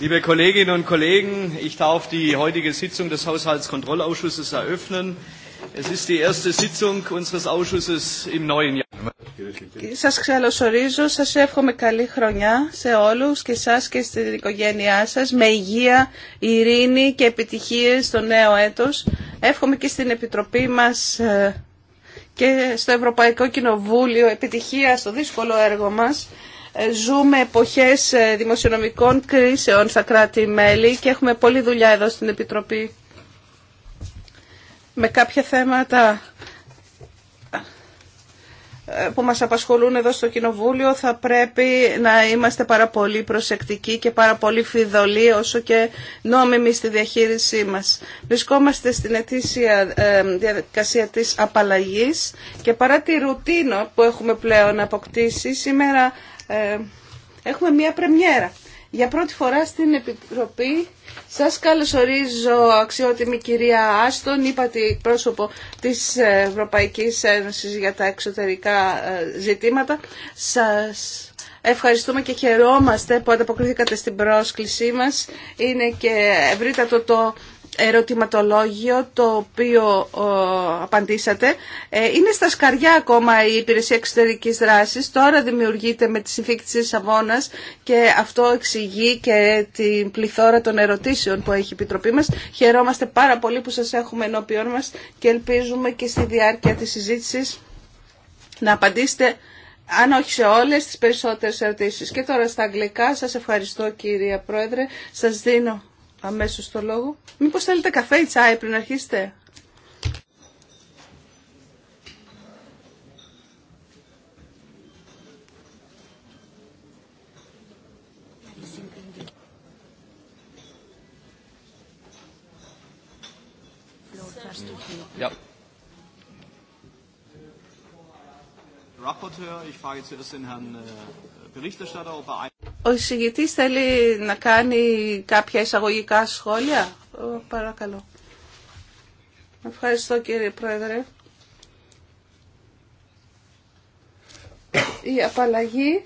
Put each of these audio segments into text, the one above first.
Liebe Kolleginnen und Kollegen, ich darf die heutige Sitzung des Haushaltskontrollausschusses eröffnen. Es ist die erste Sitzung unseres Ausschusses im neuen Jahr. Σας καλωσορίζω, σας εύχομαι καλή χρονιά σε όλους και σας και στην οικογένειά σας με υγεία, ειρήνη και επιτυχίες στο νέο έτος. Εύχομαι και στην Επιτροπή μας ε, και στο Ευρωπαϊκό Κοινοβούλιο επιτυχία στο δύσκολο έργο μας ε, ζούμε εποχές ε, δημοσιονομικών κρίσεων στα κράτη-μέλη και έχουμε πολλή δουλειά εδώ στην Επιτροπή με κάποια θέματα ε, που μας απασχολούν εδώ στο Κοινοβούλιο θα πρέπει να είμαστε πάρα πολύ προσεκτικοί και πάρα πολύ φιδωλοί όσο και νόμιμοι στη διαχείρισή μας. Βρισκόμαστε στην ετήσια διαδικασία της απαλλαγής και παρά τη ρουτίνο που έχουμε πλέον αποκτήσει σήμερα ε, έχουμε μία πρεμιέρα. Για πρώτη φορά στην Επιτροπή σας καλωσορίζω αξιότιμη κυρία Άστον, είπατε πρόσωπο της Ευρωπαϊκής Ένωσης για τα εξωτερικά ε, ζητήματα. Σας Ευχαριστούμε και χαιρόμαστε που ανταποκριθήκατε στην πρόσκλησή μας. Είναι και ευρύτατο το ερωτηματολόγιο το οποίο απαντήσατε. Ε, είναι στα σκαριά ακόμα η υπηρεσία εξωτερικής δράσης. Τώρα δημιουργείται με τη συνθήκη της Σαβώνας και αυτό εξηγεί και την πληθώρα των ερωτήσεων που έχει η Επιτροπή μας. Χαιρόμαστε πάρα πολύ που σας έχουμε ενώπιόν μας και ελπίζουμε και στη διάρκεια της συζήτησης να απαντήσετε αν όχι σε όλες τις περισσότερες ερωτήσεις. Και τώρα στα αγγλικά σας ευχαριστώ κύριε Πρόεδρε. Σας δίνω αμέσως το λόγο. Μήπως θέλετε καφέ ή τσάι πριν αρχίσετε. Ο εισηγητή θέλει να κάνει κάποια εισαγωγικά σχόλια. Παρακαλώ. Ευχαριστώ κύριε Πρόεδρε. Η απαλλαγή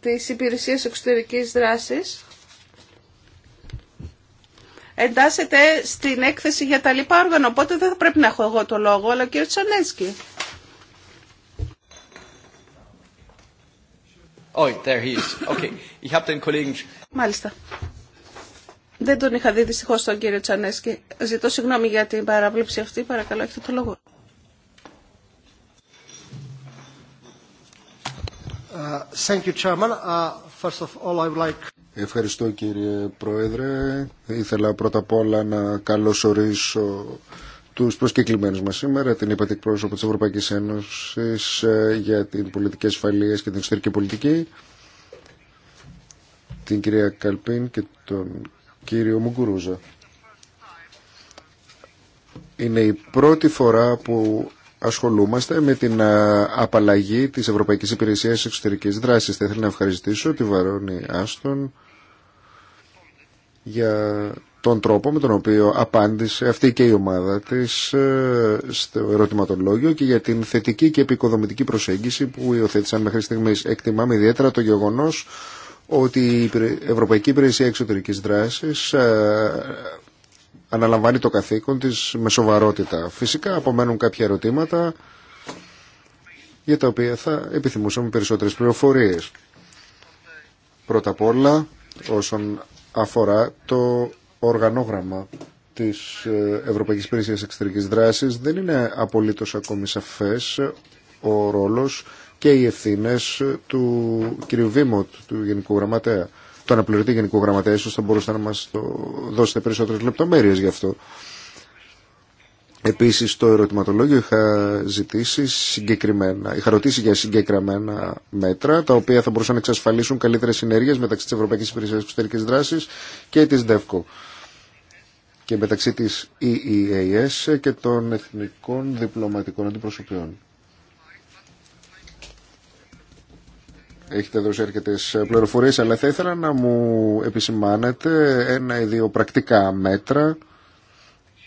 της υπηρεσίας εξωτερικής δράσης εντάσσεται στην έκθεση για τα λοιπά όργανα, οπότε δεν θα πρέπει να έχω εγώ το λόγο, αλλά ο κύριος Τσανέσκι. Μάλιστα. Δεν τον είχα δει δυστυχώ τον κύριο Τσανέσκι. Ζητώ συγγνώμη για την παράβλεψη αυτή. Παρακαλώ, έχετε το λόγο. Ευχαριστώ κύριε Πρόεδρε. Ήθελα πρώτα απ' όλα να καλωσορίσω τους προσκεκλημένους μας σήμερα, την είπατε εκπρόσωπο της Ευρωπαϊκής Ένωσης ε, για την πολιτική ασφαλεία και την εξωτερική πολιτική, την κυρία Καλπίν και τον κύριο Μουγκουρούζα. Είναι η πρώτη φορά που ασχολούμαστε με την απαλλαγή της Ευρωπαϊκής Υπηρεσίας Εξωτερικής Δράσης. Θα ήθελα να ευχαριστήσω τη Βαρόνη Άστον για τον τρόπο με τον οποίο απάντησε αυτή και η ομάδα της ε, στο ερωτηματολόγιο και για την θετική και επικοδομητική προσέγγιση που υιοθέτησαν μέχρι στιγμής. Εκτιμάμε ιδιαίτερα το γεγονός ότι η Ευρωπαϊκή Υπηρεσία Εξωτερικής Δράσης ε, αναλαμβάνει το καθήκον της με σοβαρότητα. Φυσικά απομένουν κάποια ερωτήματα για τα οποία θα επιθυμούσαμε περισσότερες πληροφορίες. Πρώτα απ' όλα όσον αφορά το οργανόγραμμα της ε, Ευρωπαϊκής Υπηρεσίας Εξωτερικής Δράσης δεν είναι απολύτως ακόμη σαφές ο ρόλος και οι ευθύνε του κ. Βήμωτ, του Γενικού Γραμματέα. Το αναπληρωτή Γενικού Γραμματέα, ίσως θα μπορούσατε να μας το δώσετε περισσότερες λεπτομέρειες γι' αυτό. Επίσης το ερωτηματολόγιο είχα ζητήσει συγκεκριμένα, είχα ρωτήσει για συγκεκριμένα μέτρα τα οποία θα μπορούσαν να εξασφαλίσουν καλύτερες συνέργειες μεταξύ της Ευρωπαϊκής Υπηρεσίας Εξωτερικής Δράσης και της ΔΕΦΚΟ και μεταξύ της EEAS και των Εθνικών Διπλωματικών Αντιπροσωπιών. Έχετε δώσει αρκετέ πληροφορίες, αλλά θα ήθελα να μου επισημάνετε ένα ή δύο πρακτικά μέτρα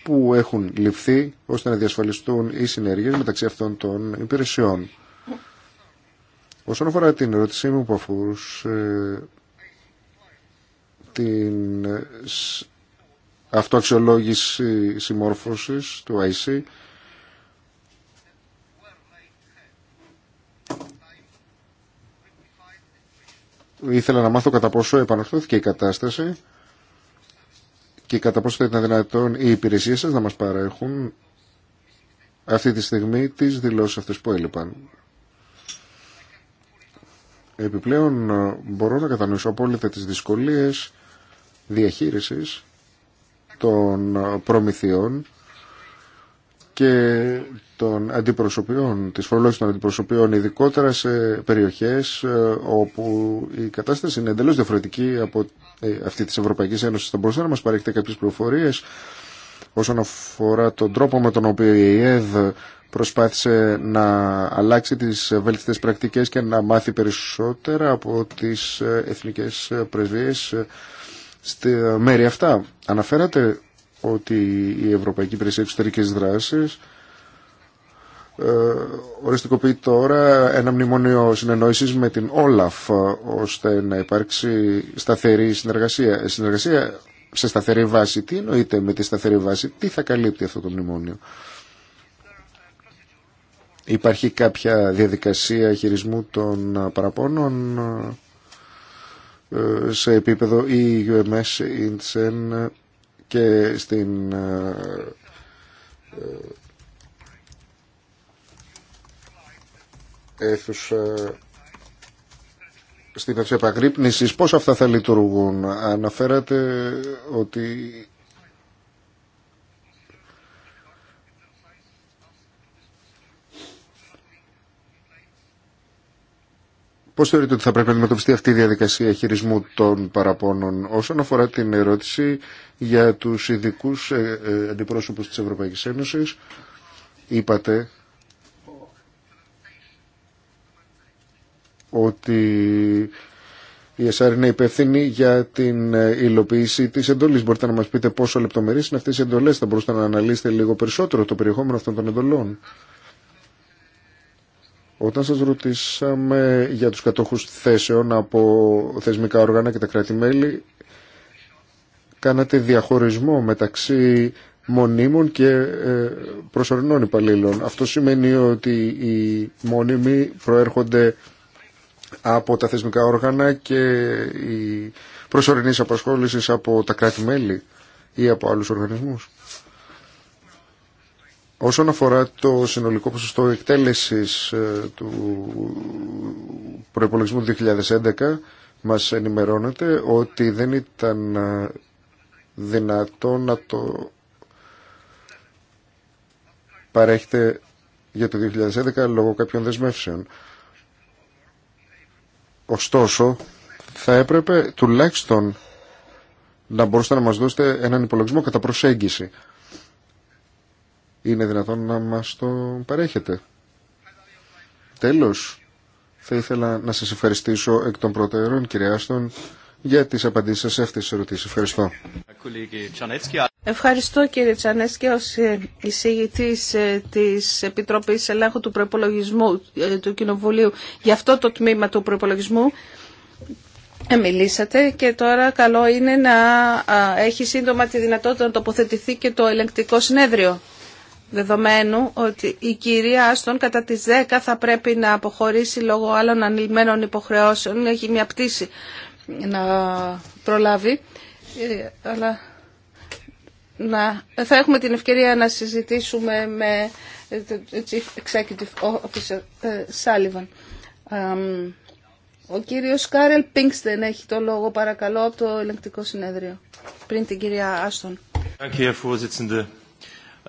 που έχουν ληφθεί ώστε να διασφαλιστούν οι συνέργειες μεταξύ αυτών των υπηρεσιών. Όσον αφορά την ερώτησή μου που αφορούσε την αυτοαξιολόγηση συμμόρφωσης του IC, ήθελα να μάθω κατά πόσο επανορθώθηκε η κατάσταση και κατά πόσο θα ήταν δυνατόν οι υπηρεσίες σας να μας παρέχουν αυτή τη στιγμή τις δηλώσεις αυτές που έλειπαν. Επιπλέον μπορώ να κατανοήσω απόλυτα τις δυσκολίες διαχείρισης των προμηθειών και των αντιπροσωπιών, της φορολόγησης των αντιπροσωπιών, ειδικότερα σε περιοχές ε, όπου η κατάσταση είναι εντελώς διαφορετική από ε, αυτή της Ευρωπαϊκής Ένωσης. Θα μπορούσατε να μας παρέχετε κάποιες πληροφορίες όσον αφορά τον τρόπο με τον οποίο η ΕΕΔ προσπάθησε να αλλάξει τις βελτιστές πρακτικές και να μάθει περισσότερα από τις εθνικές πρεσβείες ε, στη μέρη αυτά. Αναφέρατε ότι η Ευρωπαϊκή Υπηρεσία Εξωτερικής Δράσης ε, οριστικοποιεί τώρα ένα μνημονίο συνεννόησης με την Όλαφ ώστε να υπάρξει σταθερή συνεργασία. Ε, συνεργασία σε σταθερή βάση. Τι εννοείται με τη σταθερή βάση, τι θα καλύπτει αυτό το μνημόνιο. Υπάρχει κάποια διαδικασία χειρισμού των παραπώνων ε, σε επίπεδο EUMS, INSEN και στην ε, ε, αίθουσα στην αίθουσα πώς αυτά θα λειτουργούν αναφέρατε ότι Πώς θεωρείτε ότι θα πρέπει να αντιμετωπιστεί αυτή η διαδικασία χειρισμού των παραπώνων όσον αφορά την ερώτηση για τους ειδικού ε, ε, αντιπρόσωπους της Ευρωπαϊκής Ένωσης. Είπατε ότι η ΕΣΑΡ είναι υπεύθυνη για την ε, υλοποίηση της εντολής. Μπορείτε να μας πείτε πόσο λεπτομερείς είναι αυτές οι εντολές. Θα μπορούσατε να αναλύσετε λίγο περισσότερο το περιεχόμενο αυτών των εντολών. Όταν σας ρωτήσαμε για τους κατόχους θέσεων από θεσμικά όργανα και τα κράτη-μέλη, κάνατε διαχωρισμό μεταξύ μονίμων και ε, προσωρινών υπαλλήλων. Αυτό σημαίνει ότι οι μόνιμοι προέρχονται από τα θεσμικά όργανα και οι προσωρινής απασχόλησης από τα κράτη-μέλη ή από άλλους οργανισμούς. Όσον αφορά το συνολικό ποσοστό εκτέλεσης ε, του προϋπολογισμού 2011, μας ενημερώνεται ότι δεν ήταν ε, δυνατό να το παρέχετε για το 2011 λόγω κάποιων δεσμεύσεων. Ωστόσο, θα έπρεπε τουλάχιστον να μπορούσατε να μας δώσετε έναν υπολογισμό κατά προσέγγιση. Είναι δυνατόν να μας το παρέχετε. Τέλος, θα ήθελα να σας ευχαριστήσω εκ των προτέρων, κυρία Άστον, για τις απαντήσεις σε αυτές τις ερωτήσεις. Ευχαριστώ. Ευχαριστώ κύριε Τσανέσκη ως ε, εισηγητής ε, της Επιτροπής Ελέγχου του Προϋπολογισμού ε, του Κοινοβουλίου για αυτό το τμήμα του προπολογισμού. μιλήσατε και τώρα καλό είναι να έχει σύντομα τη δυνατότητα να τοποθετηθεί και το ελεγκτικό συνέδριο δεδομένου ότι η κυρία Άστον κατά τις 10 θα πρέπει να αποχωρήσει λόγω άλλων ανηλμένων υποχρεώσεων έχει μια πτήση να προλάβει ε, θα έχουμε την ευκαιρία να συζητήσουμε με τον Chief Executive Officer ε, Sullivan. Ο κύριος Κάρελ Πίνξτεν έχει το λόγο παρακαλώ από το ελεγκτικό συνέδριο πριν την κυρία Άστον.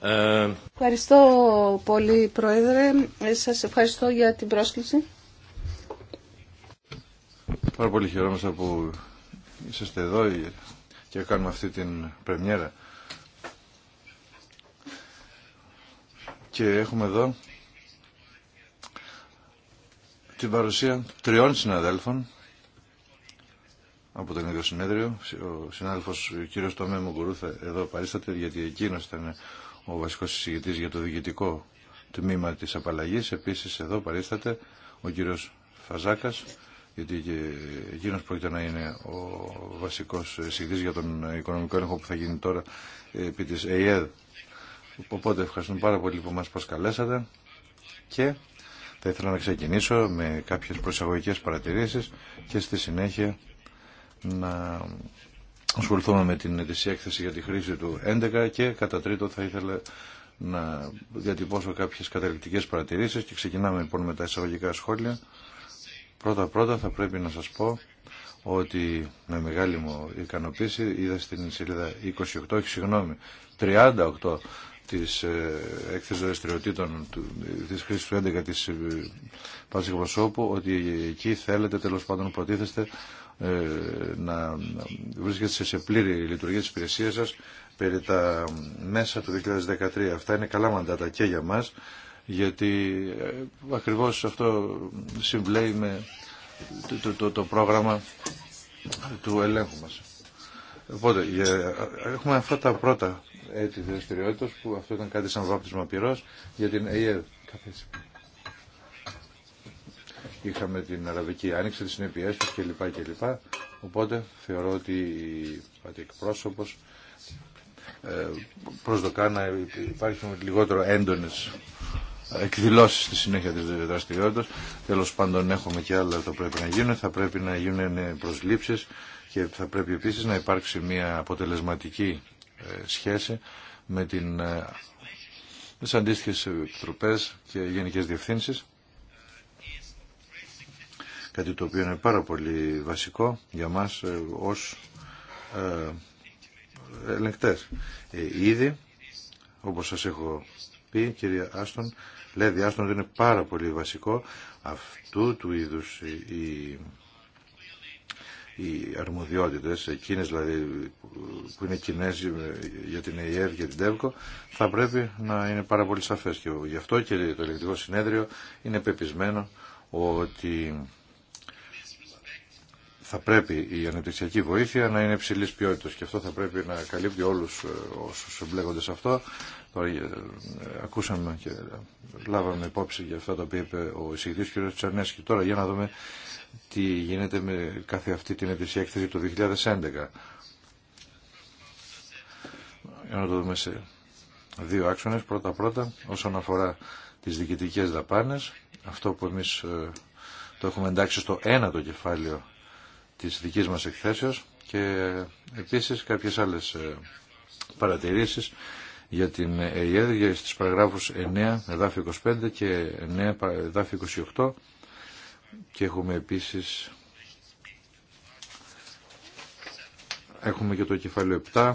Ε, ευχαριστώ πολύ Πρόεδρε. Σας ευχαριστώ για την πρόσκληση. Πάρα πολύ χαιρόμαστε που είσαστε εδώ και κάνουμε αυτή την πρεμιέρα. Και έχουμε εδώ την παρουσία τριών συναδέλφων από το ίδιο συνέδριο. Ο συνάδελφος κύριος Τομέ Μουγκουρούθα εδώ παρίσταται γιατί εκείνος ήταν ο βασικός συζητητής για το διοικητικό τμήμα της απαλλαγής. Επίσης εδώ παρίσταται ο κύριος Φαζάκας γιατί εκείνο πρόκειται να είναι ο βασικό συγκριτή για τον οικονομικό έλεγχο που θα γίνει τώρα επί τη ΕΕΔ. Οπότε ευχαριστούμε πάρα πολύ που μα προσκαλέσατε και θα ήθελα να ξεκινήσω με κάποιε προσαγωγικέ παρατηρήσει και στη συνέχεια να ασχοληθούμε με την ετησία έκθεση για τη χρήση του 11 και κατά τρίτο θα ήθελα να διατυπώσω κάποιες καταληκτικές παρατηρήσεις και ξεκινάμε λοιπόν με τα εισαγωγικά σχόλια. Πρώτα πρώτα θα πρέπει να σας πω ότι με μεγάλη μου ικανοποίηση είδα στην σελίδα 28, συγγνώμη, 38 της ε, έκθεσης δραστηριοτήτων του, της χρήσης του 11 της ε, ότι εκεί θέλετε τέλος πάντων προτίθεστε ε, να βρίσκεστε σε πλήρη λειτουργία της υπηρεσίας σας περί τα μέσα του 2013. Αυτά είναι καλά μαντάτα και για μας γιατί ε, ακριβώς αυτό συμβλέει με το, το, το, πρόγραμμα του ελέγχου μας. Οπότε, έχουμε αυτά τα πρώτα έτη δραστηριότητα που αυτό ήταν κάτι σαν βάπτισμα πυρός για την ΑΕΔ. Είχαμε την Αραβική Άνοιξη, τις συνέπειές τους κλπ. κλπ. Οπότε θεωρώ ότι η εκπρόσωπος ε, προσδοκά να υπάρχουν λιγότερο έντονες Εκδηλώσει στη συνέχεια τη δραστηριότητα, τέλο πάντων έχουμε και άλλα που πρέπει να γίνουν. Θα πρέπει να γίνουν προσλήψεις και θα πρέπει επίσης να υπάρξει μια αποτελεσματική ε, σχέση με την αντίστοιχε αντίστοιχες και γενικές διευθύνσει, Κάτι το οποίο είναι πάρα πολύ βασικό για μας ε, ως ε, ελεγκτέ. Ήδη, όπω σα έχω πει, κυρία Άστον, λέει διάστον ότι είναι πάρα πολύ βασικό αυτού του είδους οι αρμοδιότητες, εκείνες δηλαδή που είναι κοινέ ε, για την ΕΕΔ και την ΤΕΒΚΟ, θα πρέπει να είναι πάρα πολύ σαφές. Και γι' αυτό και το Ελεκτικό Συνέδριο είναι πεπισμένο ότι θα πρέπει η αναπτυξιακή βοήθεια να είναι υψηλή ποιότητα και αυτό θα πρέπει να καλύπτει όλου ε, όσου εμπλέκονται σε αυτό. Τώρα, ε, ακούσαμε και λάβαμε υπόψη για αυτά τα οποία είπε ο εισηγητή κ. Τσαρνέσκη. Τώρα για να δούμε τι γίνεται με κάθε αυτή την αναπτυξιακή έκθεση του 2011. Για να το δούμε σε δυο αξονε άξονες. Πρώτα-πρώτα όσον αφορά τι διοικητικέ δαπάνε. αυτό που εμείς ε, το έχουμε εντάξει στο ένατο κεφάλαιο της δικής μας εκθέσεως και επίσης κάποιες άλλες ε, παρατηρήσεις για την για στις παραγράφους 9 εδάφη 25 και 9 εδάφη 28 και έχουμε επίσης έχουμε και το κεφάλαιο 7 ε,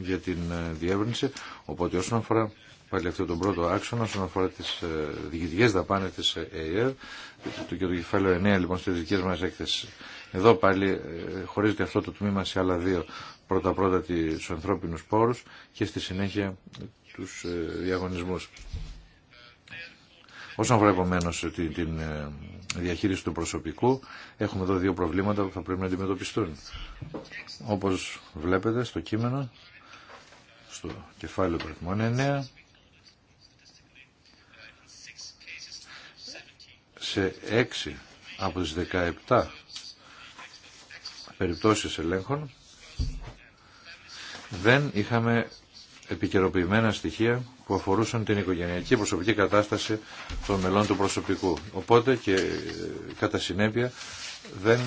για την ε, διεύρυνση οπότε όσον αφορά πάλι αυτό τον πρώτο άξονα όσον αφορά τις διοικητικές δαπάνες της ΕΕ και το κεφάλαιο 9 λοιπόν στις δικές μας έκθεσεις εδώ πάλι ε, χωρίζεται αυτό το τμήμα σε άλλα δύο. Πρώτα-πρώτα του ανθρώπινου πόρου και στη συνέχεια τους ε, διαγωνισμούς. Όσον αφορά επομένω την ε, διαχείριση του προσωπικού, έχουμε εδώ δύο προβλήματα που θα πρέπει να αντιμετωπιστούν. Όπω βλέπετε στο κείμενο, στο κεφάλαιο του 9, σε 6 από τι 17 περιπτώσεις ελέγχων δεν είχαμε επικαιροποιημένα στοιχεία που αφορούσαν την οικογενειακή προσωπική κατάσταση των μελών του προσωπικού. Οπότε και ε, κατά συνέπεια δεν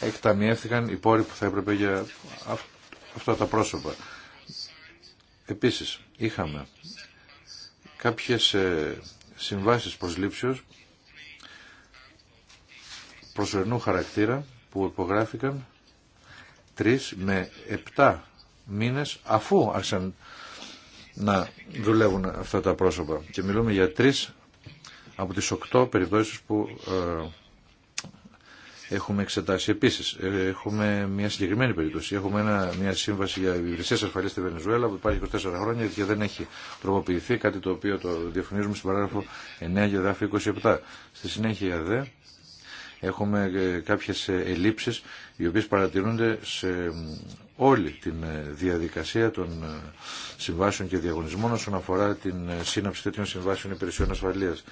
εκταμιεύθηκαν οι πόροι που θα έπρεπε για αυτά τα πρόσωπα. Επίσης, είχαμε κάποιες ε, συμβάσεις προσλήψεως προσωρινού χαρακτήρα που υπογράφηκαν τρεις με επτά μήνες αφού άρχισαν να δουλεύουν αυτά τα πρόσωπα. Και μιλούμε για τρεις από τις οκτώ περιπτώσεις που ε, έχουμε εξετάσει. Επίσης, ε, έχουμε μια συγκεκριμένη περίπτωση. Έχουμε ένα, μια σύμβαση για υπηρεσίες ασφαλείας στη Βενεζουέλα που υπάρχει 24 χρόνια και δεν έχει τροποποιηθεί, κάτι το οποίο το διαφωνίζουμε στην παράγραφο 9 και 27. Στη συνέχεια δε, έχουμε ε, κάποιες ε, ελλείψεις οι οποίες παρατηρούνται σε όλη την ε, διαδικασία των συμβάσεων και διαγωνισμών όσον αφορά την σύναψη τέτοιων συμβάσεων υπηρεσιών ασφαλείας.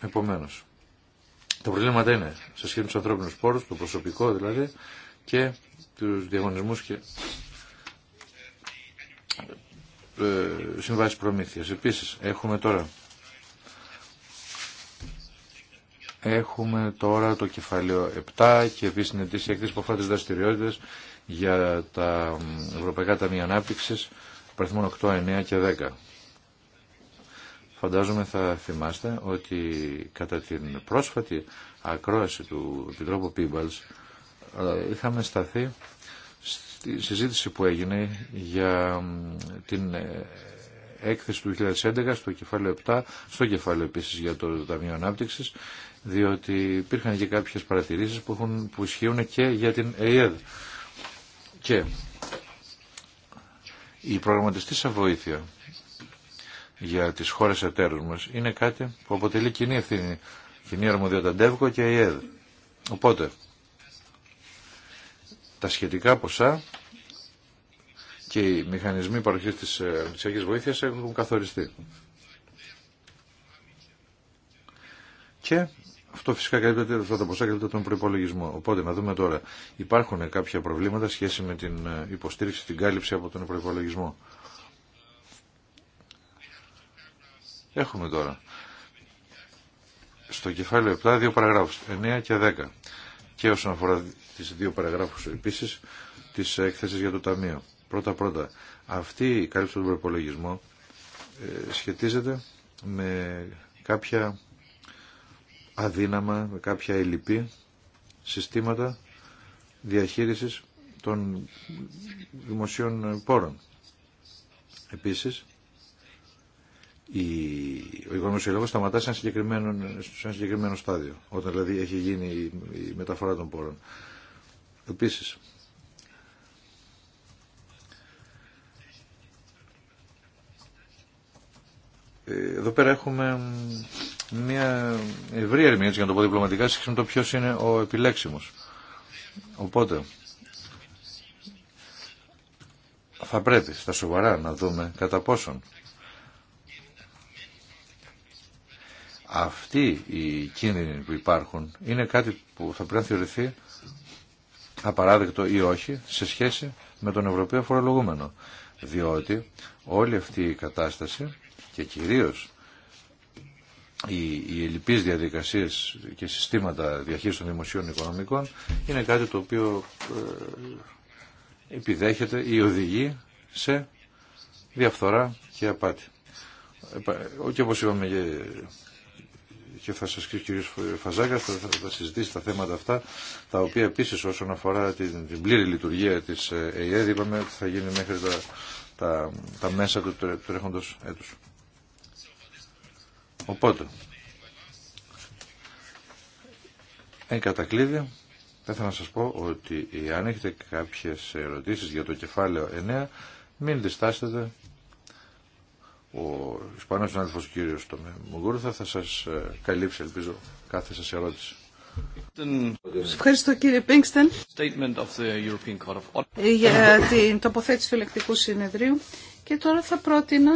Επομένως, τα προβλήματα είναι σε σχέση με τους ανθρώπινους πόρους, το προσωπικό δηλαδή και τους διαγωνισμούς και συμβάσεις προμήθειας. Επίσης, έχουμε τώρα Έχουμε τώρα το κεφάλαιο 7 και επίσης είναι της που αφορά δραστηριότητε για τα Ευρωπαϊκά Ταμεία Ανάπτυξη, παριθμών 8, 9 και 10. Φαντάζομαι θα θυμάστε ότι κατά την πρόσφατη ακρόαση του Επιτρόπου Πίμπαλς ε, είχαμε σταθεί στη συζήτηση που έγινε για την ε, έκθεση του 2011 στο κεφάλαιο 7, στο κεφάλαιο επίσης για το Ταμείο Ανάπτυξης διότι υπήρχαν και κάποιες παρατηρήσεις που, έχουν, που ισχύουν και για την ΑΕΔ. Και η προγραμματιστή βοήθεια για τις χώρες εταίρους μας είναι κάτι που αποτελεί κοινή ευθύνη, κοινή αρμοδιότητα ΤΕΒΚΟ και ΑΕΔ. Οπότε, τα σχετικά ποσά και οι μηχανισμοί παροχής της αναπτυξιακής ε, βοήθειας έχουν καθοριστεί. Και αυτό φυσικά καλύπτεται, αυτό το ποσά καλύπτεται τον προπολογισμό. Οπότε να δούμε τώρα, υπάρχουν κάποια προβλήματα σχέση με την ε, υποστήριξη, την κάλυψη από τον προπολογισμό. Έχουμε τώρα στο κεφάλαιο 7 δύο παραγράφους, 9 και 10. Και όσον αφορά τις δύο παραγράφους επίσης, τις έκθεσεις για το Ταμείο. Πρώτα-πρώτα, αυτή η κάλυψη του προπολογισμού ε, σχετίζεται με κάποια αδύναμα, με κάποια ελλειπή συστήματα διαχείρισης των δημοσίων πόρων. Επίσης, η, ο οικονομικός σταματά σε ένα, συγκεκριμένο, σε ένα συγκεκριμένο στάδιο, όταν δηλαδή έχει γίνει η μεταφορά των πόρων. Επίσης, ε, εδώ πέρα έχουμε μια ευρύ ερμηνεία, για να το πω διπλωματικά, σχέση με το ποιος είναι ο επιλέξιμος. Οπότε, θα πρέπει στα σοβαρά να δούμε κατά πόσον αυτοί οι κίνδυνοι που υπάρχουν είναι κάτι που θα πρέπει να θεωρηθεί απαράδεκτο ή όχι σε σχέση με τον Ευρωπαίο φορολογούμενο. Διότι όλη αυτή η κατάσταση και κυρίως οι, οι ελληπείς διαδικασίες και συστήματα διαχείρισης των δημοσίων οικονομικών είναι κάτι το οποίο ε, επιδέχεται ή οδηγεί σε διαφθορά και απάτη. Και όπως είπαμε και θα σας και ο κ. Φαζάκας θα, συζητήσει τα θέματα αυτά τα οποία επίσης όσον αφορά την, την πλήρη λειτουργία της ΕΕΔ είπαμε ότι θα γίνει μέχρι τα, τα, τα μέσα του τρέχοντος έτους. Οπότε, εν κατακλείδη, θα ήθελα να σας πω ότι αν έχετε κάποιες ερωτήσεις για το κεφάλαιο 9, μην διστάσετε. Ο Ισπανός συνάδελφος κύριος το Μουγκούρθα θα σας ε, καλύψει, ελπίζω, κάθε σας ερώτηση. Ευχαριστώ κύριε Πίνξτεν ε, για την τοποθέτηση του ελεκτικού συνεδρίου και τώρα θα πρότεινα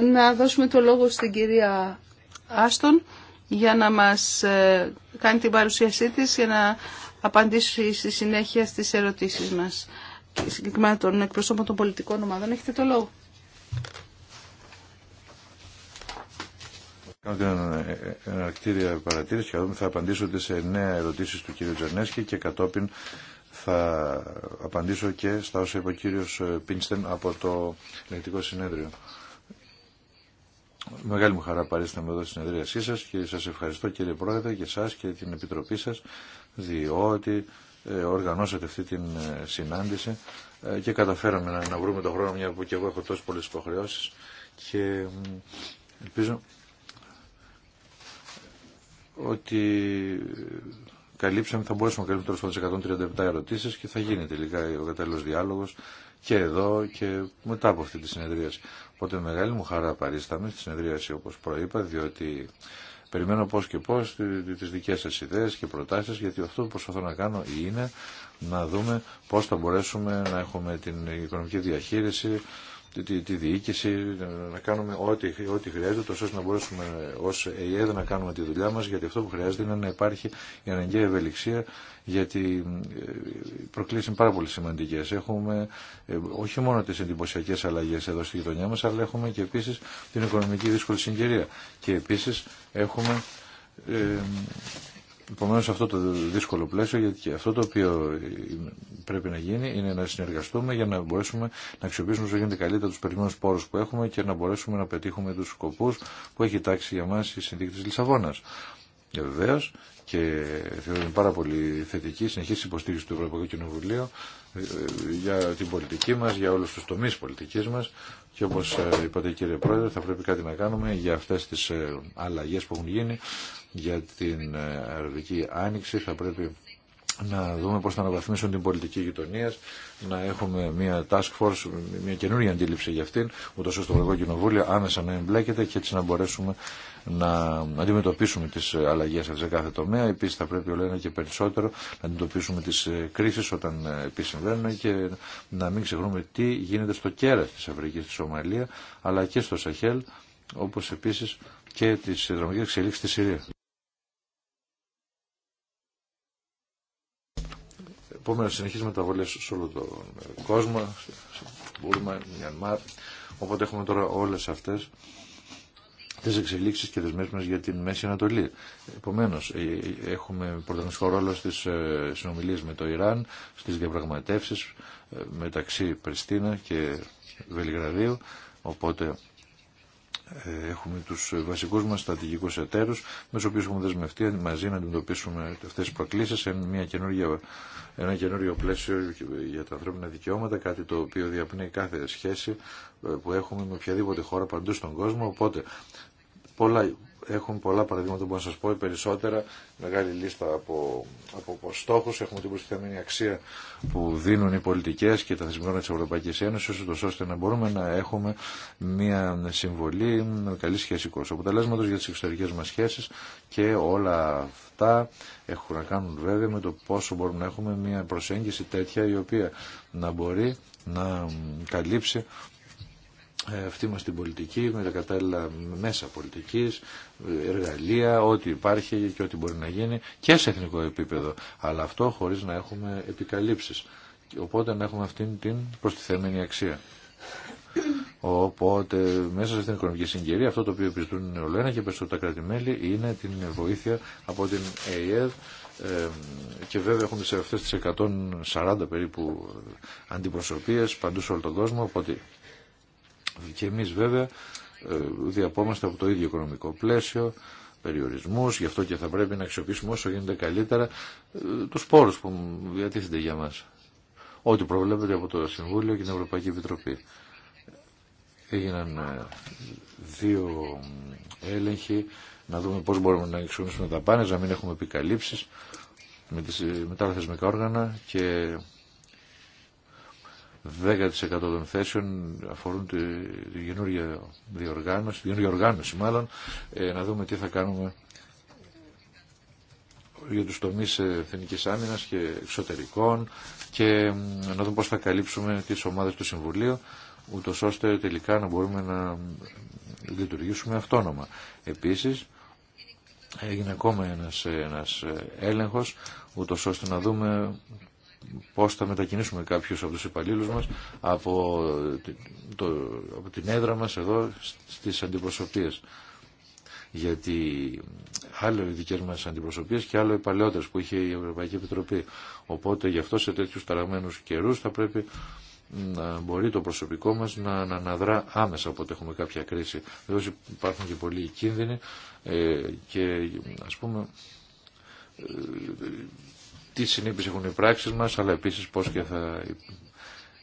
να δώσουμε το λόγο στην κυρία Άστον για να μας ε, κάνει την παρουσίασή της για να απαντήσει στη συνέχεια στις ερωτήσεις μας. Συγκεκριμένα των εκπροσώπων των πολιτικών ομάδων. Έχετε το λόγο. Κάνω την αναρκτήρια παρατήρηση και θα απαντήσω σε νέα ερωτήσεις του κύριου Τζανέσκη και κατόπιν θα απαντήσω και στα όσα είπε ο κύριος Πίνστεν από το Ελεκτικό Συνέδριο. Μεγάλη μου χαρά με εδώ στην συνεδρία σα και σα ευχαριστώ κύριε Πρόεδρε και εσά και την Επιτροπή σα, διότι ε, οργανώσατε αυτή την ε, συνάντηση ε, και καταφέραμε να, βρούμε τον χρόνο μια που και εγώ έχω τόσε πολλέ υποχρεώσει και ελπίζω ότι καλύψαμε, θα μπορέσουμε να καλύψουμε τώρα πάντων 137 ερωτήσει και θα γίνει τελικά ο κατάλληλο διάλογο και εδώ και μετά από αυτή τη συνεδρίαση. Οπότε μεγάλη μου χαρά παρίσταμε στη συνεδρίαση όπως προείπα, διότι περιμένω πώς και πώς τις δικές σας ιδέες και προτάσεις, γιατί αυτό που προσπαθώ να κάνω είναι να δούμε πώς θα μπορέσουμε να έχουμε την οικονομική διαχείριση τη, τη διοίκηση, να κάνουμε ό,τι, ό,τι χρειάζεται, τόσο να μπορέσουμε ως ΕΙΕΔ να κάνουμε τη δουλειά μας, γιατί αυτό που χρειάζεται είναι να υπάρχει η αναγκαία ευελιξία, γιατί ε, οι προκλήσεις είναι πάρα πολύ σημαντικές. Έχουμε ε, όχι μόνο τις εντυπωσιακέ αλλαγές εδώ στη γειτονιά μας, αλλά έχουμε και επίσης την οικονομική δύσκολη συγκυρία. Και επίσης έχουμε ε, Επομένως αυτό το δύσκολο πλαίσιο, γιατί αυτό το οποίο πρέπει να γίνει είναι να συνεργαστούμε για να μπορέσουμε να αξιοποιήσουμε όσο γίνεται καλύτερα τους περιμένους πόρους που έχουμε και να μπορέσουμε να πετύχουμε τους σκοπούς που έχει τάξει για μας η συνθήκη της Λισαβόνας. Βεβαίω και θεωρώ είναι πάρα πολύ θετική συνεχής υποστήριξη του Ευρωπαϊκού Κοινοβουλίου ε, για την πολιτική μας, για όλους τους τομείς πολιτικής μας και όπως ε, είπατε κύριε Πρόεδρε θα πρέπει κάτι να κάνουμε για αυτές τις ε, αλλαγές που έχουν γίνει για την ε, Αραβική Άνοιξη. Θα πρέπει να δούμε πώς θα αναβαθμίσουν την πολιτική γειτονία, να έχουμε μια task force, μια καινούργια αντίληψη για αυτήν, ούτως ώστε το Ευρωπαϊκό Κοινοβούλιο άμεσα να εμπλέκεται και έτσι να μπορέσουμε να αντιμετωπίσουμε τις αλλαγές σε κάθε τομέα. Επίσης θα πρέπει όλο ένα και περισσότερο να αντιμετωπίσουμε τις ε, κρίσεις όταν ε, επίσης και να μην ξεχνούμε τι γίνεται στο κέρα της Αφρική της Σομαλία, αλλά και στο Σαχέλ, όπως επίσης και τις δρομικές εξελίξει στη Συρία. συνεχίζουμε τα μεταβολές σε όλο τον ε, κόσμο, Μπούρμα, Μιανμάρ, οπότε έχουμε τώρα όλες αυτές τις εξελίξεις και δεσμές μας για την Μέση Ανατολή. Επομένως, ε, ε, έχουμε πρωταγωνιστικό ρόλο στις συνομιλίες με το Ιράν, στις διαπραγματεύσεις μεταξύ Πριστίνα και Βελιγραδίου, οπότε ε, έχουμε τους βασικούς μας στρατηγικού εταίρου, με του οποίου έχουμε δεσμευτεί μαζί να αντιμετωπίσουμε αυτέ τι προκλήσει. σε μια καινούργια, ένα καινούριο πλαίσιο για τα ανθρώπινα δικαιώματα, κάτι το οποίο διαπνέει κάθε σχέση ε, που έχουμε με οποιαδήποτε χώρα παντού στον κόσμο, οπότε πολλά έχουν πολλά παραδείγματα που να σας πω, οι περισσότερα, μεγάλη λίστα από, από, από στόχους, έχουμε την προστιθέμενη αξία που δίνουν οι πολιτικέ και τα θεσμικά τη Ευρωπαϊκή Ένωση, ώστε να μπορούμε να έχουμε μια συμβολή με καλή σχέση κόσμου. Αποτελέσματο για τι εξωτερικέ μα σχέσει και όλα αυτά έχουν να κάνουν βέβαια με το πόσο μπορούμε να έχουμε μια προσέγγιση τέτοια η οποία να μπορεί να καλύψει ε, αυτή μας την πολιτική με τα κατάλληλα μέσα πολιτικής, εργαλεία, ό,τι υπάρχει και ό,τι μπορεί να γίνει και σε εθνικό επίπεδο. Αλλά αυτό χωρίς να έχουμε επικαλύψεις. Οπότε να έχουμε αυτήν την προστιθέμενη αξία. Οπότε μέσα σε αυτήν την οικονομική συγκυρία αυτό το οποίο επιζητούν ολοένα και περισσότερα κράτη-μέλη είναι την βοήθεια από την ΑΕΔ και βέβαια έχουμε σε αυτές τις 140 περίπου αντιπροσωπείες παντού σε όλο τον κόσμο οπότε και εμείς βέβαια ε, διαπόμαστε από το ίδιο οικονομικό πλαίσιο, περιορισμούς, γι' αυτό και θα πρέπει να αξιοποιήσουμε όσο γίνεται καλύτερα ε, τους πόρους που διατίθενται για μας. Ό,τι προβλέπεται από το Συμβούλιο και την Ευρωπαϊκή Επιτροπή. Έγιναν ε, δύο έλεγχοι, να δούμε πώς μπορούμε να αξιοποιήσουμε τα πάνε, να μην έχουμε επικαλύψεις με, με τα θεσμικά όργανα και 10% των θέσεων αφορούν τη, τη καινούργια διοργάνωση, τη οργάνωση μάλλον, ε, να δούμε τι θα κάνουμε για τους τομείς εθνικής άμυνας και εξωτερικών και να δούμε πώς θα καλύψουμε τις ομάδες του Συμβουλίου ούτως ώστε τελικά να μπορούμε να λειτουργήσουμε αυτόνομα. Επίσης, έγινε ακόμα ένας, ένας ε, έλεγχος ούτως ώστε να δούμε πώς θα μετακινήσουμε κάποιους από τους υπαλλήλους μας από, το, από την έδρα μας εδώ στις αντιπροσωπείες. Γιατί άλλο οι δικέ μα αντιπροσωπείε και άλλο οι παλαιότερε που είχε η Ευρωπαϊκή Επιτροπή. Οπότε γι' αυτό σε τέτοιου ταραγμένου καιρού θα πρέπει να μπορεί το προσωπικό μας να, αναδρά άμεσα από άμεσα έχουμε κάποια κρίση. Βέβαια υπάρχουν και πολλοί κίνδυνοι ε, και ας πούμε ε, τι συνέπειες έχουν οι πράξεις μας, αλλά επίσης πώς και θα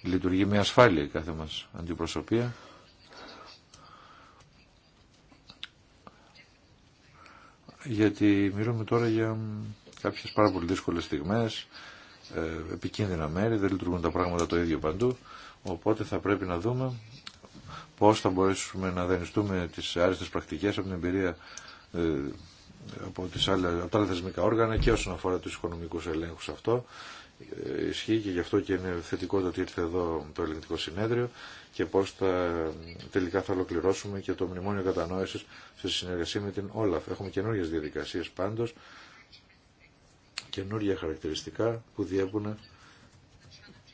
λειτουργεί με ασφάλεια η κάθε μας αντιπροσωπεία. Γιατί μιλούμε τώρα για κάποιες πάρα πολύ δύσκολες στιγμές, ε, επικίνδυνα μέρη, δεν λειτουργούν τα πράγματα το ίδιο παντού, οπότε θα πρέπει να δούμε πώς θα μπορέσουμε να δανειστούμε τις άριστες πρακτικές από την εμπειρία ε, από, τις άλλα, τα άλλα θεσμικά όργανα και όσον αφορά τους οικονομικούς ελέγχους αυτό ε, ισχύει και γι' αυτό και είναι θετικό το ότι ήρθε εδώ το ελληνικό συνέδριο και πώς θα, τελικά θα ολοκληρώσουμε και το μνημόνιο κατανόησης σε συνεργασία με την Όλαφ. Έχουμε καινούριε διαδικασίες πάντως, καινούργια χαρακτηριστικά που διέπουν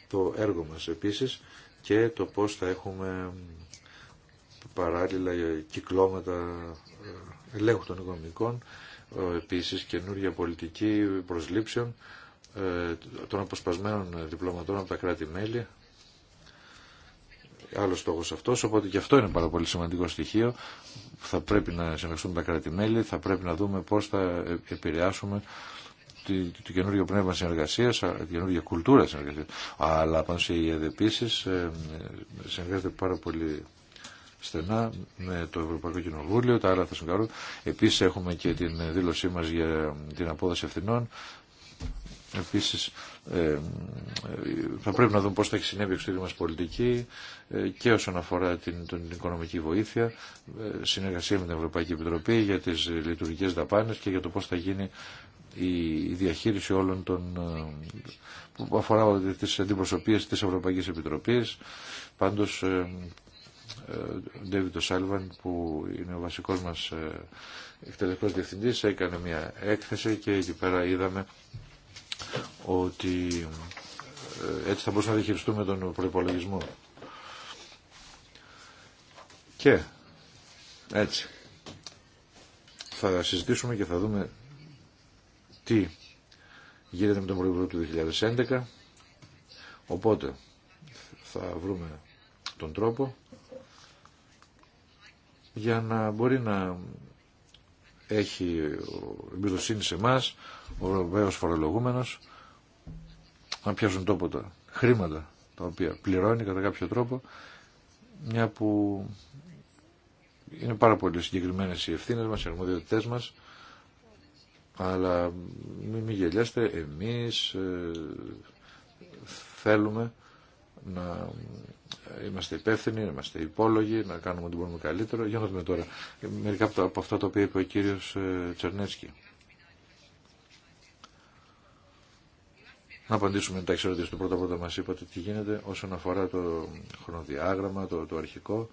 το έργο μας επίσης και το πώς θα έχουμε παράλληλα κυκλώματα ελέγχου των οικονομικών, ε, επίσης καινούργια πολιτική προσλήψεων ε, των αποσπασμένων διπλωματών από τα κράτη-μέλη. Άλλος στόχος αυτός, οπότε και αυτό είναι πάρα πολύ σημαντικό στοιχείο. Θα πρέπει να συνεργαστούν τα κράτη-μέλη, θα πρέπει να δούμε πώς θα επηρεάσουμε το καινούργιο πνεύμα συνεργασία, τη καινούργια κουλτούρα συνεργασία. Αλλά πάντω η ΕΔ επίση ε, συνεργάζεται πάρα πολύ στενά με το Ευρωπαϊκό Κοινοβούλιο, τα άλλα θα συγκαρούν. Επίσης έχουμε και την δήλωσή μας για την απόδοση ευθυνών. Επίσης ε, ε θα πρέπει να δούμε πώς θα έχει συνέβη η εξωτερική μας πολιτική ε, και όσον αφορά την, την οικονομική βοήθεια, ε, συνεργασία με την Ευρωπαϊκή Επιτροπή για τις λειτουργικές δαπάνες και για το πώς θα γίνει η διαχείριση όλων των ε, που αφορά τις αντιπροσωπείες της Ευρωπαϊκής Επιτροπής. Πάντως Ντέβιτο ε, Σάλβαν που είναι ο βασικός μας ε, εκτελεστικός διευθυντής έκανε μια έκθεση και εκεί πέρα είδαμε ότι ε, έτσι θα μπορούσαμε να διαχειριστούμε τον προπολογισμό. Και έτσι θα συζητήσουμε και θα δούμε τι γίνεται με τον προηγούμενο του 2011. Οπότε θα βρούμε τον τρόπο για να μπορεί να έχει εμπιστοσύνη σε εμά, ο βέβαιο φορολογούμενος, να πιάσουν τόπο τα χρήματα τα οποία πληρώνει κατά κάποιο τρόπο, μια που είναι πάρα πολύ συγκεκριμένε οι ευθύνε μας, οι αρμοδιότητέ μας, αλλά μην μη γελιάστε, εμείς ε, θέλουμε να είμαστε υπεύθυνοι, να είμαστε υπόλογοι, να κάνουμε ό,τι μπορούμε καλύτερο. Για να δούμε τώρα μερικά από αυτά τα οποία είπε ο κύριος ε, Τσερνέσκι. Να απαντήσουμε εντάξει ότι του πρώτο πρώτο μας είπατε τι γίνεται όσον αφορά το χρονοδιάγραμμα, το, το αρχικό.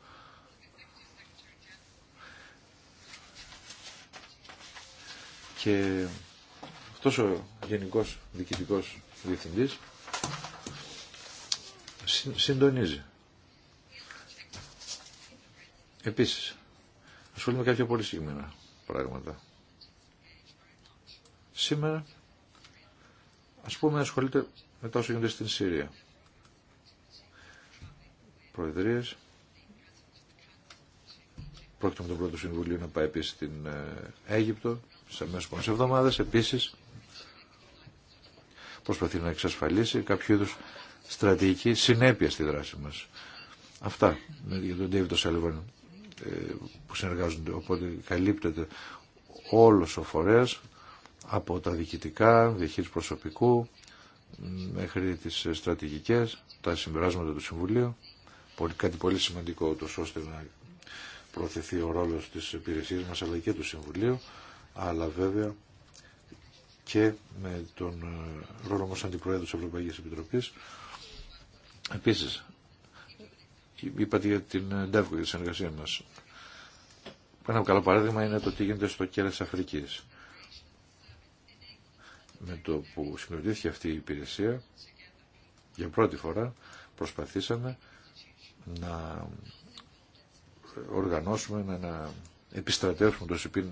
Και αυτός ο γενικός διοικητικός διευθυντής συντονίζει. Επίσης, ασχολούμαι κάποια πολύ συγκεκριμένα πράγματα. Σήμερα, ας πούμε, ασχολείται με τα όσο γίνονται στην Σύρια. Προεδρείε. Πρόκειται με τον πρώτο συμβουλίο να πάει επίσης στην ε, Αίγυπτο, σε αμέσως πόνες εβδομάδες. Επίσης, προσπαθεί να εξασφαλίσει κάποιο είδους στρατηγική συνέπεια στη δράση μας. Αυτά για τον David Σάλιβαν ε, που συνεργάζονται. Οπότε καλύπτεται όλος ο φορέας από τα διοικητικά, διαχείριση προσωπικού μέχρι τις στρατηγικές, τα συμπεράσματα του Συμβουλίου. Πολύ, κάτι πολύ σημαντικό τόσο ώστε να προωθηθεί ο ρόλος της υπηρεσίας μας αλλά και του Συμβουλίου αλλά βέβαια και με τον ε, ρόλο μας Αντιπροέδρου της Ευρωπαϊκής Επιτροπής Επίσης, είπατε για την Ντεύκο, για τη συνεργασία μας. Ένα καλό παράδειγμα είναι το τι γίνεται στο κέρας Αφρικής. Με το που συγκροτήθηκε αυτή η υπηρεσία, για πρώτη φορά προσπαθήσαμε να οργανώσουμε, να, επιστρατεύσουμε το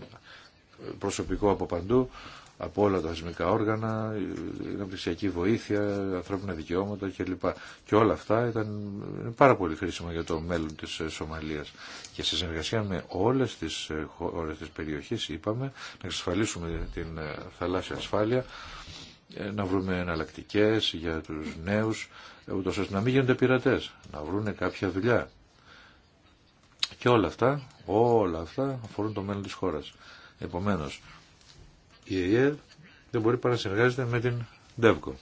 προσωπικό από παντού από όλα τα θεσμικά όργανα, η αναπτυξιακή βοήθεια, ανθρώπινα δικαιώματα κλπ. Και όλα αυτά ήταν πάρα πολύ χρήσιμα για το μέλλον της ε, Σομαλίας. Και σε συνεργασία με όλες τις ε, χώρες της περιοχής είπαμε να εξασφαλίσουμε την ε, θαλάσσια ασφάλεια, να βρούμε εναλλακτικέ για τους νέους, ούτως ώστε να μην γίνονται πειρατές, να βρούνε κάποια δουλειά. Και όλα αυτά, όλα αυτά αφορούν το μέλλον της χώρας. Επομένως, η ΕΕ δεν μπορεί παρά να συνεργάζεται με την ΔΕΒΚΟ.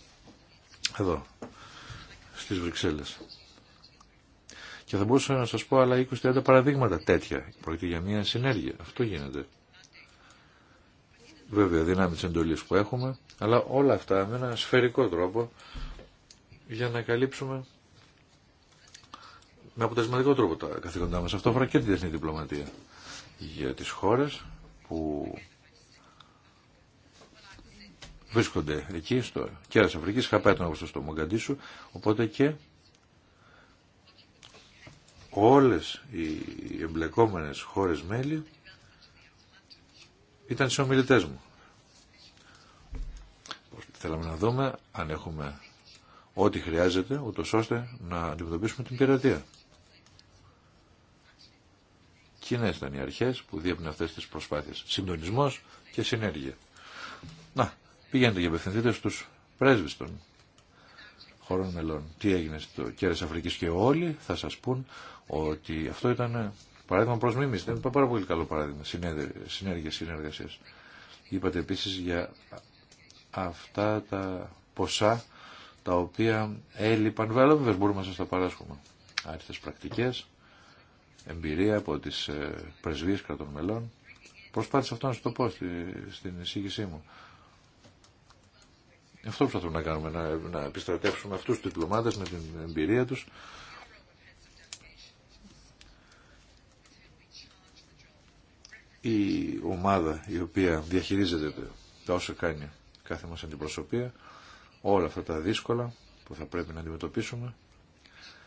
Εδώ, στις Βρυξέλλες. Και θα μπορούσα να σας πω άλλα 20-30 παραδείγματα τέτοια. Πρόκειται για μια συνέργεια. Αυτό γίνεται. Βέβαια, δυνάμει τη εντολή που έχουμε, αλλά όλα αυτά με ένα σφαιρικό τρόπο για να καλύψουμε με αποτελεσματικό τρόπο τα καθήκοντά μας. Αυτό αφορά και την διεθνή διπλωματία για τις χώρες που βρίσκονται εκεί στο κέρας Αφρικής, είχα πάει τον Αύγουστο στο Μογκαντήσου, οπότε και όλες οι εμπλεκόμενες χώρες μέλη ήταν συνομιλητές μου. Θέλαμε να δούμε αν έχουμε ό,τι χρειάζεται, ούτω ώστε να αντιμετωπίσουμε την πειρατεία. Κοινέ ναι, ήταν οι αρχές που διέπνουν αυτές τις προσπάθειες. Συντονισμός και συνέργεια. Να, Πήγαινε και απευθυνθείτε στου πρέσβει των χωρών μελών. Τι έγινε στο κέρας Αφρική και όλοι θα σα πούν ότι αυτό ήταν παράδειγμα προ μίμηση. Δεν είπα πάρα πολύ καλό παράδειγμα συνέργεια, συνεργασία. Είπατε επίση για αυτά τα ποσά τα οποία έλειπαν. Βέβαια μπορούμε να σα τα παράσχουμε. Άρθρες πρακτικέ, εμπειρία από τις ε, πρεσβείε κρατών μελών. Προσπάθησα αυτό να σου το πω στην εισήγησή μου. Αυτό προσπαθούμε να κάνουμε, να, να επιστρατεύσουμε αυτούς τους διπλωμάτες με την εμπειρία τους. Η ομάδα η οποία διαχειρίζεται τα όσα κάνει κάθε μας αντιπροσωπεία, όλα αυτά τα δύσκολα που θα πρέπει να αντιμετωπίσουμε.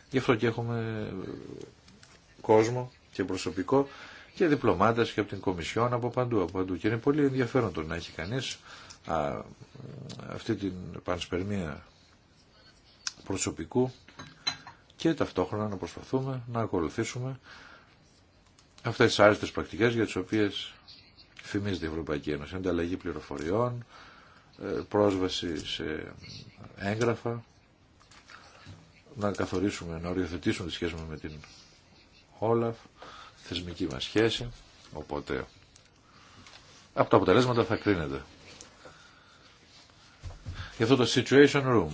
Γι' αυτό και έχουμε ε, κόσμο και προσωπικό και διπλωμάτες και από την Κομισιόν από παντού, από παντού. Και είναι πολύ ενδιαφέρον το να έχει κανείς α, αυτή την πανσπερμία προσωπικού και ταυτόχρονα να προσπαθούμε να ακολουθήσουμε αυτές τις άριστες πρακτικές για τις οποίες φημίζεται η Ευρωπαϊκή Ένωση. Ανταλλαγή πληροφοριών, ε, πρόσβαση σε έγγραφα, να καθορίσουμε, να οριοθετήσουμε τη σχέση με την Όλαφ, θεσμική μας σχέση, οπότε από τα αποτελέσματα θα κρίνεται. Και αυτό το situation room,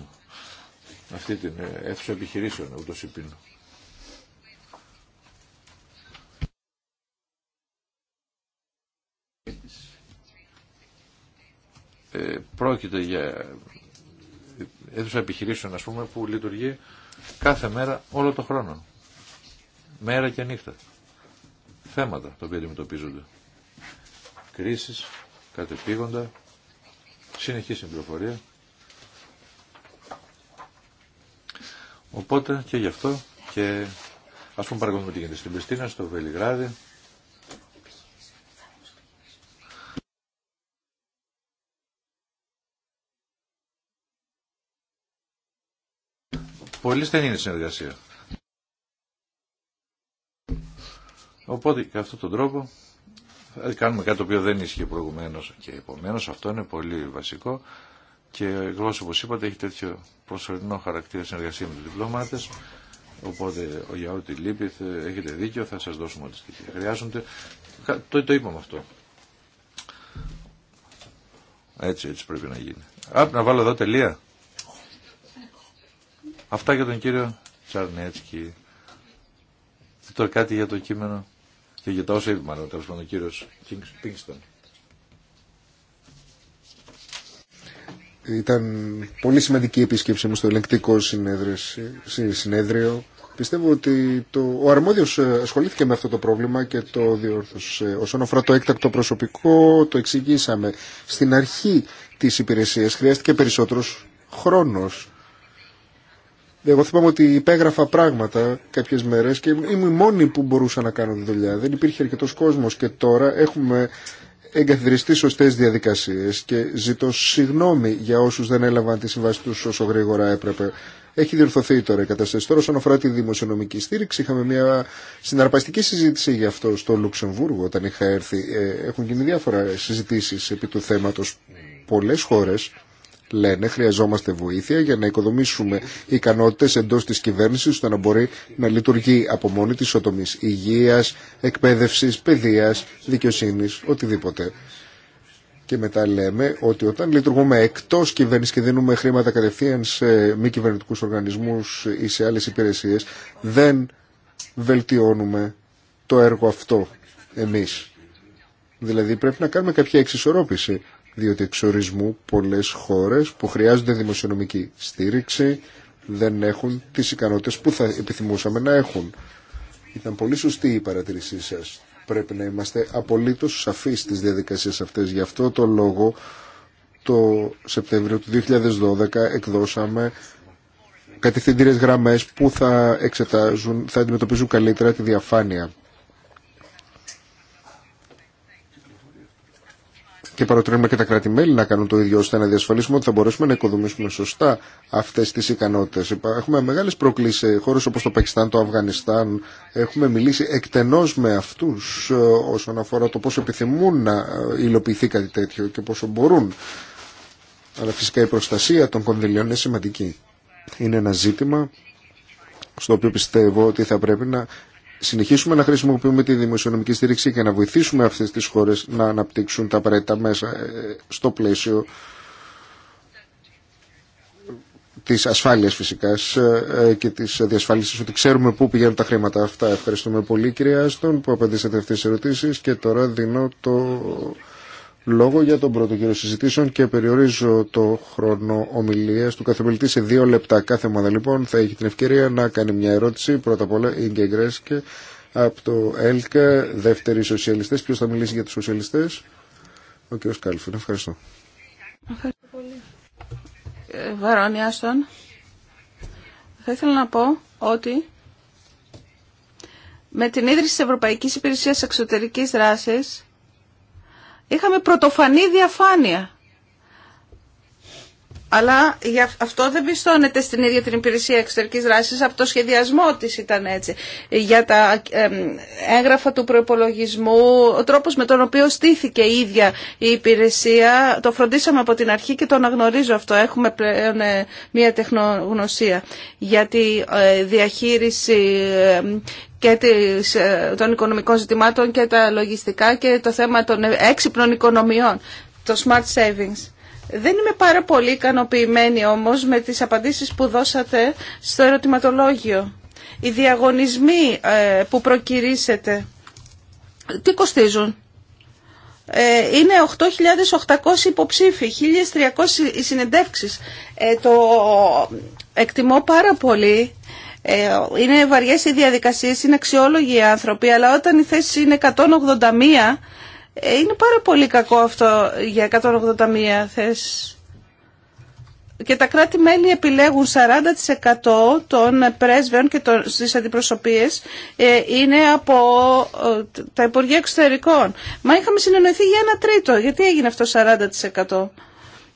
αυτή την ε, αίθουσα επιχειρήσεων, ούτως πίνω. Ε, πρόκειται για ε, αίθουσα επιχειρήσεων, ας πούμε, που λειτουργεί κάθε μέρα όλο το χρόνο. Μέρα και νύχτα. Θέματα τα οποία αντιμετωπίζονται. Κρίσεις, κατεπήγοντα, συνεχή συμπληροφορία. Οπότε και γι' αυτό και α πούμε παρακολουθούμε τι γίνεται στην Πριστίνα, στο Βελιγράδι. Πολύ στενή είναι η συνεργασία. Οπότε και αυτόν τον τρόπο ε, κάνουμε κάτι το οποίο δεν ίσχυε προηγουμένως και επομένως αυτό είναι πολύ βασικό και η γλώσσα όπω είπατε έχει τέτοιο προσωρινό χαρακτήρα συνεργασία με του διπλωμάτε, οπότε ο ό,τι λείπει έχετε δίκιο θα σας δώσουμε ό,τι στοιχεία χρειάζονται το, το είπαμε αυτό έτσι έτσι πρέπει να γίνει Α, να βάλω εδώ τελεία αυτά για τον κύριο Τσαρνέτσκι τώρα κάτι για το κείμενο και για τα όσα είπε μάλλον πάντων ο κύριος Πίνγκστον Ήταν πολύ σημαντική η επίσκεψή μου στο ελεγκτικό συνέδριο. Πιστεύω ότι το, ο αρμόδιος ε, ασχολήθηκε με αυτό το πρόβλημα και το διόρθωσε. Όσον αφορά το έκτακτο προσωπικό, το εξηγήσαμε. Στην αρχή τη υπηρεσία χρειάστηκε περισσότερος χρόνος. Εγώ θυμάμαι ότι υπέγραφα πράγματα κάποιες μέρες και ήμουν η μόνη που μπορούσα να κάνω τη δουλειά. Δεν υπήρχε αρκετό κόσμο και τώρα έχουμε εγκαθιδριστεί σωστέ διαδικασίες και ζητώ συγγνώμη για όσους δεν έλαβαν τη συμβάση του όσο γρήγορα έπρεπε. Έχει διορθωθεί τώρα η κατάσταση. Τώρα, όσον αφορά τη δημοσιονομική στήριξη, είχαμε μια συναρπαστική συζήτηση γι' αυτό στο Λουξεμβούργο όταν είχα έρθει. Ε, έχουν γίνει διάφορα συζητήσει επί του θέματο. Πολλέ χώρε λένε χρειαζόμαστε βοήθεια για να οικοδομήσουμε ικανότητες εντός της κυβέρνησης ώστε να μπορεί να λειτουργεί από μόνη της ο τομής υγείας, εκπαίδευσης, παιδείας, δικαιοσύνης, οτιδήποτε. Και μετά λέμε ότι όταν λειτουργούμε εκτός κυβέρνηση και δίνουμε χρήματα κατευθείαν σε μη κυβερνητικούς οργανισμού ή σε άλλες υπηρεσίες, δεν βελτιώνουμε το έργο αυτό εμείς. Δηλαδή πρέπει να κάνουμε κάποια εξισορρόπηση διότι εξορισμού πολλές χώρες που χρειάζονται δημοσιονομική στήριξη δεν έχουν τις ικανότητες που θα επιθυμούσαμε να έχουν. Ήταν πολύ σωστή η παρατηρήσή σας. Πρέπει να είμαστε απολύτως σαφείς στις διαδικασίες αυτές. Γι' αυτό το λόγο το Σεπτέμβριο του 2012 εκδώσαμε κατευθυντήρες γραμμές που θα εξετάζουν, θα αντιμετωπίζουν καλύτερα τη διαφάνεια και παροτρύνουμε και τα κράτη-μέλη να κάνουν το ίδιο ώστε να διασφαλίσουμε ότι θα μπορέσουμε να οικοδομήσουμε σωστά αυτέ τι ικανότητε. Έχουμε μεγάλε προκλήσει σε χώρε όπω το Πακιστάν, το Αφγανιστάν. Έχουμε μιλήσει εκτενώ με αυτού ε, όσον αφορά το πόσο επιθυμούν να ε, υλοποιηθεί κάτι τέτοιο και πόσο μπορούν. Αλλά φυσικά η προστασία των κονδυλιών είναι σημαντική. Είναι ένα ζήτημα στο οποίο πιστεύω ότι θα πρέπει να συνεχίσουμε να χρησιμοποιούμε τη δημοσιονομική στήριξη και να βοηθήσουμε αυτές τις χώρες να αναπτύξουν τα απαραίτητα μέσα ε, στο πλαίσιο της ασφάλειας φυσικά ε, και της διασφάλισης ότι ξέρουμε πού πηγαίνουν τα χρήματα αυτά. Ευχαριστούμε πολύ κυρία Άστον που απαντήσατε αυτές τις ερωτήσεις και τώρα δίνω το λόγο για τον πρώτο κύριο συζητήσεων και περιορίζω το χρόνο ομιλίας του καθεμιλητή σε δύο λεπτά. Κάθε ομάδα λοιπόν θα έχει την ευκαιρία να κάνει μια ερώτηση. Πρώτα απ' όλα η Γκέγκρέσκε από το ΕΛΚΑ, δεύτερη σοσιαλιστές. Ποιος θα μιλήσει για τους σοσιαλιστές. Ο κ. Κάλφιν. Ευχαριστώ. Ευχαριστώ πολύ. Ε, θα ήθελα να πω ότι με την ίδρυση της Ευρωπαϊκής Υπηρεσίας Εξωτερικής Δράσης είχαμε πρωτοφανή διαφάνεια. Αλλά αυτό δεν πιστώνεται στην ίδια την υπηρεσία εξωτερικής δράσης, από το σχεδιασμό της ήταν έτσι. Για τα έγγραφα του προπολογισμού, ο τρόπος με τον οποίο στήθηκε η ίδια η υπηρεσία, το φροντίσαμε από την αρχή και το αναγνωρίζω αυτό. Έχουμε πλέον ε, μια τεχνογνωσία για τη ε, διαχείριση και ε, των οικονομικών ζητημάτων και τα λογιστικά και το θέμα των έξυπνων οικονομιών, το smart savings. Δεν είμαι πάρα πολύ ικανοποιημένη όμως με τις απαντήσεις που δώσατε στο ερωτηματολόγιο. Οι διαγωνισμοί ε, που προκυρήσετε, τι κοστίζουν. Ε, είναι 8.800 υποψήφοι, 1.300 οι συνεντεύξεις. Ε, το εκτιμώ πάρα πολύ. Είναι βαριές οι διαδικασίες, είναι αξιόλογοι οι άνθρωποι, αλλά όταν η θέση είναι 181 είναι πάρα πολύ κακό αυτό για 181 θέσεις. Και τα κράτη-μέλη επιλέγουν 40% των πρέσβεων και των, στις αντιπροσωπείες ε, είναι από ε, τα Υπουργεία Εξωτερικών. Μα είχαμε συνεννοηθεί για ένα τρίτο. Γιατί έγινε αυτό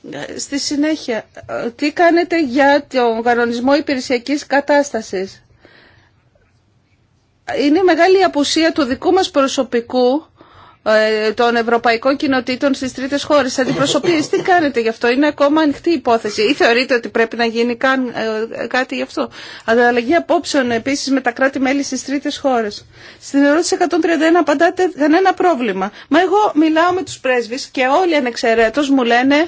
40%. Ε, στη συνέχεια, τι κάνετε για τον κανονισμό υπηρεσιακής κατάστασης. Είναι μεγάλη απουσία του δικού μας προσωπικού ε, των ευρωπαϊκών κοινοτήτων στις τρίτες χώρες. Αντιπροσωπείες, τι κάνετε γι' αυτό, είναι ακόμα ανοιχτή υπόθεση ή θεωρείτε ότι πρέπει να γίνει ε, κάτι γι' αυτό. Ανταλλαγή απόψεων επίσης με τα κράτη-μέλη στις τρίτες χώρες. Στην ερώτηση 131 απαντάτε κανένα πρόβλημα. Μα εγώ μιλάω με τους πρέσβεις και όλοι ανεξαιρέτως μου λένε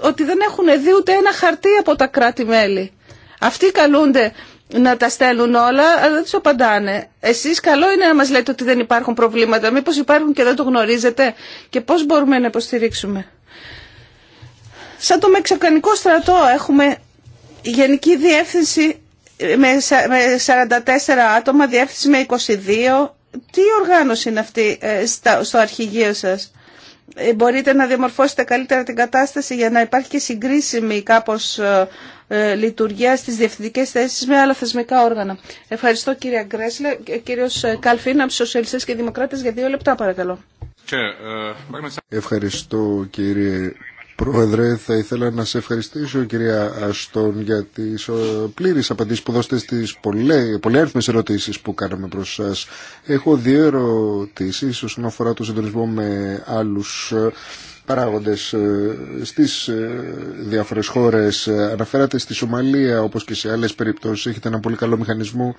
ότι δεν έχουν δει ούτε ένα χαρτί από τα κράτη-μέλη. Αυτοί καλούνται να τα στέλνουν όλα, αλλά δεν του απαντάνε. Εσεί καλό είναι να μα λέτε ότι δεν υπάρχουν προβλήματα. Μήπω υπάρχουν και δεν το γνωρίζετε και πώ μπορούμε να υποστηρίξουμε. Σαν το Μεξικανικό στρατό έχουμε γενική διεύθυνση με 44 άτομα, διεύθυνση με 22. Τι οργάνωση είναι αυτή ε, στο αρχηγείο σας. Ε, μπορείτε να διαμορφώσετε καλύτερα την κατάσταση για να υπάρχει και συγκρίσιμη κάπως ε, ε, λειτουργία στις διευθυντικές θέσεις με άλλα θεσμικά όργανα. Ευχαριστώ κύριε Γκρέσλε. Κύριος Καλφίν από Σοσιαλιστές και Δημοκράτες για δύο λεπτά παρακαλώ. Ευχαριστώ κύριε Πρόεδρε, θα ήθελα να σε ευχαριστήσω κυρία Αστόν για τις ε, πλήρε απαντήσεις που δώσετε στις ερωτήσεις που κάναμε προς σας. Έχω δύο ερωτήσεις όσον αφορά το συντονισμό με άλλους ε, παράγοντες ε, στις διάφορες χώρες. Αναφέρατε στη Σομαλία όπως και σε άλλες περιπτώσεις έχετε ένα πολύ καλό μηχανισμό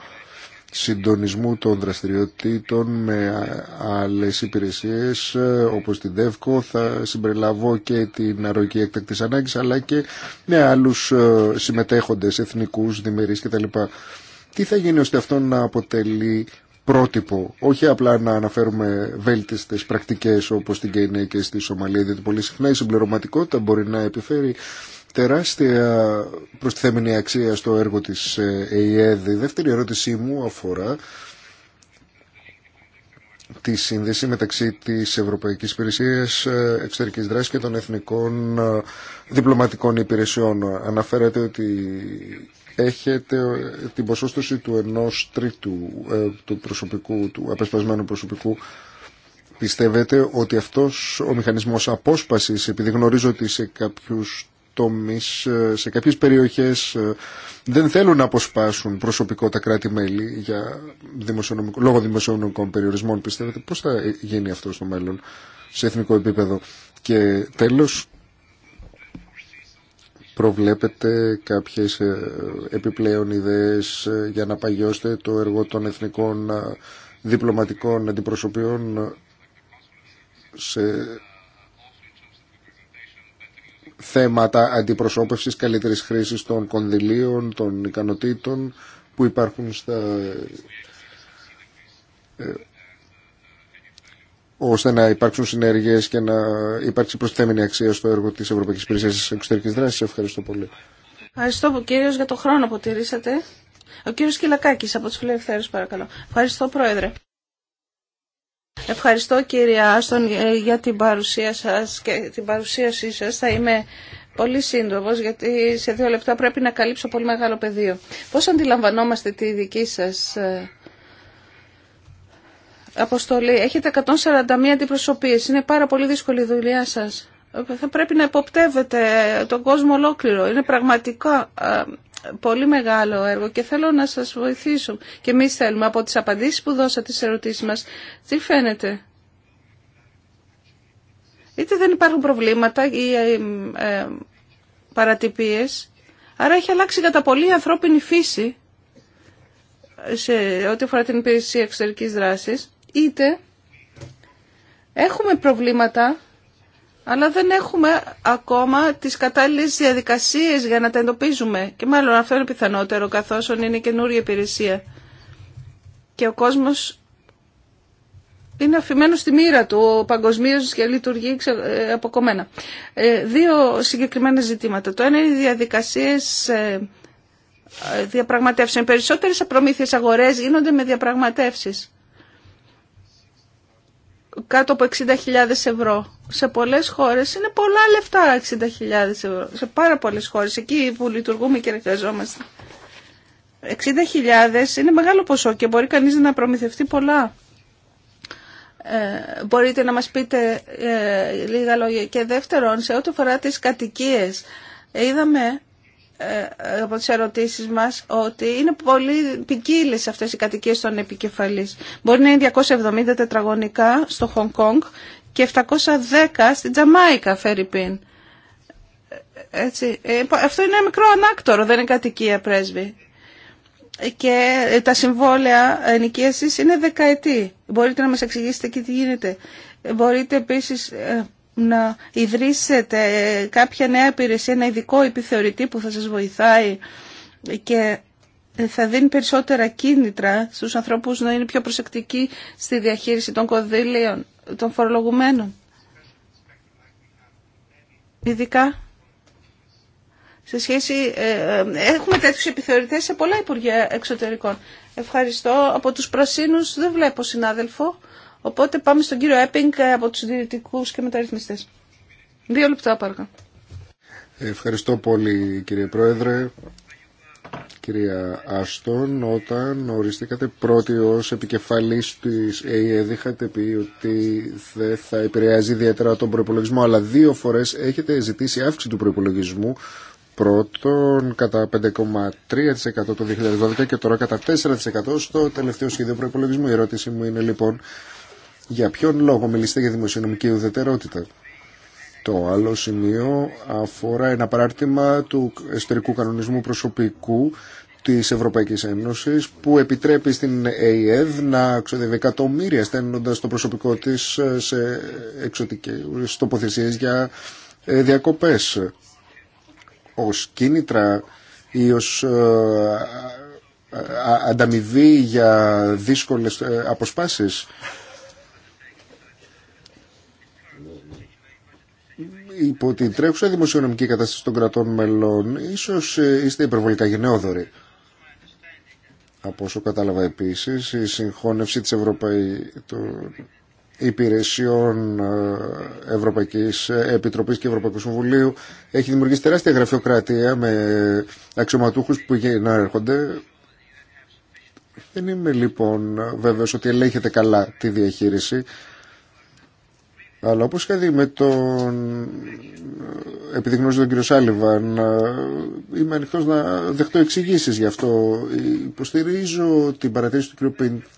συντονισμού των δραστηριοτήτων με άλλες υπηρεσίες ε, όπως την ΔΕΦΚΟ, θα συμπεριλαβώ και την αρρωγή εκτακτής ανάγκης αλλά και με άλλους ε, συμμετέχοντες εθνικούς, διμερείς κτλ. Τι θα γίνει ώστε αυτό να αποτελεί πρότυπο, όχι απλά να αναφέρουμε βέλτιστες πρακτικές όπως στην ΚΕΙΝΕ και στη Σομαλία, διότι πολύ συχνά η συμπληρωματικότητα μπορεί να επιφέρει τεράστια προστιθέμενη αξία στο έργο της ε, ΕΙΕΔ. Η δεύτερη ερώτησή μου αφορά τη σύνδεση μεταξύ της Ευρωπαϊκής Υπηρεσίας ε, Εξωτερικής Δράσης και των Εθνικών ε, Διπλωματικών Υπηρεσιών. Αναφέρατε ότι έχετε την ποσόστοση του ενός τρίτου του προσωπικού, του απεσπασμένου προσωπικού Πιστεύετε ότι αυτός ο μηχανισμός απόσπασης, επειδή γνωρίζω ότι σε κάποιους τομείς, ε, σε κάποιες περιοχές ε, δεν θέλουν να αποσπάσουν προσωπικό τα κράτη-μέλη για δημοσιονομικό, λόγω δημοσιονομικών περιορισμών. Πιστεύετε πώς θα γίνει αυτό στο μέλλον σε εθνικό επίπεδο. Και τέλος, προβλέπετε κάποιες ε, επιπλέον ιδέες για να παγιώσετε το έργο των εθνικών διπλωματικών αντιπροσωπείων σε θέματα αντιπροσώπευσης καλύτερης χρήσης των κονδυλίων, των ικανοτήτων που υπάρχουν στα... Ε, ώστε να υπάρξουν συνέργειες και να υπάρξει προσθέμενη αξία στο έργο της Ευρωπαϊκής Υπηρεσίας Εξωτερικής Δράσης. Ευχαριστώ πολύ. Ευχαριστώ κύριος για το χρόνο που τηρήσατε. Ο κύριος Κυλακάκης από του Φιλελευθέρους παρακαλώ. Ευχαριστώ Πρόεδρε. Ευχαριστώ κύριε Άστον για την παρουσία σας και την παρουσίασή σας. Θα είμαι πολύ σύντομος γιατί σε δύο λεπτά πρέπει να καλύψω πολύ μεγάλο πεδίο. Πώς αντιλαμβανόμαστε τη δική σας ε, αποστολή. Έχετε 141 αντιπροσωπείες. Είναι πάρα πολύ δύσκολη η δουλειά σας θα πρέπει να υποπτεύεται τον κόσμο ολόκληρο. Είναι πραγματικά ε, πολύ μεγάλο έργο και θέλω να σας βοηθήσω. Και εμεί θέλουμε από τις απαντήσεις που δώσατε στις ερωτήσεις μας, τι φαίνεται. Είτε δεν υπάρχουν προβλήματα ή ε, ε, παρατυπίες, άρα έχει αλλάξει κατά πολύ η ανθρώπινη φύση σε ό,τι αφορά την υπηρεσία εξωτερικής δράσης, είτε έχουμε προβλήματα αλλά δεν έχουμε ακόμα τις κατάλληλες διαδικασίες για να τα εντοπίζουμε. Και μάλλον αυτό είναι πιθανότερο, καθώς είναι καινούργια υπηρεσία. Και ο κόσμος είναι αφημένο στη μοίρα του παγκοσμίω και λειτουργεί ε, αποκομμένα. Ε, δύο συγκεκριμένα ζητήματα. Το ένα είναι οι διαδικασίες ε, διαπραγματεύσεων. Οι περισσότερες προμήθειες αγορέ γίνονται με διαπραγματεύσει κάτω από 60.000 ευρώ. Σε πολλές χώρες είναι πολλά λεφτά 60.000 ευρώ. Σε πάρα πολλές χώρες, εκεί που λειτουργούμε και εργαζόμαστε. 60.000 είναι μεγάλο ποσό και μπορεί κανείς να προμηθευτεί πολλά. Ε, μπορείτε να μας πείτε ε, λίγα λόγια. Και δεύτερον, σε ό,τι αφορά τις κατοικίες, είδαμε ε, από τις ερωτήσεις μας ότι είναι πολύ ποικίλε αυτές οι κατοικίες των επικεφαλής. Μπορεί να είναι 270 τετραγωνικά στο Χονγκ Κονγκ και 710 στην Τζαμάικα, Φερρυπίν. Ε, έτσι. Ε, αυτό είναι ένα μικρό ανάκτορο, δεν είναι κατοικία πρέσβη. Και τα συμβόλαια ενοικίασης είναι δεκαετή. Μπορείτε να μας εξηγήσετε και τι γίνεται. Μπορείτε επίσης να ιδρύσετε κάποια νέα υπηρεσία, ένα ειδικό επιθεωρητή που θα σας βοηθάει και θα δίνει περισσότερα κίνητρα στους ανθρώπους να είναι πιο προσεκτικοί στη διαχείριση των κονδύλιων, των φορολογουμένων. Ειδικά σε σχέση, ε, ε, έχουμε τέτοιους επιθεωρητές σε πολλά Υπουργεία Εξωτερικών. Ευχαριστώ. Από τους Πρασίνους δεν βλέπω συνάδελφο. Οπότε πάμε στον κύριο Έπινγκ ε, από τους συντηρητικούς και μεταρρυθμιστές. Δύο λεπτά πάρκα. Ευχαριστώ πολύ κύριε Πρόεδρε. Κυρία Άστον, όταν οριστήκατε πρώτη ως επικεφαλής της ΕΕΔ είχατε πει ότι δεν θα επηρεάζει ιδιαίτερα τον προϋπολογισμό αλλά δύο φορές έχετε ζητήσει αύξηση του προϋπολογισμού πρώτον κατά 5,3% το 2012 και τώρα κατά 4% στο τελευταίο σχέδιο προϋπολογισμού. Η ερώτησή μου είναι λοιπόν για ποιον λόγο μιλήσετε για δημοσιονομική ουδετερότητα. Το άλλο σημείο αφορά ένα παράρτημα του εσωτερικού κανονισμού προσωπικού της Ευρωπαϊκής Ένωσης που επιτρέπει στην ΕΕΔ να ξοδεύει εκατομμύρια στέλνοντας το προσωπικό της σε εξωτικές τοποθεσίες για ε, διακοπές ως κίνητρα ή ως ε, ανταμοιβή για δύσκολες ε, αποσπάσεις. υπό την τρέχουσα δημοσιονομική κατάσταση των κρατών μελών ίσως ε, είστε υπερβολικά γενναιόδοροι. Από όσο κατάλαβα επίσης η συγχώνευση της Ευρωπαϊ... των υπηρεσιών ε, Ευρωπαϊκής ε, Επιτροπής και Ευρωπαϊκού Συμβουλίου έχει δημιουργήσει τεράστια γραφειοκρατία με αξιωματούχου που να έρχονται. Δεν είμαι λοιπόν βέβαιος ότι ελέγχεται καλά τη διαχείριση αλλά όπως είχα δει με τον... Επειδή τον κύριο Σάλιβαν, ε, είμαι ανοιχτό να δεχτώ εξηγήσει γι' αυτό. Ε, υποστηρίζω την παρατήρηση του κύριου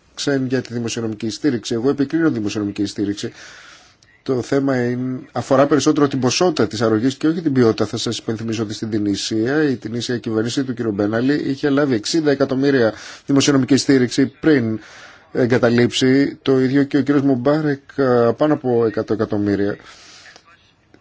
Πινξέν για τη δημοσιονομική στήριξη. Εγώ επικρίνω δημοσιονομική στήριξη. Το θέμα είναι, αφορά περισσότερο την ποσότητα τη αρρωγή και όχι την ποιότητα. Θα σα υπενθυμίσω ότι στην Τινησία η Τινησία κυβέρνηση του κ. Μπέναλη είχε λάβει 60 εκατομμύρια δημοσιονομική στήριξη πριν εγκαταλείψει. Το ίδιο και ο κύριος Μουμπάρεκ πάνω από 100 εκατομμύρια.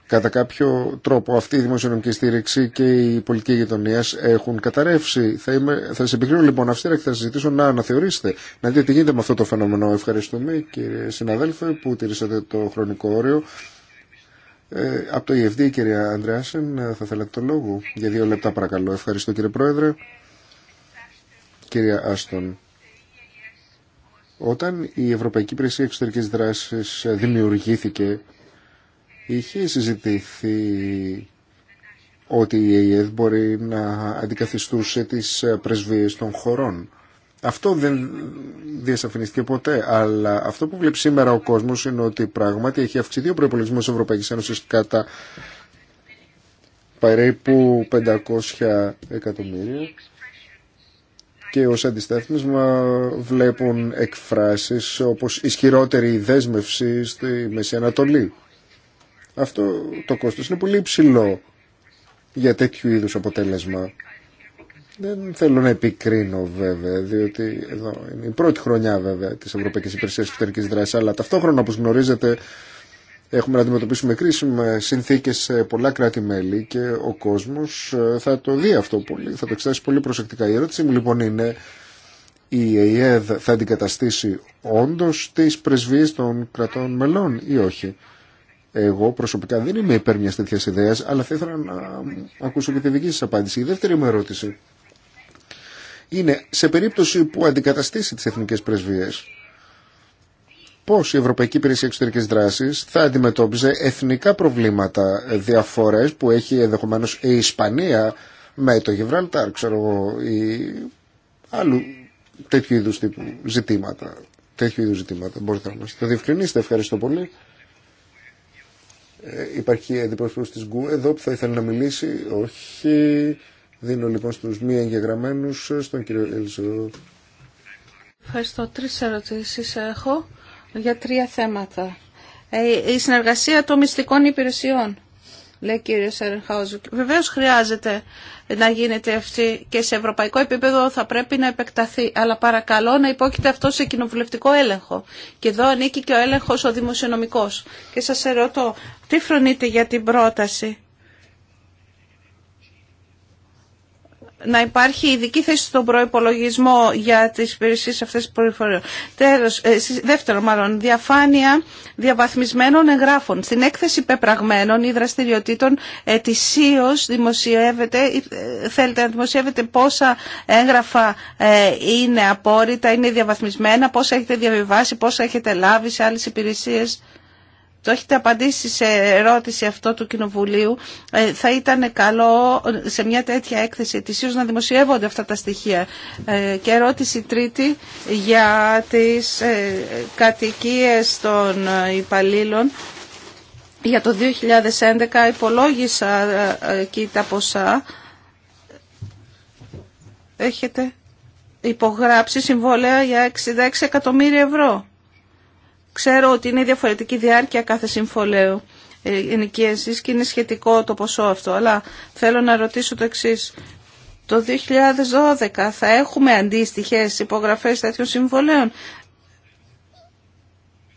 Κατά κάποιο τρόπο αυτή η δημοσιονομική στήριξη και η πολιτική γειτονία έχουν καταρρεύσει. Θα, είμαι, θα επικρίνω λοιπόν αυστήρα και θα σα ζητήσω να αναθεωρήσετε, να δείτε τι γίνεται με αυτό το φαινόμενο. Ευχαριστούμε κύριε συναδέλφε που τηρήσατε το χρονικό όριο. Ε, από το EFD, κυρία Αντρέασεν, θα θέλατε το λόγο. Για δύο λεπτά παρακαλώ. Ευχαριστώ κύριε Πρόεδρε. Κυρία Άστον, όταν η Ευρωπαϊκή Υπηρεσία Εξωτερική δράση δημιουργήθηκε, είχε συζητηθεί ότι η ΕΕΔ μπορεί να αντικαθιστούσε τις πρεσβείες των χωρών. Αυτό δεν διασαφινίστηκε ποτέ, αλλά αυτό που βλέπει σήμερα ο κόσμος είναι ότι πράγματι έχει αυξηθεί ο προπολογισμό Ευρωπαϊκής Ένωσης κατά περίπου 500 εκατομμύρια και ως αντιστάθμισμα βλέπουν εκφράσεις όπως ισχυρότερη δέσμευση στη Μέση Ανατολή. Αυτό το κόστος είναι πολύ υψηλό για τέτοιου είδους αποτέλεσμα. Δεν θέλω να επικρίνω βέβαια, διότι εδώ είναι η πρώτη χρονιά βέβαια της Ευρωπαϊκής Υπηρεσίας Εξωτερικής Δράσης, αλλά ταυτόχρονα όπως γνωρίζετε Έχουμε να αντιμετωπίσουμε με συνθήκες σε πολλά κράτη-μέλη και ο κόσμος ε, θα το δει αυτό πολύ, θα το εξετάσει πολύ προσεκτικά. Η ερώτησή μου λοιπόν είναι η ΕΕΔ θα αντικαταστήσει όντως τις πρεσβείες των κρατών μελών ή όχι. Εγώ προσωπικά δεν είμαι υπέρ μια τέτοια ιδέα, αλλά θα ήθελα να ακούσω και τη δική σα απάντηση. Η δεύτερη μου ερώτηση είναι σε περίπτωση που αντικαταστήσει τι εθνικέ πρεσβείες πώς η Ευρωπαϊκή Υπηρεσία Εξωτερικής Δράσης θα αντιμετώπιζε εθνικά προβλήματα, ε, διαφορές που έχει ενδεχομένως η Ισπανία με το Γιβραλτάρ, ξέρω εγώ, ή άλλου τέτοιου είδους τύπου ζητήματα. Τέτοιου ζητήματα, μπορείτε να μας το διευκρινίσετε, ευχαριστώ πολύ. Ε, υπάρχει αντιπρόσωπος της Γκου εδώ που θα ήθελε να μιλήσει, όχι... Δίνω λοιπόν στους μη εγγεγραμμένους, ε, στον κύριο Ελζο. Ευχαριστώ. Τρει ερωτήσει έχω για τρία θέματα. Ε, η συνεργασία των μυστικών υπηρεσιών, λέει κύριο Σερενχάουζου. Βεβαίω χρειάζεται να γίνεται αυτή και σε ευρωπαϊκό επίπεδο θα πρέπει να επεκταθεί. Αλλά παρακαλώ να υπόκειται αυτό σε κοινοβουλευτικό έλεγχο. Και εδώ ανήκει και ο έλεγχο ο δημοσιονομικό. Και σα ερωτώ, τι φρονείτε για την πρόταση να υπάρχει ειδική θέση στον προϋπολογισμό για τις υπηρεσίες αυτές πληροφοριών. Τέλος, ε, δεύτερο μάλλον, διαφάνεια διαβαθμισμένων εγγράφων. Στην έκθεση πεπραγμένων ή δραστηριοτήτων ετησίω δημοσιεύεται, ε, θέλετε να δημοσιεύετε πόσα έγγραφα ε, είναι απόρριτα, είναι διαβαθμισμένα, πόσα έχετε διαβιβάσει, πόσα έχετε λάβει σε άλλε υπηρεσίε. Το έχετε απαντήσει σε ερώτηση αυτό του Κοινοβουλίου. Ε, θα ήταν καλό σε μια τέτοια έκθεση ίσως να δημοσιεύονται αυτά τα στοιχεία. Ε, και ερώτηση τρίτη για τις ε, κατοικίες των υπαλλήλων. Για το 2011 υπολόγισα εκεί τα ποσά. Έχετε υπογράψει συμβόλαια για 66 εκατομμύρια ευρώ. Ξέρω ότι είναι διαφορετική διάρκεια κάθε συμφωλέου ε, ενοικίασης και είναι σχετικό το ποσό αυτό, αλλά θέλω να ρωτήσω το εξή: Το 2012 θα έχουμε αντίστοιχε υπογραφές τέτοιων συμβολέων.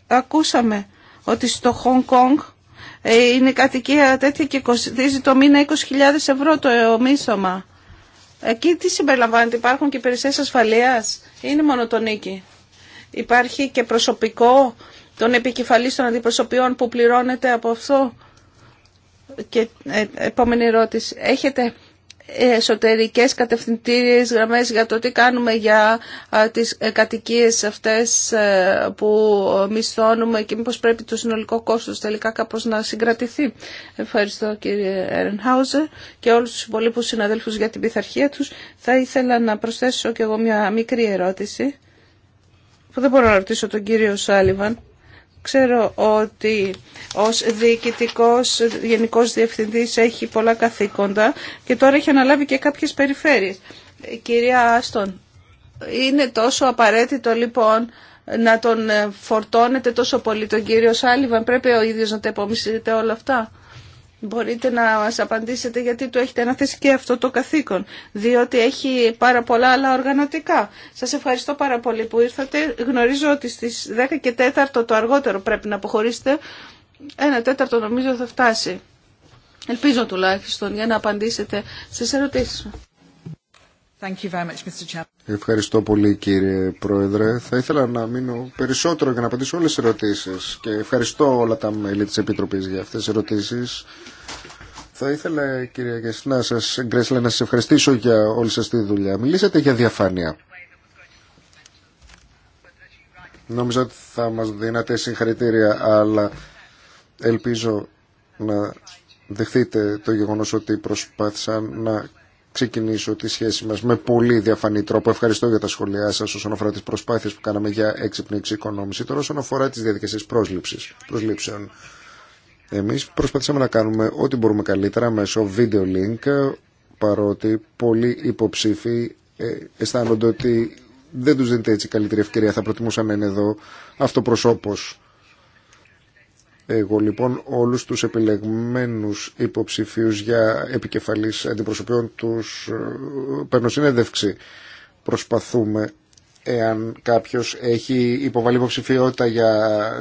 Ακούσαμε ότι στο Χονγκ Κόνγκ ε, είναι κατοικία τέτοια και κοστίζει το μήνα 20.000 ευρώ το μίσθωμα. Εκεί τι συμπεριλαμβάνεται, υπάρχουν και ασφαλεία ασφαλείας, είναι μονοτονίκη. Υπάρχει και προσωπικό των επικεφαλής των αντιπροσωπιών που πληρώνεται από αυτό. Και ε, επόμενη ερώτηση. Έχετε εσωτερικές κατευθυντήριες γραμμές για το τι κάνουμε για τις ε, κατοικίες αυτές ε, που μισθώνουμε και μήπως πρέπει το συνολικό κόστος τελικά κάπως να συγκρατηθεί. Ευχαριστώ κύριε Ερενχάουζερ και όλους τους υπολείπους συναδέλφους για την πειθαρχία τους. Θα ήθελα να προσθέσω και εγώ μια μικρή ερώτηση που δεν μπορώ να ρωτήσω τον κύριο Σάλιβαν Ξέρω ότι ως διοικητικός γενικός διευθυντής έχει πολλά καθήκοντα και τώρα έχει αναλάβει και κάποιες περιφέρειες. Ε, κυρία Άστον, είναι τόσο απαραίτητο λοιπόν να τον ε, φορτώνετε τόσο πολύ τον κύριο Σάλιβαν. Πρέπει ο ίδιος να τα όλα αυτά. Μπορείτε να μας απαντήσετε γιατί του έχετε αναθέσει και αυτό το καθήκον, διότι έχει πάρα πολλά άλλα οργανωτικά. Σας ευχαριστώ πάρα πολύ που ήρθατε. Γνωρίζω ότι στις 10 και 4 το αργότερο πρέπει να αποχωρήσετε. Ένα τέταρτο νομίζω θα φτάσει. Ελπίζω τουλάχιστον για να απαντήσετε στις ερωτήσεις μου. Ευχαριστώ πολύ κύριε Πρόεδρε. Θα ήθελα να μείνω περισσότερο για να απαντήσω όλες τις ερωτήσεις και ευχαριστώ όλα τα μέλη της Επιτροπής για αυτές τις ερωτήσεις. Θα ήθελα κύριε να σας, Γκρέσλα, να σας ευχαριστήσω για όλη σας τη δουλειά. Μιλήσατε για διαφάνεια. Νόμιζα ότι θα μας δίνατε συγχαρητήρια, αλλά ελπίζω να δεχτείτε το γεγονός ότι προσπάθησαν να ξεκινήσω τη σχέση μας με πολύ διαφανή τρόπο. Ευχαριστώ για τα σχόλιά σας όσον αφορά τις προσπάθειες που κάναμε για έξυπνη εξοικονόμηση. Τώρα όσον αφορά τις διαδικασίες πρόσληψης, προσλήψεων. Εμείς προσπαθήσαμε να κάνουμε ό,τι μπορούμε καλύτερα μέσω video link, παρότι πολλοί υποψήφοι ε, αισθάνονται ότι δεν τους δίνεται έτσι καλύτερη ευκαιρία, θα προτιμούσαν να είναι εδώ αυτοπροσώπως εγώ λοιπόν όλους τους επιλεγμένους υποψηφίους για επικεφαλής αντιπροσωπείων τους ε, παίρνω συνέντευξη. Προσπαθούμε εάν κάποιος έχει υποβάλει υποψηφιότητα για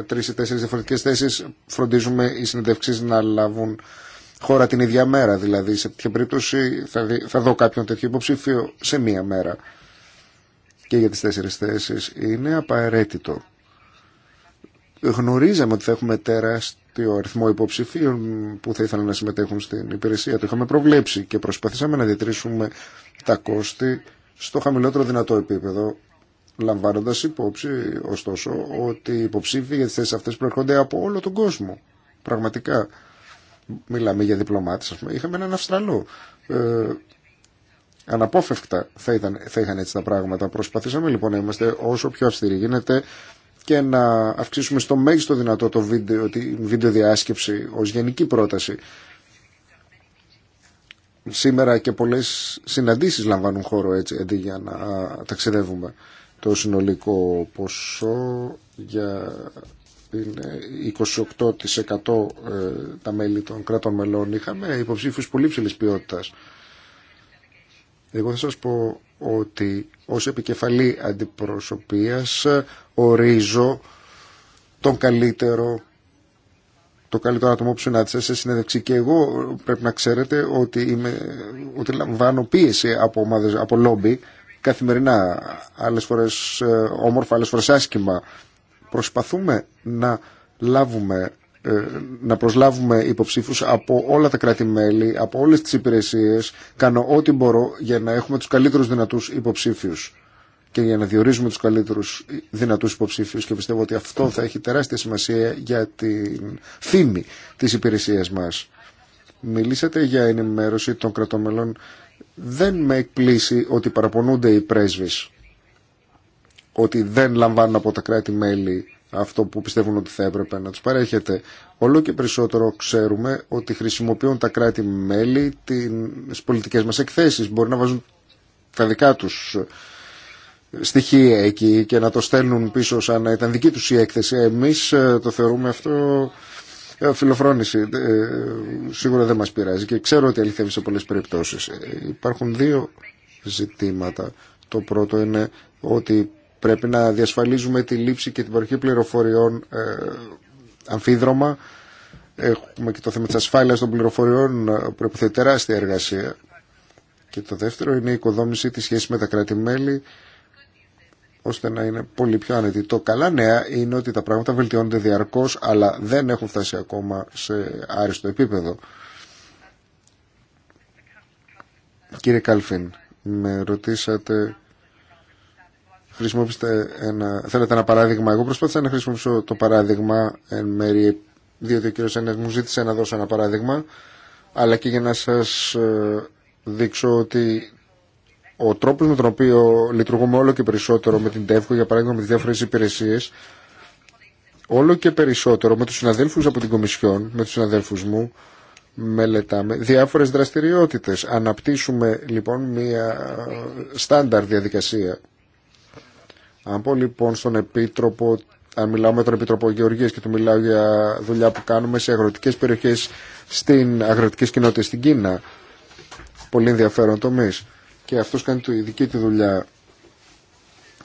τρεις ή τέσσερις διαφορετικές θέσεις φροντίζουμε οι συνέντευξεις να λάβουν χώρα την ίδια μέρα. Δηλαδή σε τέτοια περίπτωση θα, δω κάποιον τέτοιο υποψήφιο σε μία μέρα. Και για τις τέσσερις θέσεις είναι απαραίτητο γνωρίζαμε ότι θα έχουμε τεράστιο αριθμό υποψηφίων που θα ήθελαν να συμμετέχουν στην υπηρεσία. Το είχαμε προβλέψει και προσπαθήσαμε να διατηρήσουμε τα κόστη στο χαμηλότερο δυνατό επίπεδο, λαμβάνοντα υπόψη, ωστόσο, ότι οι υποψήφοι για τι θέσει αυτέ προέρχονται από όλο τον κόσμο. Πραγματικά. Μιλάμε για διπλωμάτε, α πούμε. Είχαμε έναν Αυστραλό. Ε, αναπόφευκτα θα, ήταν, θα είχαν έτσι τα πράγματα. Προσπαθήσαμε λοιπόν να είμαστε όσο πιο αυστηροί γίνεται και να αυξήσουμε στο μέγιστο δυνατό το βίντεο, τη βίντεο διάσκεψη ως γενική πρόταση. Σήμερα και πολλές συναντήσεις λαμβάνουν χώρο έτσι, για να ταξιδεύουμε. Το συνολικό ποσό για είναι 28% ε, τα μέλη των κράτων μελών. Είχαμε υποψήφιους πολύ ψηλής ποιότητας. Εγώ θα σας πω ότι ως επικεφαλή αντιπροσωπείας ορίζω τον καλύτερο το καλύτερο άτομο που συνάντησα σε συνέντευξη και εγώ πρέπει να ξέρετε ότι, είμαι, ότι λαμβάνω πίεση από, ομάδες, από λόμπι καθημερινά, άλλες φορές ε, όμορφα, άλλες φορές άσχημα. Προσπαθούμε να λάβουμε ε, να προσλάβουμε υποψήφους από όλα τα κράτη-μέλη, από όλες τις υπηρεσίες. Κάνω ό,τι μπορώ για να έχουμε τους καλύτερους δυνατούς υποψήφιους και για να διορίζουμε τους καλύτερους δυνατούς υποψήφιους και πιστεύω ότι αυτό θα έχει τεράστια σημασία για την φήμη της υπηρεσίας μας. Μιλήσατε για ενημέρωση των κρατομελών. Δεν με εκπλήσει ότι παραπονούνται οι πρέσβεις ότι δεν λαμβάνουν από τα κράτη-μέλη αυτό που πιστεύουν ότι θα έπρεπε να τους παρέχεται. Όλο και περισσότερο ξέρουμε ότι χρησιμοποιούν τα κράτη-μέλη τις πολιτικές μας εκθέσεις. Μπορεί να βάζουν τα δικά τους ε, στοιχεία εκεί και να το στέλνουν πίσω σαν να ήταν δική τους η έκθεση. Εμείς ε, το θεωρούμε αυτό ε, φιλοφρόνηση. Σίγουρα δεν μας πειράζει και ξέρω ότι αληθεύει σε πολλές περιπτώσεις. Υπάρχουν δύο ζητήματα. Το πρώτο είναι ότι Πρέπει να διασφαλίζουμε τη λήψη και την παροχή πληροφοριών ε, αμφίδρομα. Έχουμε και το θέμα της ασφάλειας των πληροφοριών ε, που υποθέτει τεράστια εργασία. Και το δεύτερο είναι η οικοδόμηση της σχέσης με τα κράτη-μέλη ώστε να είναι πολύ πιο άνετη. Το καλά νέα είναι ότι τα πράγματα βελτιώνονται διαρκώς αλλά δεν έχουν φτάσει ακόμα σε άριστο επίπεδο. Κύριε Κάλφιν, με ρωτήσατε χρησιμοποιήσετε ένα, θέλετε ένα παράδειγμα. Εγώ προσπάθησα να χρησιμοποιήσω το παράδειγμα εν μέρη, διότι ο κύριος Ένες μου ζήτησε να δώσω ένα παράδειγμα, αλλά και για να σας ε, δείξω ότι ο τρόπος με τον οποίο λειτουργούμε όλο και περισσότερο με την ΤΕΦΚΟ, για παράδειγμα με τις διάφορες υπηρεσίες, όλο και περισσότερο με τους συναδέλφους από την Κομισιόν, με τους συναδέλφους μου, μελετάμε διάφορες δραστηριότητες. Αναπτύσσουμε λοιπόν μια ε, στάνταρ διαδικασία αν πω λοιπόν στον Επίτροπο, αν μιλάω με τον Επίτροπο Γεωργίας και του μιλάω για δουλειά που κάνουμε σε αγροτικές περιοχές στην αγροτική κοινότητα στην Κίνα, πολύ ενδιαφέρον τομείς και αυτός κάνει τη δική του δουλειά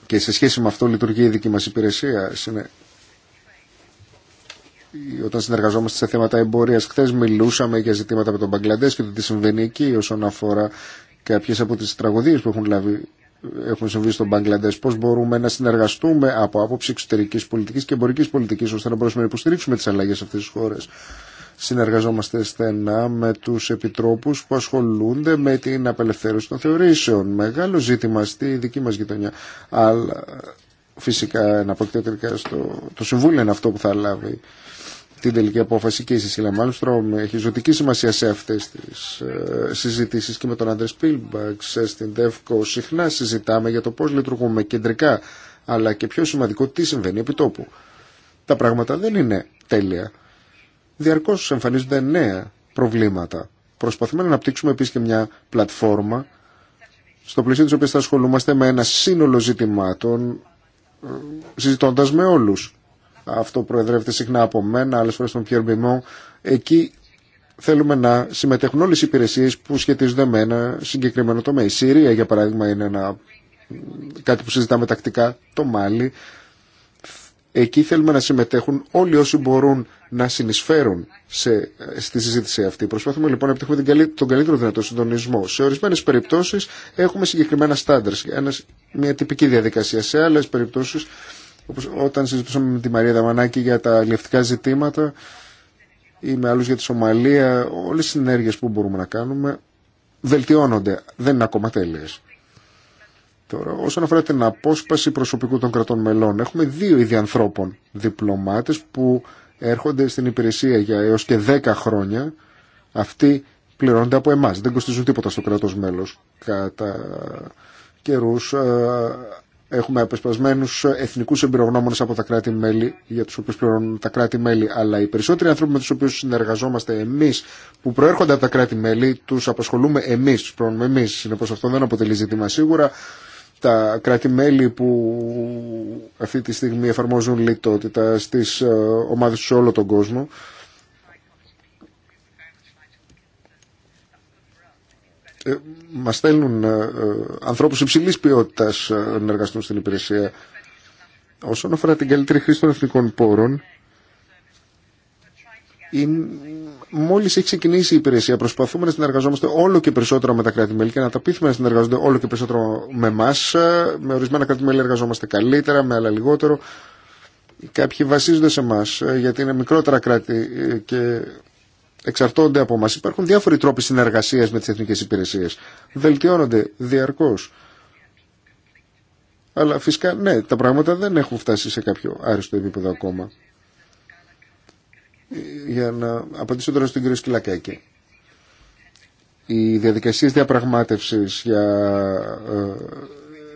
και σε σχέση με αυτό λειτουργεί η δική μας υπηρεσία όταν συνεργαζόμαστε σε θέματα εμπορία. Χθε μιλούσαμε για ζητήματα με τον Μπαγκλαντέ και το τι συμβαίνει εκεί όσον αφορά κάποιε από τι τραγωδίε που έχουν λάβει έχουν συμβεί στον Μπαγκλαντέ, πώς μπορούμε να συνεργαστούμε από άποψη εξωτερική πολιτική και εμπορική πολιτική ώστε να μπορέσουμε να υποστηρίξουμε τις αλλαγές αυτές τις χώρες. Συνεργαζόμαστε στενά με τους επιτρόπους που ασχολούνται με την απελευθέρωση των θεωρήσεων. Μεγάλο ζήτημα στη δική μα γειτονιά. Αλλά φυσικά να αποκτήσει στο... το Συμβούλιο είναι αυτό που θα λάβει την τελική απόφαση και η Σισίλα Μάλμστρομ έχει ζωτική σημασία σε τι τι ε, συζητήσει και με τον Άντρε Πίλμπαξ ε, στην ΤΕΦΚΟ συχνά συζητάμε για το πώ λειτουργούμε κεντρικά αλλά και πιο σημαντικό τι συμβαίνει επί τόπου. Τα πράγματα δεν είναι τέλεια. Διαρκώ εμφανίζονται νέα προβλήματα. Προσπαθούμε να αναπτύξουμε επίση και μια πλατφόρμα στο πλαίσιο τη οποία θα ασχολούμαστε με ένα σύνολο ζητημάτων ε, συζητώντα με όλου. Αυτό προεδρεύεται συχνά από μένα, άλλε φορέ τον Πιέρ Εκεί θέλουμε να συμμετέχουν όλε οι υπηρεσίε που σχετίζονται με ένα συγκεκριμένο τομέα. Η Συρία, για παράδειγμα, είναι ένα, κάτι που συζητάμε τακτικά, το Μάλι. Εκεί θέλουμε να συμμετέχουν όλοι όσοι μπορούν να συνεισφέρουν σε, στη συζήτηση αυτή. Προσπαθούμε λοιπόν να επιτύχουμε τον καλύτερο δυνατό συντονισμό. Σε ορισμένε περιπτώσει έχουμε συγκεκριμένα στάνταρ, μια τυπική διαδικασία. Σε άλλε περιπτώσει όπως όταν συζητούσαμε με τη Μαρία Δαμανάκη για τα αλληλευτικά ζητήματα ή με άλλους για τη Σομαλία, όλες οι συνέργειες που μπορούμε να κάνουμε βελτιώνονται, δεν είναι ακόμα τέλειες. Τώρα, όσον αφορά την απόσπαση προσωπικού των κρατών μελών, έχουμε δύο ίδια ανθρώπων, διπλωμάτες που έρχονται στην υπηρεσία για έως και 10 χρόνια. Αυτοί πληρώνονται από εμάς, δεν κοστίζουν τίποτα στο κράτος μέλος. Κατά καιρούς ε, Έχουμε απεσπασμένου εθνικού εμπειρογνώμονε από τα κράτη-μέλη, για του οποίου πληρώνουν τα κράτη-μέλη, αλλά οι περισσότεροι άνθρωποι με του οποίου συνεργαζόμαστε εμεί, που προέρχονται από τα κράτη-μέλη, του απασχολούμε εμεί, του πληρώνουμε εμεί. Συνεπώ αυτό δεν αποτελεί ζήτημα σίγουρα. Τα κράτη-μέλη που αυτή τη στιγμή εφαρμόζουν λιτότητα στι ε, ομάδε του σε όλο τον κόσμο, ε, Μα στέλνουν ε, ε, ανθρώπους υψηλή ποιότητας ε, να εργαστούν στην υπηρεσία. Όσον αφορά την καλύτερη χρήση των εθνικών πόρων, Μόλι έχει ξεκινήσει η υπηρεσία, προσπαθούμε να συνεργαζόμαστε όλο και περισσότερο με τα κράτη-μέλη και να τα πείθουμε να συνεργαζόνται όλο και περισσότερο με εμά. Με ορισμένα κράτη-μέλη εργαζόμαστε καλύτερα, με άλλα λιγότερο. Κάποιοι βασίζονται σε εμά γιατί είναι μικρότερα κράτη και εξαρτώνται από μας. Υπάρχουν διάφοροι τρόποι συνεργασίας με τις εθνικές υπηρεσίες. Βελτιώνονται διαρκώς. Αλλά φυσικά, ναι, τα πράγματα δεν έχουν φτάσει σε κάποιο άριστο επίπεδο ακόμα. Για να απαντήσω τώρα στον κύριο Σκυλακέκη. Οι διαδικασίες διαπραγμάτευσης για ε,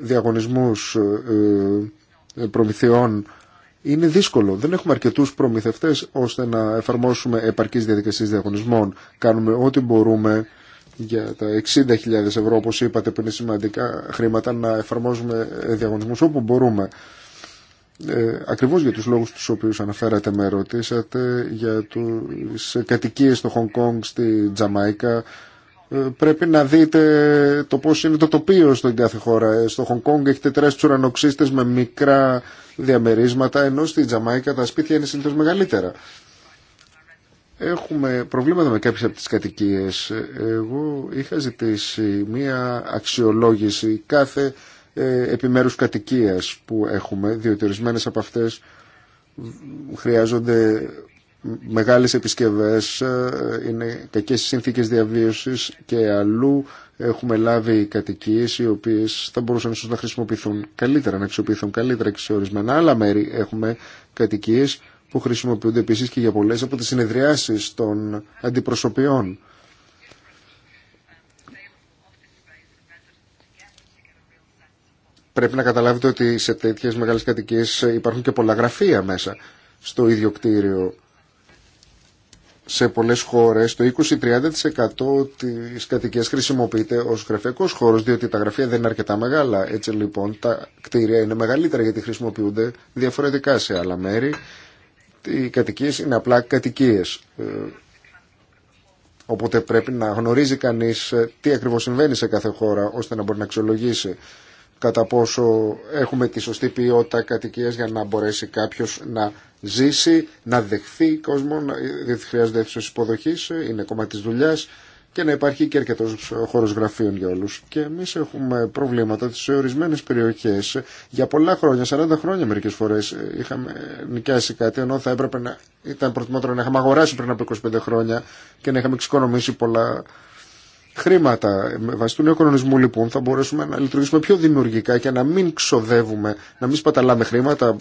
διαγωνισμούς ε, ε, προμηθειών είναι δύσκολο. Δεν έχουμε αρκετού προμηθευτέ ώστε να εφαρμόσουμε επαρκεί διαδικασίε διαγωνισμών. Κάνουμε ό,τι μπορούμε για τα 60.000 ευρώ, όπω είπατε, που είναι σημαντικά χρήματα, να εφαρμόζουμε διαγωνισμού όπου μπορούμε. Ε, ακριβώς για τους λόγους του οποίους αναφέρατε με ρωτήσατε για του κατοικίε στο Χονγκ Κόνγκ στη Τζαμαϊκά ε, πρέπει να δείτε το πώ είναι το τοπίο στην κάθε χώρα ε, στο Χονγκ Κόνγκ έχετε τεράστιου ουρανοξύστες με μικρά διαμερίσματα, ενώ στη Τζαμάικα τα σπίτια είναι συνήθω μεγαλύτερα. Έχουμε προβλήματα με κάποιες από τις κατοικίες. Εγώ είχα ζητήσει μία αξιολόγηση κάθε ε, επιμέρους κατοικίας που έχουμε, διότι ορισμένε από αυτές χρειάζονται μεγάλες επισκευές, ε, είναι κακές συνθήκες διαβίωσης και αλλού έχουμε λάβει κατοικίες οι οποίες θα μπορούσαν ίσως να χρησιμοποιηθούν καλύτερα, να αξιοποιηθούν καλύτερα και σε ορισμένα άλλα μέρη έχουμε κατοικίες που χρησιμοποιούνται επίσης και για πολλές από τις συνεδριάσεις των αντιπροσωπιών. Πρέπει να καταλάβετε ότι σε τέτοιες μεγάλες κατοικίες υπάρχουν και πολλά γραφεία μέσα στο ίδιο κτίριο σε πολλές χώρες το 20-30% της κατοικίας χρησιμοποιείται ως γραφειακός χώρος διότι τα γραφεία δεν είναι αρκετά μεγάλα. Έτσι λοιπόν τα κτίρια είναι μεγαλύτερα γιατί χρησιμοποιούνται διαφορετικά σε άλλα μέρη. Οι κατοικίες είναι απλά κατοικίες. Ε, οπότε πρέπει να γνωρίζει κανείς ε, τι ακριβώς συμβαίνει σε κάθε χώρα ώστε να μπορεί να αξιολογήσει κατά πόσο έχουμε τη σωστή ποιότητα κατοικίας για να μπορέσει κάποιος να ζήσει, να δεχθεί κόσμο, δεν χρειάζεται αίθουσα υποδοχή, είναι κομμάτι της δουλειά και να υπάρχει και αρκετό χώρο γραφείων για όλου. Και εμεί έχουμε προβλήματα σε ορισμένε περιοχέ. Για πολλά χρόνια, 40 χρόνια μερικέ φορέ, είχαμε νοικιάσει κάτι, ενώ θα έπρεπε να ήταν προτιμότερο να είχαμε αγοράσει πριν από 25 χρόνια και να είχαμε εξοικονομήσει πολλά χρήματα. Με βάση του νέου κανονισμού λοιπόν θα μπορέσουμε να λειτουργήσουμε πιο δημιουργικά και να μην ξοδεύουμε, να μην σπαταλάμε χρήματα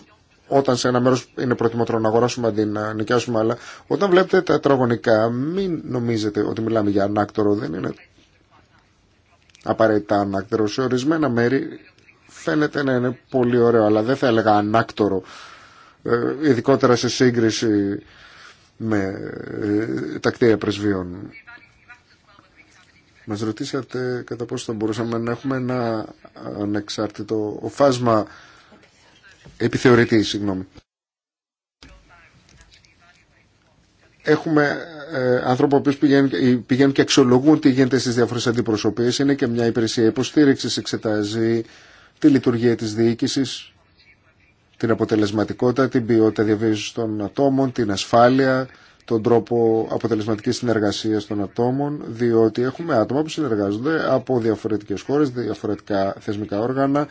όταν σε ένα μέρος είναι προτιμότερο να αγοράσουμε αντί να νοικιάσουμε άλλα. Όταν βλέπετε τα τραγωνικά μην νομίζετε ότι μιλάμε για ανάκτορο, δεν είναι απαραίτητα ανάκτορο. Σε ορισμένα μέρη φαίνεται να είναι πολύ ωραίο, αλλά δεν θα έλεγα ανάκτορο, ε, ειδικότερα σε σύγκριση με ε, τα κτίρια πρεσβείων. Μας ρωτήσατε κατά πόσο θα μπορούσαμε να έχουμε ένα ανεξάρτητο φάσμα επιθεωρητή, συγγνώμη. Έχουμε ε, άνθρωποι που πηγαίνουν, πηγαίνουν και αξιολογούν τι γίνεται στις διάφορες αντιπροσωπείες. Είναι και μια υπηρεσία υποστήριξης, εξετάζει τη λειτουργία της διοίκησης, την αποτελεσματικότητα, την ποιότητα διαβίωσης των ατόμων, την ασφάλεια, τον τρόπο αποτελεσματικής συνεργασίας των ατόμων, διότι έχουμε άτομα που συνεργάζονται από διαφορετικές χώρες, διαφορετικά θεσμικά όργανα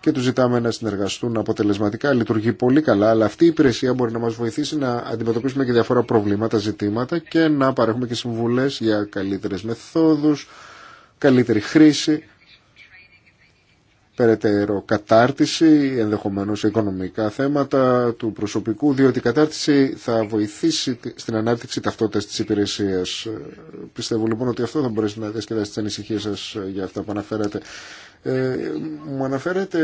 και τους ζητάμε να συνεργαστούν αποτελεσματικά. Λειτουργεί πολύ καλά, αλλά αυτή η υπηρεσία μπορεί να μας βοηθήσει να αντιμετωπίσουμε και διάφορα προβλήματα, ζητήματα και να παρέχουμε και συμβουλές για καλύτερες μεθόδους, καλύτερη χρήση περαιτέρω κατάρτιση, ενδεχομένως οικονομικά θέματα του προσωπικού, διότι η κατάρτιση θα βοηθήσει στην ανάπτυξη ταυτότητας της υπηρεσίας. Πιστεύω λοιπόν ότι αυτό θα μπορέσει να διασκεδάσει τις ανησυχίες σας για αυτά που αναφέρατε. Ε, μου αναφέρατε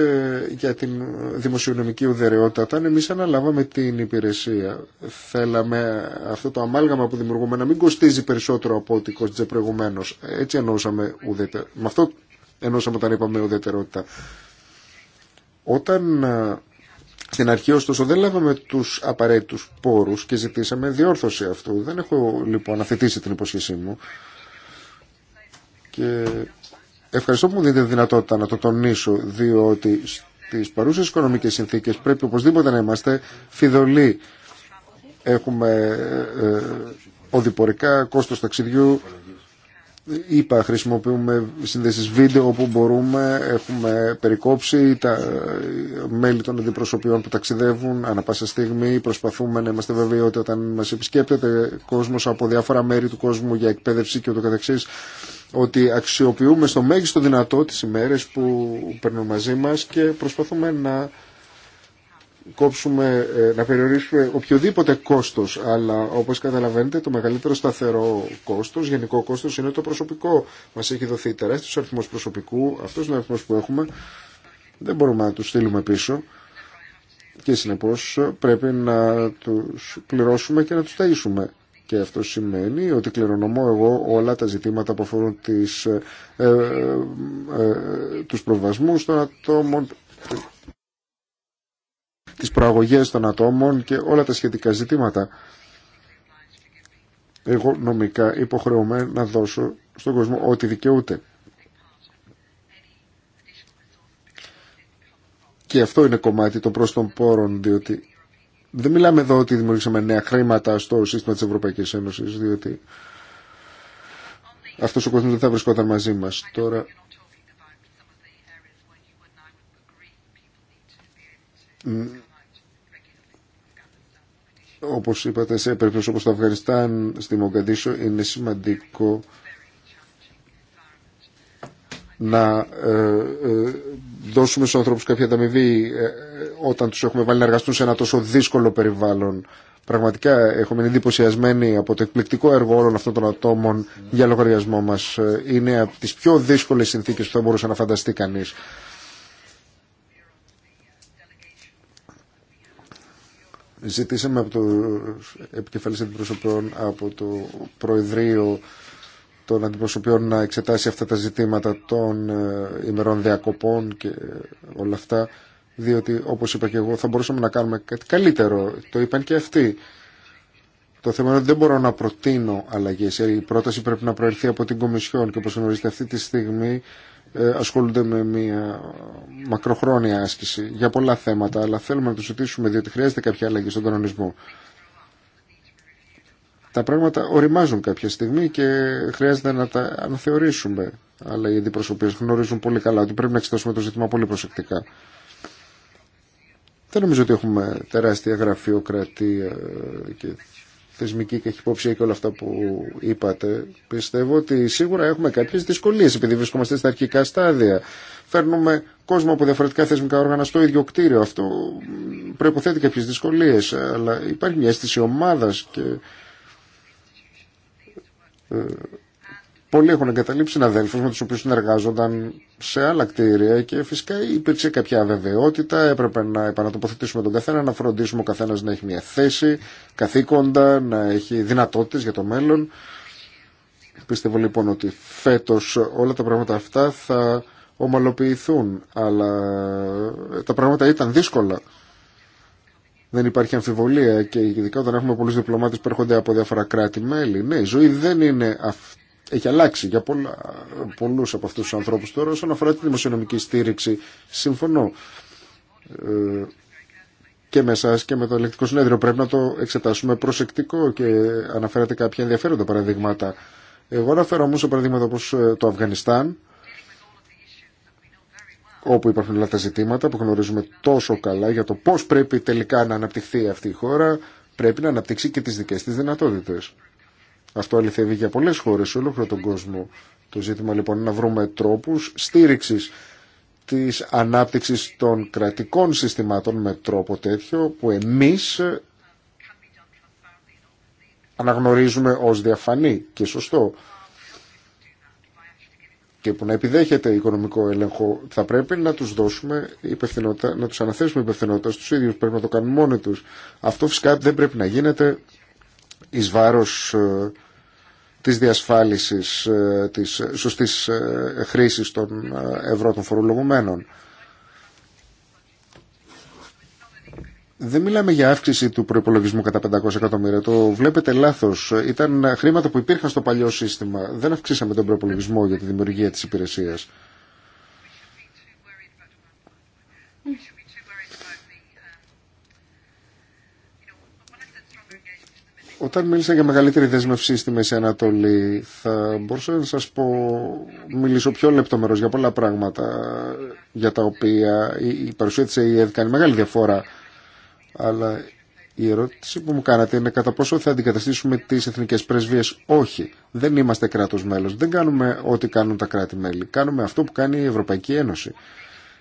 για την δημοσιονομική ουδερεότητα. Όταν εμείς αναλάβαμε την υπηρεσία, θέλαμε αυτό το αμάλγαμα που δημιουργούμε να μην κοστίζει περισσότερο από ό,τι κόστιζε προηγουμένως. Έτσι εννοούσαμε ουδέτερα. Με αυτό ενώσαμε όταν είπαμε ουδετερότητα. Όταν στην αρχή ωστόσο δεν λάβαμε τους απαραίτητους πόρους και ζητήσαμε διόρθωση αυτού. Δεν έχω λοιπόν αναθετήσει την υποσχέσή μου. Και ευχαριστώ που μου δίνετε δυνατότητα να το τονίσω διότι στις παρούσες οικονομικές συνθήκες πρέπει οπωσδήποτε να είμαστε φιδωλοί. Έχουμε ε, ε οδηπορικά, κόστος ταξιδιού, είπα χρησιμοποιούμε συνδέσεις βίντεο όπου μπορούμε έχουμε περικόψει τα μέλη των αντιπροσωπιών που ταξιδεύουν ανά πάσα στιγμή προσπαθούμε να είμαστε βέβαιοι ότι όταν μας επισκέπτεται κόσμος από διάφορα μέρη του κόσμου για εκπαίδευση και ούτω καθεξής ότι αξιοποιούμε στο μέγιστο δυνατό τις ημέρες που περνούν μαζί μας και προσπαθούμε να κόψουμε, ε, να περιορίσουμε οποιοδήποτε κόστος, αλλά όπως καταλαβαίνετε το μεγαλύτερο σταθερό κόστος, γενικό κόστος είναι το προσωπικό. Μας έχει δοθεί τεράστιος αριθμός προσωπικού, αυτός είναι ο αριθμός που έχουμε, δεν μπορούμε να του στείλουμε πίσω και συνεπώς πρέπει να τους πληρώσουμε και να τους ταΐσουμε. Και αυτό σημαίνει ότι κληρονομώ εγώ όλα τα ζητήματα που αφορούν τις, ε, ε, ε τους προβασμούς των ατόμων, τις προαγωγές των ατόμων και όλα τα σχετικά ζητήματα. Εγώ νομικά υποχρεωμαι να δώσω στον κόσμο ό,τι δικαιούται. Και αυτό είναι κομμάτι των των πόρων, διότι δεν μιλάμε εδώ ότι δημιουργήσαμε νέα χρήματα στο σύστημα της Ευρωπαϊκής Ένωσης, διότι αυτός ο κόσμος δεν θα βρισκόταν μαζί μας. Τώρα όπως είπατε σε περίπτωση όπως το Αφγανιστάν στη Μογκαντήσο είναι σημαντικό να ε, ε, δώσουμε στους ανθρώπους κάποια ανταμοιβή ε, όταν τους έχουμε βάλει να εργαστούν σε ένα τόσο δύσκολο περιβάλλον. Πραγματικά έχουμε εντυπωσιασμένοι από το εκπληκτικό έργο όλων αυτών των ατόμων για λογαριασμό μας. Είναι από τις πιο δύσκολες συνθήκες που θα μπορούσε να φανταστεί κανείς. Ζητήσαμε από το επικεφαλής αντιπροσωπιών από το Προεδρείο των αντιπροσωπιών να εξετάσει αυτά τα ζητήματα των ε, ημερών διακοπών και όλα αυτά διότι όπως είπα και εγώ θα μπορούσαμε να κάνουμε κάτι καλύτερο το είπαν και αυτοί το θέμα είναι ότι δεν μπορώ να προτείνω αλλαγές η πρόταση πρέπει να προερθεί από την Κομισιόν και όπως γνωρίζετε αυτή τη στιγμή ε, ασχολούνται με μια μακροχρόνια άσκηση για πολλά θέματα, αλλά θέλουμε να του ζητήσουμε διότι χρειάζεται κάποια αλλαγή στον κανονισμό. Τα πράγματα οριμάζουν κάποια στιγμή και χρειάζεται να τα αναθεωρήσουμε. Αλλά οι αντιπροσωπείε γνωρίζουν πολύ καλά ότι πρέπει να εξετάσουμε το ζήτημα πολύ προσεκτικά. Δεν νομίζω ότι έχουμε τεράστια γραφειοκρατία ε, και θεσμική και έχει και όλα αυτά που είπατε. Πιστεύω ότι σίγουρα έχουμε κάποιες δυσκολίες επειδή βρισκόμαστε στα αρχικά στάδια. Φέρνουμε κόσμο από διαφορετικά θεσμικά όργανα στο ίδιο κτίριο. Αυτό προϋποθέτει κάποιες δυσκολίες. Αλλά υπάρχει μια αίσθηση ομάδας και ε, Πολλοί έχουν εγκαταλείψει συναδέλφου με του οποίου συνεργάζονταν σε άλλα κτίρια και φυσικά υπήρξε κάποια αβεβαιότητα. Έπρεπε να επανατοποθετήσουμε τον καθένα, να φροντίσουμε ο καθένα να έχει μια θέση, καθήκοντα, να έχει δυνατότητε για το μέλλον. Πιστεύω λοιπόν ότι φέτο όλα τα πράγματα αυτά θα ομαλοποιηθούν, αλλά τα πράγματα ήταν δύσκολα. Δεν υπάρχει αμφιβολία και ειδικά όταν έχουμε πολλού διπλωμάτε που έρχονται από διάφορα κράτη-μέλη. Ναι, η ζωή δεν είναι αυτή έχει αλλάξει για πολλά, πολλούς από αυτούς τους ανθρώπους τώρα όσον αφορά τη δημοσιονομική στήριξη. Συμφωνώ ε, και με εσάς και με το ελεκτικό συνέδριο πρέπει να το εξετάσουμε προσεκτικό και αναφέρατε κάποια ενδιαφέροντα παραδείγματα. Εγώ αναφέρω όμως σε παραδείγματα όπως ε, το Αφγανιστάν όπου υπάρχουν όλα τα ζητήματα που γνωρίζουμε τόσο καλά για το πώς πρέπει τελικά να αναπτυχθεί αυτή η χώρα πρέπει να αναπτύξει και τις δικές της δυνατότητες. Αυτό αληθεύει για πολλές χώρε σε όλο τον κόσμο. Το ζήτημα λοιπόν είναι να βρούμε τρόπους στήριξης της ανάπτυξης των κρατικών συστημάτων με τρόπο τέτοιο που εμείς αναγνωρίζουμε ως διαφανή και σωστό και που να επιδέχεται οικονομικό έλεγχο θα πρέπει να τους δώσουμε υπευθυνότητα, να τους αναθέσουμε υπευθυνότητα στους ίδιους, πρέπει να το κάνουν μόνοι τους. Αυτό φυσικά δεν πρέπει να γίνεται εις βάρος ε, της διασφάλισης ε, της σωστής ε, χρήσης των ε, ευρώ των φορολογουμένων. Δεν μιλάμε για αύξηση του προϋπολογισμού κατά 500 εκατομμύρια. Το βλέπετε λάθος. Ήταν χρήματα που υπήρχαν στο παλιό σύστημα. Δεν αυξήσαμε τον προϋπολογισμό για τη δημιουργία τη υπηρεσία. Όταν μίλησα για μεγαλύτερη δέσμευση στη Μέση Ανατολή, θα μπορούσα να σας πω, μιλήσω πιο λεπτομερώς για πολλά πράγματα, για τα οποία η παρουσία της ΕΕΔ κάνει μεγάλη διαφορά. Αλλά η ερώτηση που μου κάνατε είναι κατά πόσο θα αντικαταστήσουμε τις εθνικές πρεσβείες. Όχι, δεν είμαστε κράτος μέλος, δεν κάνουμε ό,τι κάνουν τα κράτη-μέλη. Κάνουμε αυτό που κάνει η Ευρωπαϊκή Ένωση.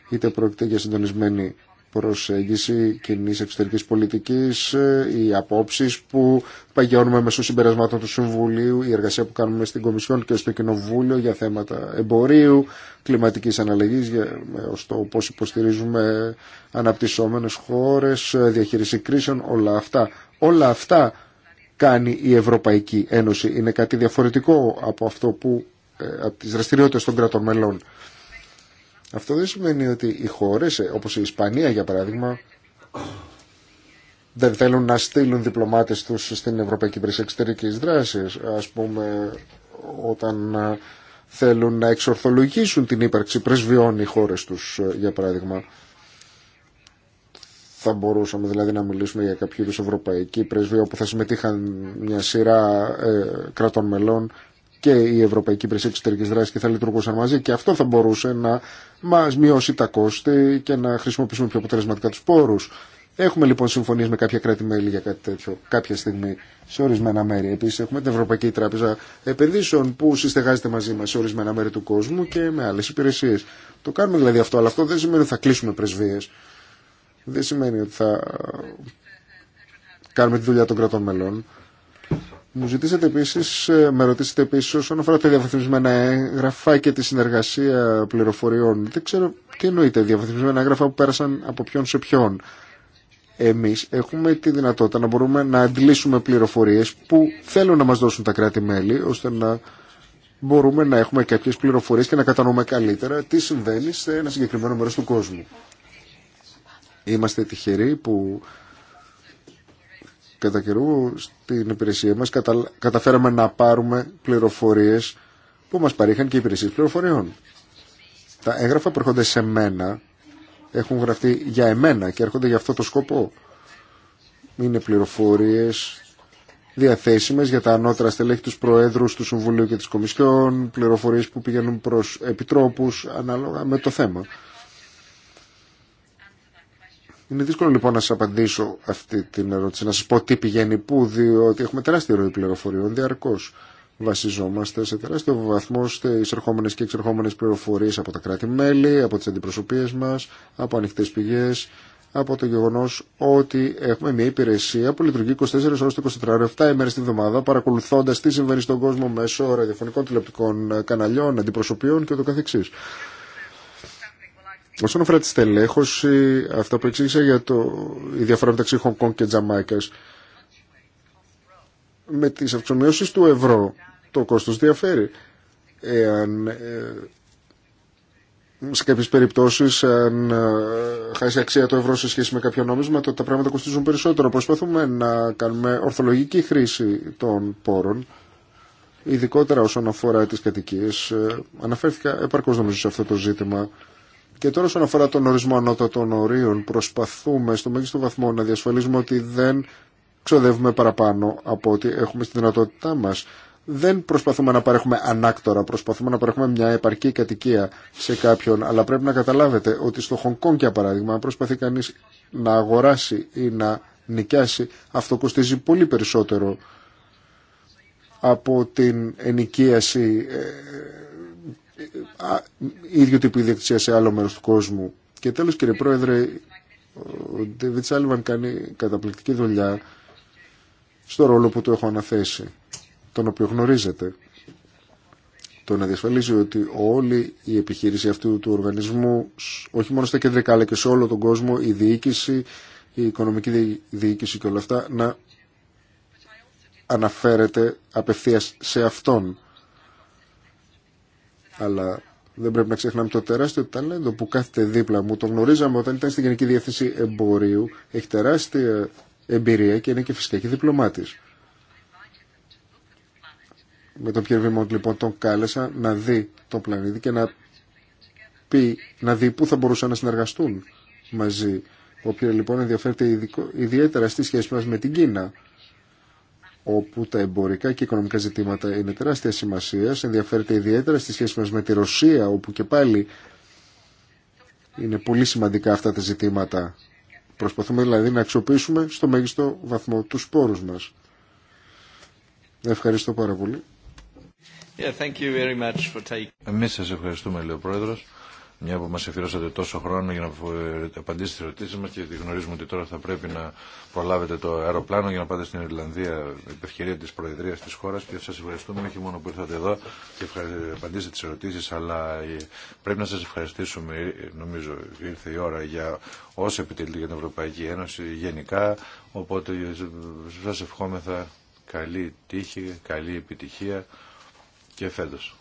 Είτε πρόκειται για συντονισμένη προσέγγιση κοινή εξωτερικής πολιτικής, ε, οι απόψει που παγιώνουμε μέσω συμπερασμάτων του Συμβουλίου, η εργασία που κάνουμε στην Κομισιόν και στο Κοινοβούλιο για θέματα εμπορίου, κλιματικής αναλλαγή ως το πώς υποστηρίζουμε αναπτυσσόμενες χώρες, ε, διαχείριση κρίσεων, όλα αυτά. Όλα αυτά κάνει η Ευρωπαϊκή Ένωση. Είναι κάτι διαφορετικό από αυτό που ε, από τις δραστηριότητες των κρατών μελών. Αυτό δεν σημαίνει ότι οι χώρε, ε, όπως η Ισπανία για παράδειγμα, δεν θέλουν να στείλουν διπλωμάτες τους στην Ευρωπαϊκή Υπηρεσία Εξωτερική δράση, Ας πούμε, όταν ε, θέλουν να εξορθολογήσουν την ύπαρξη πρεσβειών οι χώρες τους, ε, για παράδειγμα. Θα μπορούσαμε δηλαδή να μιλήσουμε για κάποιο είδου ευρωπαϊκή πρεσβεία όπου θα συμμετείχαν μια σειρά κρατών μελών και η Ευρωπαϊκή Υπηρεσία Εξωτερική Δράση και θα λειτουργούσαν μαζί και αυτό θα μπορούσε να μα μειώσει τα κόστη και να χρησιμοποιήσουμε πιο αποτελεσματικά του πόρου. Έχουμε λοιπόν συμφωνίε με κάποια κράτη-μέλη για κάτι τέτοιο κάποια στιγμή σε ορισμένα μέρη. Επίση έχουμε την Ευρωπαϊκή Τράπεζα Επενδύσεων που συστεγάζεται μαζί μα σε ορισμένα μέρη του κόσμου και με άλλε υπηρεσίε. Το κάνουμε δηλαδή αυτό, αλλά αυτό δεν σημαίνει ότι θα κλείσουμε πρεσβείε. Δεν σημαίνει ότι θα κάνουμε τη δουλειά των κρατών μελών. Μου ζητήσατε επίσης, ε, με ρωτήσατε επίση όσον αφορά τα διαβαθμισμένα έγγραφα και τη συνεργασία πληροφοριών. Δεν ξέρω τι εννοείται διαβαθμισμένα έγγραφα που πέρασαν από ποιον σε ποιον. Εμεί έχουμε τη δυνατότητα να μπορούμε να αντλήσουμε πληροφορίε που θέλουν να μα δώσουν τα κράτη-μέλη ώστε να μπορούμε να έχουμε κάποιε πληροφορίε και να κατανοούμε καλύτερα τι συμβαίνει σε ένα συγκεκριμένο μέρο του κόσμου. Είμαστε τυχεροί που κατά καιρού στην υπηρεσία μας καταφέραμε να πάρουμε πληροφορίες που μας παρήχαν και οι υπηρεσίες πληροφοριών. Τα έγγραφα που έρχονται σε μένα έχουν γραφτεί για εμένα και έρχονται για αυτό το σκοπό. Είναι πληροφορίες διαθέσιμες για τα ανώτερα στελέχη τους Προέδρους του Συμβουλίου και της Κομισιόν, πληροφορίες που πηγαίνουν προς επιτρόπους ανάλογα με το θέμα. Είναι δύσκολο λοιπόν να σα απαντήσω αυτή την ερώτηση, να σα πω τι πηγαίνει πού, διότι έχουμε τεράστια ροή πληροφοριών διαρκώ. Βασιζόμαστε σε τεράστιο βαθμό στι ερχόμενε και εξερχόμενε πληροφορίε από τα κράτη-μέλη, από τι αντιπροσωπείε μα, από ανοιχτέ πηγέ, από το γεγονό ότι έχουμε μια υπηρεσία που λειτουργεί 24 ώρε το 24ωρο, στι εισερχόμενε ημέρε τη βδομάδα, παρακολουθώντα τι αντιπροσωπειε μα απο ανοιχτε πηγε απο το γεγονο οτι εχουμε μια υπηρεσια που λειτουργει 24 ωρε το 24 ωρο 7 ημερε τη εβδομάδα παρακολουθωντα τι συμβαινει στον κόσμο μέσω ραδιοφωνικών τηλεοπτικών καναλιών, αντιπροσωπείων κ.ο.κ. Όσον αφορά τη στελέχωση, αυτά που εξήγησα για το, η διαφορά μεταξύ Χονγκ και Τζαμάικας, με τις αυξομοιώσει του ευρώ το κόστος διαφέρει. Εάν ε, σε κάποιε περιπτώσεις αν ε, χάσει αξία το ευρώ σε σχέση με κάποιο νόμισμα τότε τα πράγματα κοστίζουν περισσότερο. Προσπαθούμε να κάνουμε ορθολογική χρήση των πόρων ειδικότερα όσον αφορά τις κατοικίες. Ε, αναφέρθηκα επαρκώς νομίζω σε αυτό το ζήτημα. Και τώρα όσον αφορά τον ορισμό ανώτατων ορίων, προσπαθούμε στο μέγιστο βαθμό να διασφαλίσουμε ότι δεν ξοδεύουμε παραπάνω από ό,τι έχουμε στη δυνατότητά μας. Δεν προσπαθούμε να παρέχουμε ανάκτορα, προσπαθούμε να παρέχουμε μια επαρκή κατοικία σε κάποιον, αλλά πρέπει να καταλάβετε ότι στο Χονγκ για παράδειγμα, αν προσπαθεί κανεί να αγοράσει ή να νοικιάσει, αυτό κοστίζει πολύ περισσότερο από την ενοικίαση ε, ίδιο τύπου ιδιοκτησία σε άλλο μέρος του κόσμου. Και τέλος κύριε Πρόεδρε, ο Ντέβιτ Σάλιβαν κάνει καταπληκτική δουλειά στο ρόλο που του έχω αναθέσει, τον οποίο γνωρίζετε. Το να διασφαλίζει ότι όλη η επιχείρηση αυτού του οργανισμού, όχι μόνο στα κεντρικά αλλά και σε όλο τον κόσμο, η διοίκηση, η οικονομική διοίκηση και όλα αυτά, να αναφέρεται απευθείας σε αυτόν. Αλλά δεν πρέπει να ξεχνάμε το τεράστιο ταλέντο που κάθεται δίπλα μου. Το γνωρίζαμε όταν ήταν στην Γενική Διεύθυνση Εμπορίου. Έχει τεράστια εμπειρία και είναι και φυσικά και διπλωμάτης. Με τον Πιερ λοιπόν τον κάλεσα να δει τον πλανήτη και να πει, να δει πού θα μπορούσαν να συνεργαστούν μαζί. Ο οποίος, λοιπόν ενδιαφέρεται ιδιαίτερα στη σχέση μας με την Κίνα όπου τα εμπορικά και οικονομικά ζητήματα είναι τεράστια σημασία. Ενδιαφέρεται ιδιαίτερα στη σχέση μας με τη Ρωσία, όπου και πάλι είναι πολύ σημαντικά αυτά τα ζητήματα. Προσπαθούμε δηλαδή να αξιοποιήσουμε στο μέγιστο βαθμό του πόρου μας. Ευχαριστώ πάρα πολύ. Yeah, thank you very much for Εμείς σας ευχαριστούμε, λέει ο Πρόεδρος μια που μας εφηρώσατε τόσο χρόνο για να απαντήσετε στις ερωτήσεις μας και γνωρίζουμε ότι τώρα θα πρέπει να προλάβετε το αεροπλάνο για να πάτε στην Ιρλανδία επευκαιρία ευκαιρία της Προεδρίας της χώρας και σας ευχαριστούμε όχι μόνο που ήρθατε εδώ και απαντήσετε τις ερωτήσεις αλλά ε, πρέπει να σας ευχαριστήσουμε ε, νομίζω ήρθε η ώρα για όσο επιτελείται για την Ευρωπαϊκή Ένωση γενικά οπότε ε, σας ευχόμεθα καλή τύχη, καλή επιτυχία και φέτος.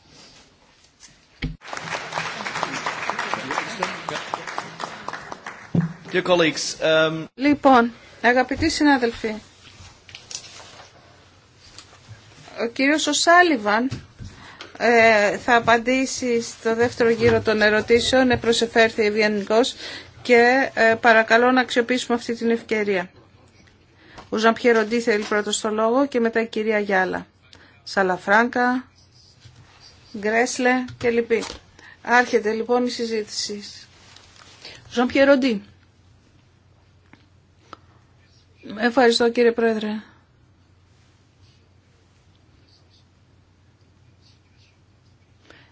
Um, λοιπόν, αγαπητοί συνάδελφοι, ο κύριος Σάλιβαν ε, θα απαντήσει στο δεύτερο γύρο των ερωτήσεων, ε, προσεφέρθη ευγενικός και ε, παρακαλώ να αξιοποιήσουμε αυτή την ευκαιρία. Ο Ζαμπιεροντή θέλει πρώτο το λόγο και μετά η κυρία Γιάλα. Σαλαφράγκα, Γκρέσλε και λοιποί. Άρχεται λοιπόν η συζήτηση. Ζαμπιεροντή. Ευχαριστώ κύριε Πρόεδρε.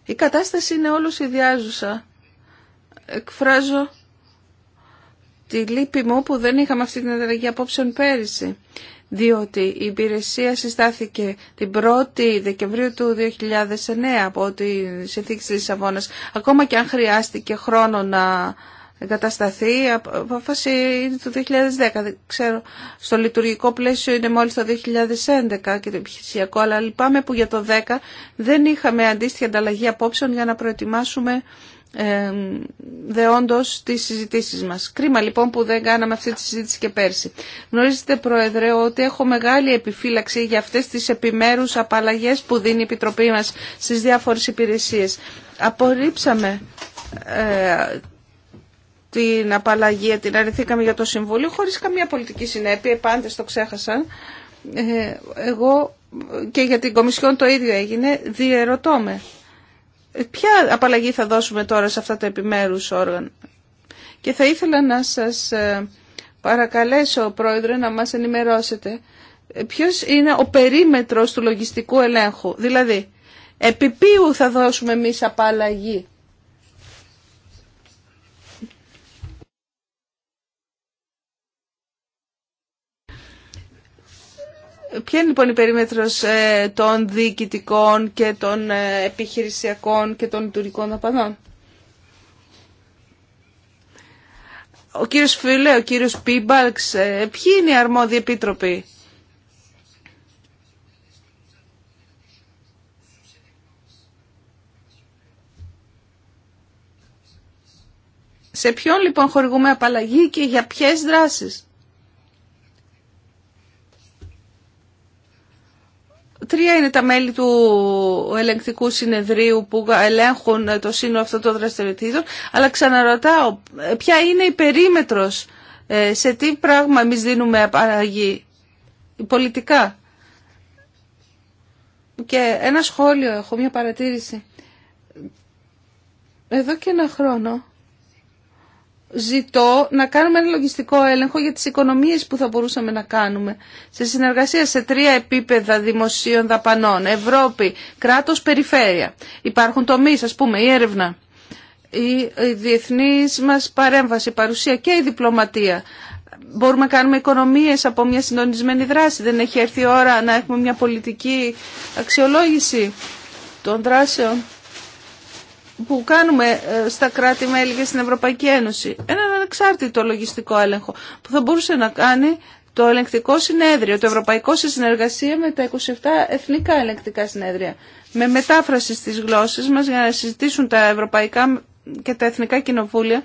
Η κατάσταση είναι όλο ιδιάζουσα. Εκφράζω τη λύπη μου που δεν είχαμε αυτή την ανταλλαγή απόψεων πέρυσι, διότι η υπηρεσία συστάθηκε την 1η Δεκεμβρίου του 2009 από τη συνθήκη της Λισαβόνας, ακόμα και αν χρειάστηκε χρόνο να εγκατασταθεί. Η απόφαση είναι το 2010. ξέρω, στο λειτουργικό πλαίσιο είναι μόλις το 2011 και το επιχειρησιακό, αλλά λυπάμαι που για το 2010 δεν είχαμε αντίστοιχη ανταλλαγή απόψεων για να προετοιμάσουμε ε, δεόντως τις συζητήσεις μας. Κρίμα λοιπόν που δεν κάναμε αυτή τη συζήτηση και πέρσι. Γνωρίζετε Πρόεδρε ότι έχω μεγάλη επιφύλαξη για αυτές τις επιμέρους απαλλαγές που δίνει η Επιτροπή μας στις διάφορες υπηρεσίες. Απορρίψαμε ε, την απαλλαγή την αρνηθήκαμε για το Συμβούλιο χωρίς καμία πολιτική συνέπεια, πάντες το ξέχασαν. Ε, εγώ και για την Κομισιόν το ίδιο έγινε, διαιρωτώ με. Ποια απαλλαγή θα δώσουμε τώρα σε αυτά τα επιμέρους όργανα. Και θα ήθελα να σας ε, παρακαλέσω, Πρόεδρε, να μας ενημερώσετε ε, ποιος είναι ο περίμετρος του λογιστικού ελέγχου. Δηλαδή, επί ποιου θα δώσουμε εμείς απαλλαγή Ποια είναι λοιπόν η περίμετρος ε, των διοικητικών και των ε, επιχειρησιακών και των λειτουργικών δαπανών. Ο κύριος Φίλε, ο κύριος Πίμπαλξ, ε, ποιοι είναι οι αρμόδιοι επίτροποι. Σε ποιον λοιπόν χορηγούμε απαλλαγή και για ποιες δράσεις. Τρία είναι τα μέλη του ελεγκτικού συνεδρίου που ελέγχουν το σύνολο αυτών των δραστηριοτήτων, αλλά ξαναρωτάω ποια είναι η περίμετρος, ε, σε τι πράγμα εμείς δίνουμε απαραγή, πολιτικά. Και ένα σχόλιο έχω, μια παρατήρηση. Εδώ και ένα χρόνο ζητώ να κάνουμε ένα λογιστικό έλεγχο για τις οικονομίες που θα μπορούσαμε να κάνουμε σε συνεργασία σε τρία επίπεδα δημοσίων δαπανών, Ευρώπη, κράτος, περιφέρεια. Υπάρχουν τομείς, ας πούμε, η έρευνα, η διεθνής μας παρέμβαση, η παρουσία και η διπλωματία. Μπορούμε να κάνουμε οικονομίες από μια συντονισμένη δράση. Δεν έχει έρθει η ώρα να έχουμε μια πολιτική αξιολόγηση των δράσεων που κάνουμε ε, στα κράτη-μέλη και στην Ευρωπαϊκή Ένωση. Έναν ανεξάρτητο λογιστικό έλεγχο που θα μπορούσε να κάνει το ελεγκτικό συνέδριο, το ευρωπαϊκό σε συνεργασία με τα 27 εθνικά ελεγκτικά συνέδρια. Με μετάφραση στις γλώσσες μας για να συζητήσουν τα ευρωπαϊκά και τα εθνικά κοινοβούλια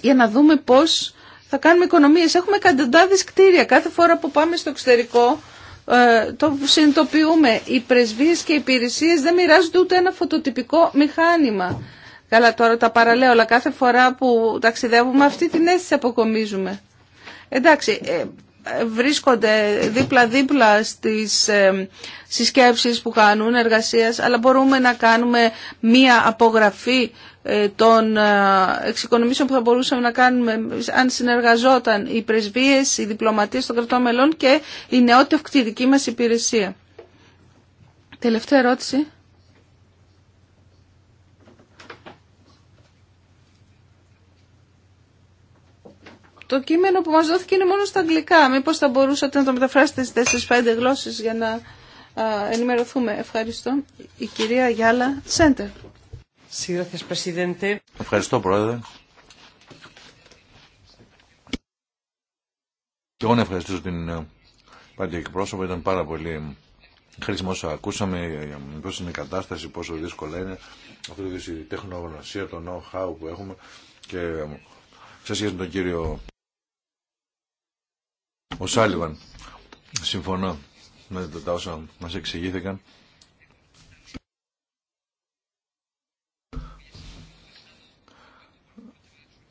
για να δούμε πώς θα κάνουμε οικονομίες. Έχουμε εκατοντάδες κτίρια κάθε φορά που πάμε στο εξωτερικό ε, το συνειδητοποιούμε. Οι πρεσβείες και οι υπηρεσίες δεν μοιράζονται ούτε ένα φωτοτυπικό μηχάνημα. Καλά τώρα τα παραλέω, αλλά κάθε φορά που ταξιδεύουμε αυτή την αίσθηση αποκομίζουμε. Εντάξει, ε, βρίσκονται δίπλα-δίπλα στις ε, συσκέψεις που κάνουν εργασίας, αλλά μπορούμε να κάνουμε μία απογραφή ε, των ε, εξοικονομήσεων που θα μπορούσαμε να κάνουμε αν συνεργαζόταν οι πρεσβείες, οι διπλωματίες των κρατών μελών και η νεότευκτη δική μας υπηρεσία. Τελευταία ερώτηση. το κείμενο που μας δόθηκε είναι μόνο στα αγγλικά. Μήπως θα μπορούσατε να το μεταφράσετε στις 4-5 γλώσσες για να ενημερωθούμε. Ευχαριστώ. Η κυρία Γιάλα Σέντερ. Ευχαριστώ, Πρόεδρε. Και εγώ να ευχαριστήσω την ε, πάντια εκπρόσωπο. Ήταν πάρα πολύ χρήσιμο όσο ακούσαμε, ε, ε, Πώ είναι η κατάσταση, πόσο δύσκολα είναι αυτή η τεχνογνωσία, το know-how που έχουμε και σε σχέση με τον κύριο ο Σάλιβαν, συμφωνώ με τα όσα μας εξηγήθηκαν.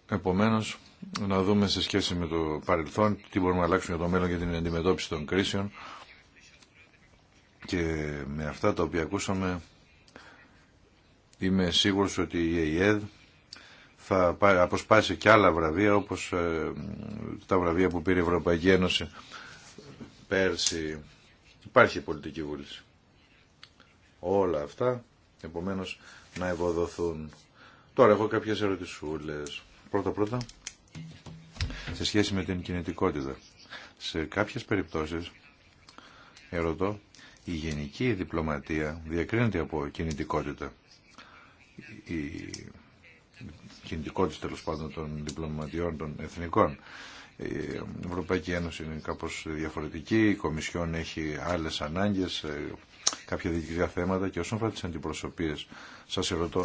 Επομένως, να δούμε σε σχέση με το παρελθόν τι μπορούμε να αλλάξουμε για το μέλλον για την αντιμετώπιση των κρίσεων και με αυτά τα οποία ακούσαμε είμαι σίγουρος ότι η ΕΙΕΔ θα αποσπάσει και άλλα βραβεία όπως ε, τα βραβεία που πήρε η Ευρωπαϊκή Ένωση πέρσι. Υπάρχει πολιτική βούληση. Όλα αυτά επομένως να ευοδοθούν. Τώρα έχω κάποιες ερωτησούλες. Πρώτα πρώτα σε σχέση με την κινητικότητα. Σε κάποιες περιπτώσεις ερωτώ η γενική διπλωματία διακρίνεται από κινητικότητα. Η κινητικότητα τέλο πάντων των διπλωματιών των εθνικών. Η Ευρωπαϊκή Ένωση είναι κάπω διαφορετική, η Κομισιόν έχει άλλες ανάγκες, ε, κάποια διοικητικά θέματα και όσον αφορά τις αντιπροσωπείες σας ερωτώ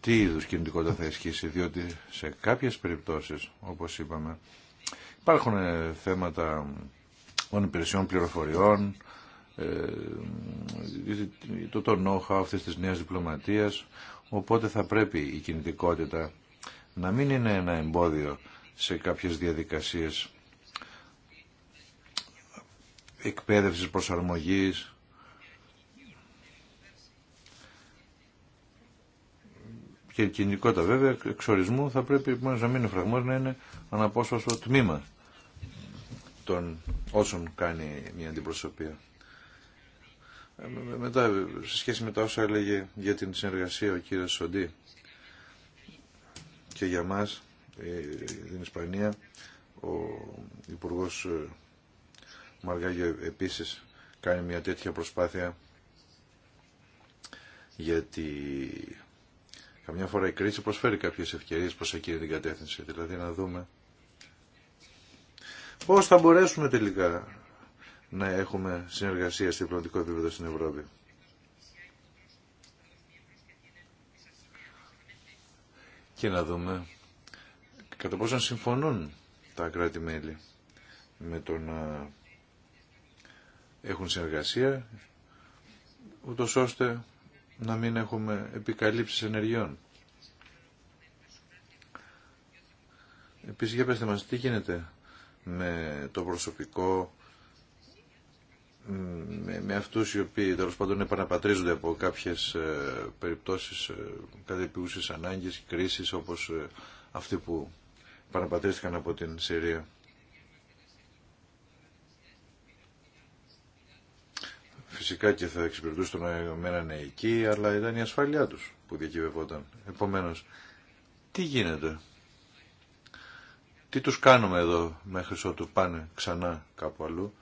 τι είδου κινητικότητα θα ισχύσει, διότι σε κάποιες περιπτώσεις, όπως είπαμε, υπάρχουν ε, θέματα των υπηρεσιών πληροφοριών, ε, το, το know-how αυτής της νέας διπλωματίας, Οπότε θα πρέπει η κινητικότητα να μην είναι ένα εμπόδιο σε κάποιες διαδικασίες εκπαίδευσης, προσαρμογής. Και η κινητικότητα βέβαια εξορισμού θα πρέπει να μην είναι να είναι αναπόσπαστο τμήμα των όσων κάνει μια αντιπροσωπεία. Ε, μετά, σε σχέση με τα όσα έλεγε για την συνεργασία ο κύριος Σοντή και για μας, ε, την Ισπανία, ο Υπουργός ε, Μαργάγιο επίσης κάνει μια τέτοια προσπάθεια γιατί καμιά φορά η κρίση προσφέρει κάποιες ευκαιρίες προς εκείνη την κατεύθυνση δηλαδή να δούμε πώς θα μπορέσουμε τελικά να έχουμε συνεργασία στην πλωτικό επίπεδο στην Ευρώπη. Και να δούμε κατά πόσο συμφωνούν τα κράτη-μέλη με το να έχουν συνεργασία, ούτω ώστε να μην έχουμε επικαλύψεις ενεργειών. Επίσης, για πέστε μας, τι γίνεται με το προσωπικό, με, με αυτούς οι οποίοι τέλο πάντων επαναπατρίζονται από κάποιες ε, περιπτώσεις ε, κατεπιούσης ανάγκης, όπως ε, αυτοί που επαναπατρίστηκαν από την Συρία. Φυσικά και θα εξυπηρετούσαν να μένανε εκεί, αλλά ήταν η ασφάλειά τους που διακυβευόταν. Επομένως, τι γίνεται. Τι τους κάνουμε εδώ μέχρι ότου πάνε ξανά κάπου αλλού.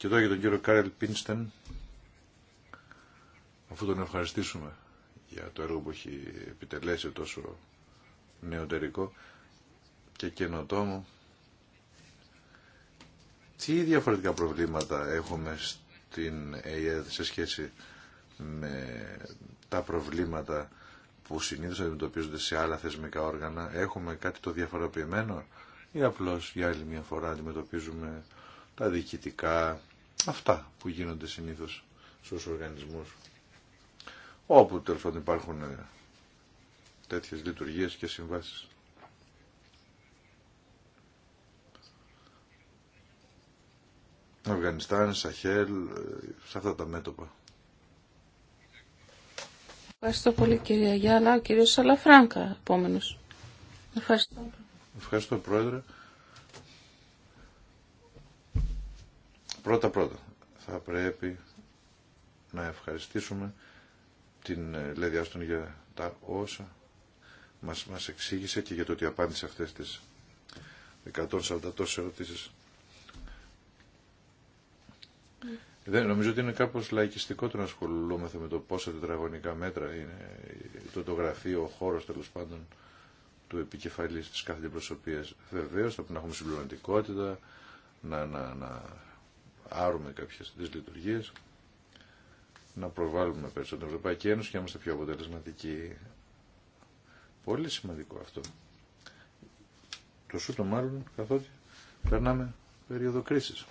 Και τώρα για τον κύριο Κάρελ Πίνστεν, αφού τον ευχαριστήσουμε για το έργο που έχει επιτελέσει τόσο νεωτερικό και καινοτόμο, τι διαφορετικά προβλήματα έχουμε στην ΕΕΔ σε σχέση με τα προβλήματα που συνήθως αντιμετωπίζονται σε άλλα θεσμικά όργανα. Έχουμε κάτι το διαφοροποιημένο ή απλώς για άλλη μια φορά αντιμετωπίζουμε τα διοικητικά Αυτά που γίνονται συνήθως στους οργανισμούς όπου τέλος υπάρχουν ε, τέτοιες λειτουργίες και συμβάσεις. Αφγανιστάν, Σαχέλ, ε, σε αυτά τα μέτωπα. Ευχαριστώ πολύ κύριε Αγιάλα, Ο κύριος Σαλαφράγκα, επόμενος. Ευχαριστώ. Ευχαριστώ πρόεδρε. Πρώτα-πρώτα θα πρέπει να ευχαριστήσουμε την ε, Λέδη Άστον για τα όσα μας, μας εξήγησε και για το ότι απάντησε αυτές τις 140 τόσες ερωτήσεις. Mm. Δεν, νομίζω ότι είναι κάπως λαϊκιστικό το να ασχολούμεθα με το πόσα τετραγωνικά μέτρα είναι το, το γραφείο, ο χώρος τέλος πάντων του επικεφαλής της κάθε προσωπίας. Βεβαίως θα πρέπει να έχουμε συμπληρωματικότητα, να, να, να άρουμε κάποιες δυσλειτουργίες, να προβάλλουμε περισσότερο την Ευρωπαϊκή Ένωση και να είμαστε πιο αποτελεσματικοί. Πολύ σημαντικό αυτό. Το σούτο μάλλον καθότι περνάμε περίοδο κρίσης.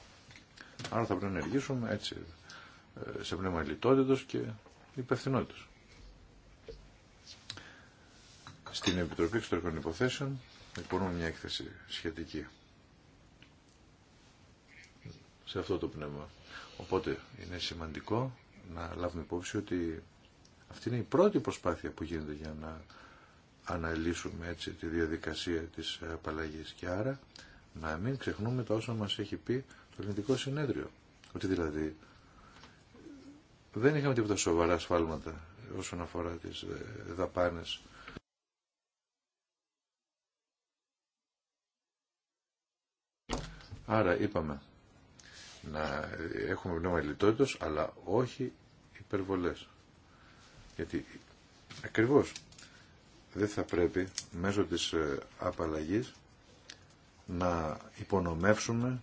Άρα θα πρέπει να ενεργήσουμε έτσι ε, σε πνεύμα λιτότητος και υπευθυνότητος. Στην Επιτροπή Εξωτερικών Υποθέσεων υπονοούμε μια έκθεση σχετική σε αυτό το πνεύμα. Οπότε είναι σημαντικό να λάβουμε υπόψη ότι αυτή είναι η πρώτη προσπάθεια που γίνεται για να αναλύσουμε έτσι τη διαδικασία της απαλλαγή και άρα να μην ξεχνούμε τα όσα μας έχει πει το ελληνικό συνέδριο. Ότι δηλαδή δεν είχαμε τίποτα σοβαρά σφάλματα όσον αφορά τις ε, δαπάνες Άρα είπαμε να έχουμε πνεύμα λιτότητος, αλλά όχι υπερβολές. Γιατί ακριβώς δεν θα πρέπει μέσω της ε, απαλλαγής να υπονομεύσουμε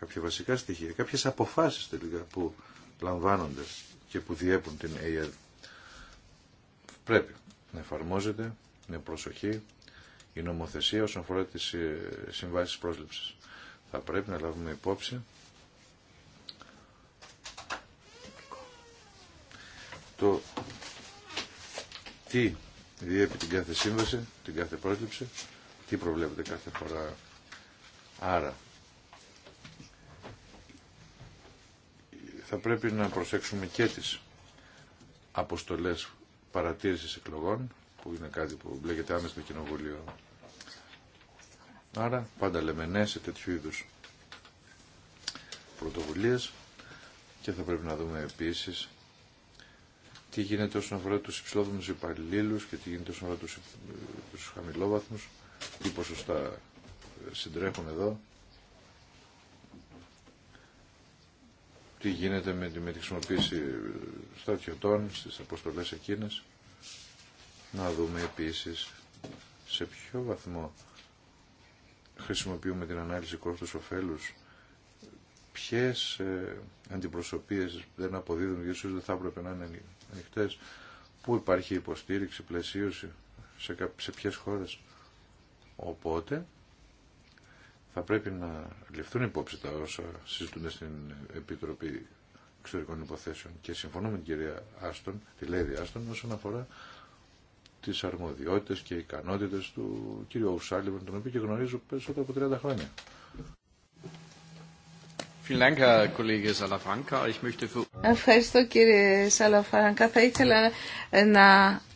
κάποια βασικά στοιχεία, κάποιες αποφάσεις τελικά που λαμβάνονται και που διέπουν την ΑΕΔ. Πρέπει να εφαρμόζεται με προσοχή η νομοθεσία όσον αφορά τις ε, συμβάσεις πρόσληψης. Θα πρέπει να λάβουμε υπόψη το τι διέπει την κάθε σύμβαση, την κάθε πρόσληψη, τι προβλέπεται κάθε φορά. Άρα, θα πρέπει να προσέξουμε και τις αποστολές παρατήρησης εκλογών, που είναι κάτι που μπλέκεται άμεσα στο κοινοβούλιο. Άρα, πάντα λέμε ναι σε τέτοιου είδους πρωτοβουλίες και θα πρέπει να δούμε επίσης τι γίνεται όσον αφορά τους υψηλόβαθμους υπαλλήλους και τι γίνεται όσον αφορά τους, τους χαμηλόβαθμους, τι ποσοστά ε, συντρέχουν εδώ, τι γίνεται με τη, με τη χρησιμοποίηση ε, στρατιωτών στις αποστολές εκείνες. Να δούμε επίσης σε ποιο βαθμό χρησιμοποιούμε την ανάλυση κόστου ωφέλους ποιες ε, αντιπροσωπείες δεν αποδίδουν και δεν θα έπρεπε να είναι ανοιχτέ. Πού υπάρχει υποστήριξη, πλαισίωση, σε, σε ποιες χώρες. Οπότε θα πρέπει να ληφθούν υπόψη τα όσα συζητούνται στην Επιτροπή Εξωτερικών Υποθέσεων και συμφωνώ με την κυρία Άστον, τη Λέδη Άστον, όσον αφορά τις αρμοδιότητες και ικανότητες του κύριου Αουσάλιβεν, τον οποίο και γνωρίζω περισσότερο από 30 χρόνια. Ευχαριστώ κύριε Σαλαφαρανκά. Θα ήθελα να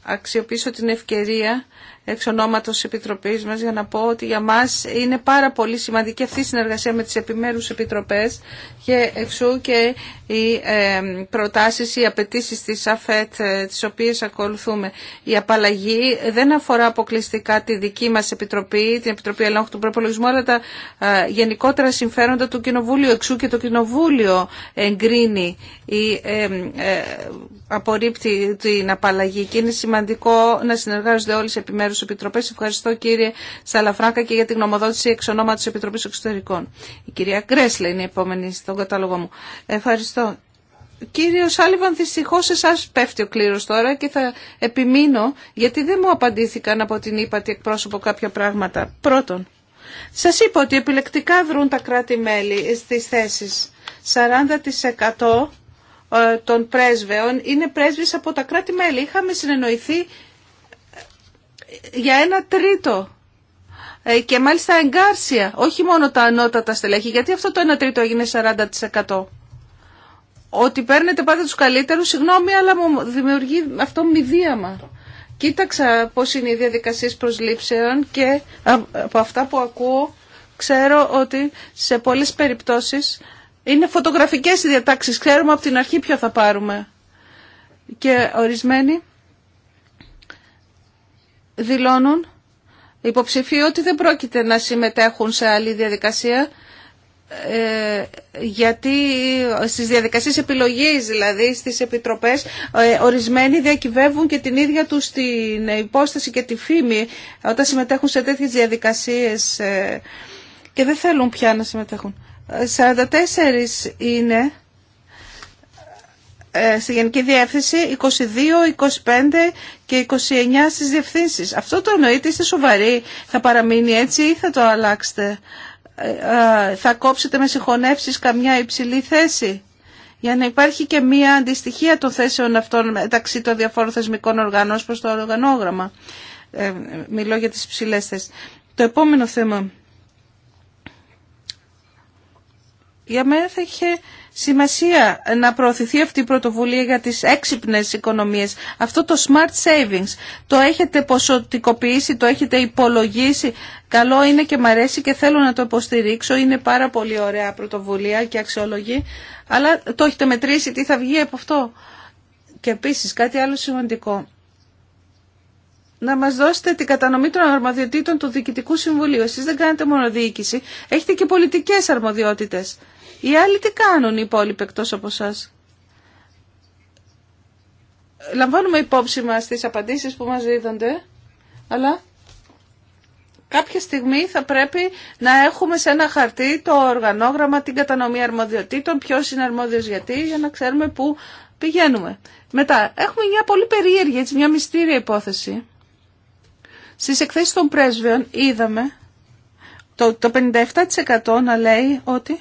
αξιοποιήσω την ευκαιρία εξ ονόματος Επιτροπής μας για να πω ότι για μας είναι πάρα πολύ σημαντική αυτή η συνεργασία με τις επιμέρους επιτροπές και εξού και οι ε, προτάσεις, οι απαιτήσει της ΑΦΕΤ ε, τις οποίες ακολουθούμε. Η απαλλαγή δεν αφορά αποκλειστικά τη δική μας Επιτροπή, την Επιτροπή Ελέγχου του Προπολογισμού, αλλά τα ε, γενικότερα συμφέροντα του Κοινοβούλιο. Εξού και το Κοινοβούλιο εγκρίνει ή απορρίπτει την απαλλαγή και είναι σημαντικό να συνεργάζονται όλες οι επιτροπές. Ευχαριστώ κύριε Σαλαφράκα και για την γνωμοδότηση εξ τη Επιτροπή Εξωτερικών. Η κυρία Γκρέσλε είναι η επόμενη στον κατάλογο μου. Ευχαριστώ. Κύριο Σάλιβαν, δυστυχώ εσά πέφτει ο κλήρο τώρα και θα επιμείνω γιατί δεν μου απαντήθηκαν από την ύπατη εκπρόσωπο κάποια πράγματα. Πρώτον, σα είπα ότι επιλεκτικά δρούν τα κράτη-μέλη στι θέσει. 40% των πρέσβεων είναι πρέσβει από τα κράτη-μέλη. Είχαμε συνεννοηθεί για ένα τρίτο ε, και μάλιστα εγκάρσια, όχι μόνο τα ανώτατα στελέχη, γιατί αυτό το ένα τρίτο έγινε 40%. Ότι παίρνετε πάντα τους καλύτερους, συγγνώμη, αλλά μου δημιουργεί αυτό μηδίαμα. Κοίταξα πώς είναι οι διαδικασίες προσλήψεων και από αυτά που ακούω ξέρω ότι σε πολλές περιπτώσεις είναι φωτογραφικές οι διατάξεις. Ξέρουμε από την αρχή ποιο θα πάρουμε. Και ορισμένοι δηλώνουν υποψηφοί ότι δεν πρόκειται να συμμετέχουν σε άλλη διαδικασία ε, γιατί στις διαδικασίες επιλογής δηλαδή στις επιτροπές ε, ορισμένοι διακυβεύουν και την ίδια τους την υπόσταση και τη φήμη όταν συμμετέχουν σε τέτοιες διαδικασίες ε, και δεν θέλουν πια να συμμετέχουν. 44 είναι ε, στη Γενική Διεύθυνση 22, 25 και 29 στις διευθύνσεις. Αυτό το εννοείται, είστε σοβαροί, θα παραμείνει έτσι ή θα το αλλάξετε. Ε, ε, θα κόψετε με συγχωνεύσεις καμιά υψηλή θέση για να υπάρχει και μία αντιστοιχία των θέσεων αυτών μεταξύ των διαφόρων θεσμικών οργανών προς το οργανόγραμμα. Ε, μιλώ για τις υψηλέ θέσεις. Το επόμενο θέμα. Για μένα θα είχε σημασία να προωθηθεί αυτή η πρωτοβουλία για τις έξυπνες οικονομίες. Αυτό το smart savings το έχετε ποσοτικοποιήσει, το έχετε υπολογίσει. Καλό είναι και μ' αρέσει και θέλω να το υποστηρίξω. Είναι πάρα πολύ ωραία πρωτοβουλία και αξιολογή. Αλλά το έχετε μετρήσει τι θα βγει από αυτό. Και επίσης κάτι άλλο σημαντικό. Να μας δώσετε την κατανομή των αρμοδιοτήτων του Διοικητικού Συμβουλίου. Εσείς δεν κάνετε μόνο διοίκηση, έχετε και πολιτικές αρμοδιότητες. Οι άλλοι τι κάνουν οι υπόλοιποι εκτός από εσά. Λαμβάνουμε υπόψη μας τις απαντήσεις που μας δίδονται, αλλά κάποια στιγμή θα πρέπει να έχουμε σε ένα χαρτί το οργανόγραμμα, την κατανομή αρμοδιοτήτων, ποιος είναι αρμόδιος γιατί, για να ξέρουμε πού πηγαίνουμε. Μετά, έχουμε μια πολύ περίεργη, μια μυστήρια υπόθεση. Στις εκθέσεις των πρέσβεων είδαμε το, το 57% να λέει ότι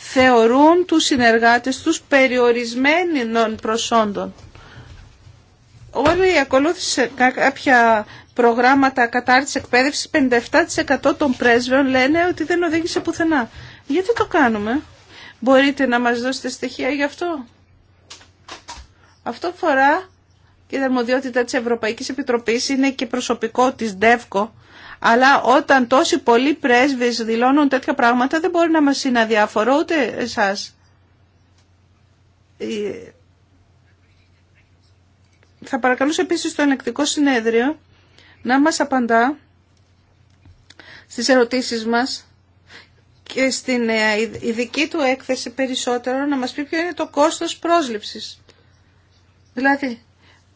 θεωρούν τους συνεργάτες τους περιορισμένων προσόντων. Όλοι ακολούθησαν κάποια προγράμματα κατάρτισης εκπαίδευσης, 57% των πρέσβεων λένε ότι δεν οδήγησε πουθενά. Γιατί το κάνουμε. Μπορείτε να μας δώσετε στοιχεία γι' αυτό. Αυτό φορά και η δερμοδιότητα της Ευρωπαϊκής Επιτροπής είναι και προσωπικό της ΔΕΒΚΟ αλλά όταν τόσοι πολλοί πρέσβες δηλώνουν τέτοια πράγματα δεν μπορεί να μας είναι αδιάφορο ούτε εσάς. Ε, θα παρακαλούσα επίσης το ελεκτικό συνέδριο να μας απαντά στις ερωτήσεις μας και στην ειδική του έκθεση περισσότερο να μας πει ποιο είναι το κόστος πρόσληψης. Δηλαδή,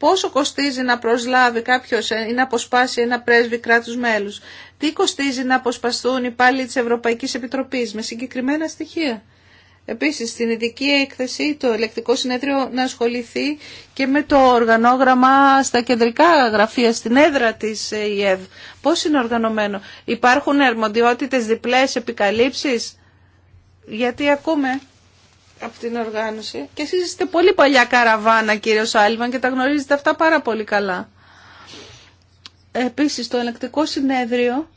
Πόσο κοστίζει να προσλάβει κάποιο ε, ή να αποσπάσει ένα πρέσβη κράτου μέλου. Τι κοστίζει να αποσπαστούν οι πάλι τη Ευρωπαϊκή Επιτροπή με συγκεκριμένα στοιχεία. Επίσης, στην ειδική έκθεση το ελεκτικό συνέδριο να ασχοληθεί και με το οργανόγραμμα στα κεντρικά γραφεία, στην έδρα της ΙΕΒ. Πώς είναι οργανωμένο. Υπάρχουν αρμοδιότητες διπλές επικαλύψεις. Γιατί ακούμε από την οργάνωση. Και εσείς είστε πολύ παλιά καραβάνα κύριο Σάλιβαν και τα γνωρίζετε αυτά πάρα πολύ καλά. Επίσης το ελεκτικό συνέδριο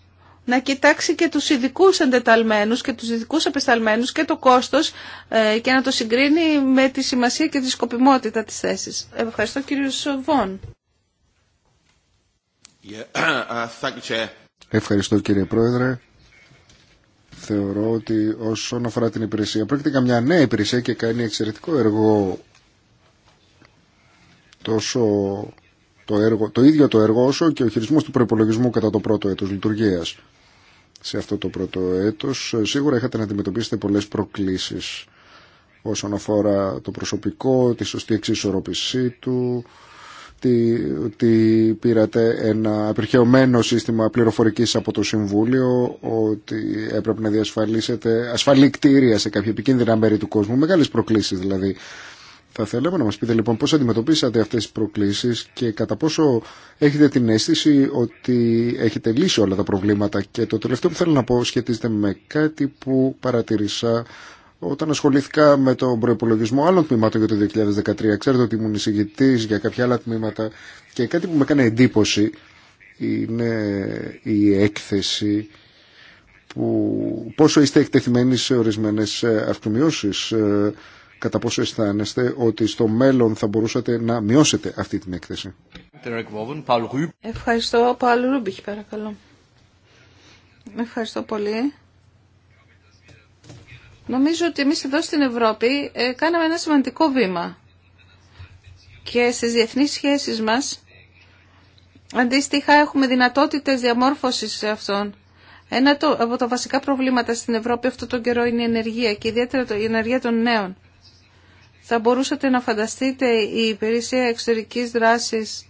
να κοιτάξει και τους ειδικού εντεταλμένους και τους ειδικού απεσταλμένους και το κόστος ε, και να το συγκρίνει με τη σημασία και τη σκοπιμότητα της θέσης. Ευχαριστώ κύριο Βόν. Uh, Ευχαριστώ κύριε Πρόεδρε θεωρώ ότι όσον αφορά την υπηρεσία, πρόκειται για μια νέα υπηρεσία και κάνει εξαιρετικό έργο τόσο το, έργο, το ίδιο το έργο όσο και ο χειρισμός του προπολογισμού κατά το πρώτο έτος λειτουργίας. Σε αυτό το πρώτο έτος ε, σίγουρα είχατε να αντιμετωπίσετε πολλές προκλήσεις όσον αφορά το προσωπικό, τη σωστή εξισορρόπησή του, ότι πήρατε ένα απερχαιωμένο σύστημα πληροφορικής από το Συμβούλιο, ότι έπρεπε να διασφαλίσετε ασφαλή κτίρια σε κάποια επικίνδυνα μέρη του κόσμου, μεγάλες προκλήσεις δηλαδή. Θα θέλαμε να μας πείτε λοιπόν πώς αντιμετωπίσατε αυτές τις προκλήσεις και κατά πόσο έχετε την αίσθηση ότι έχετε λύσει όλα τα προβλήματα. Και το τελευταίο που θέλω να πω σχετίζεται με κάτι που παρατηρήσα όταν ασχολήθηκα με τον προπολογισμό άλλων τμήματων για το 2013. Ξέρετε ότι ήμουν εισηγητή για κάποια άλλα τμήματα και κάτι που με έκανε εντύπωση είναι η έκθεση που πόσο είστε εκτεθειμένοι σε ορισμένες ε, αυτομοιώσεις ε, κατά πόσο αισθάνεστε ότι στο μέλλον θα μπορούσατε να μειώσετε αυτή την έκθεση. Ευχαριστώ, Παλ Ρούμπιχ, παρακαλώ. Ευχαριστώ πολύ. Νομίζω ότι εμείς εδώ στην Ευρώπη ε, κάναμε ένα σημαντικό βήμα και στις διεθνείς σχέσεις μας αντίστοιχα έχουμε δυνατότητες διαμόρφωσης αυτών. Ένα από τα βασικά προβλήματα στην Ευρώπη αυτό τον καιρό είναι η ενεργεία και ιδιαίτερα η ενεργεία των νέων. Θα μπορούσατε να φανταστείτε η υπηρεσία εξωτερικής δράσης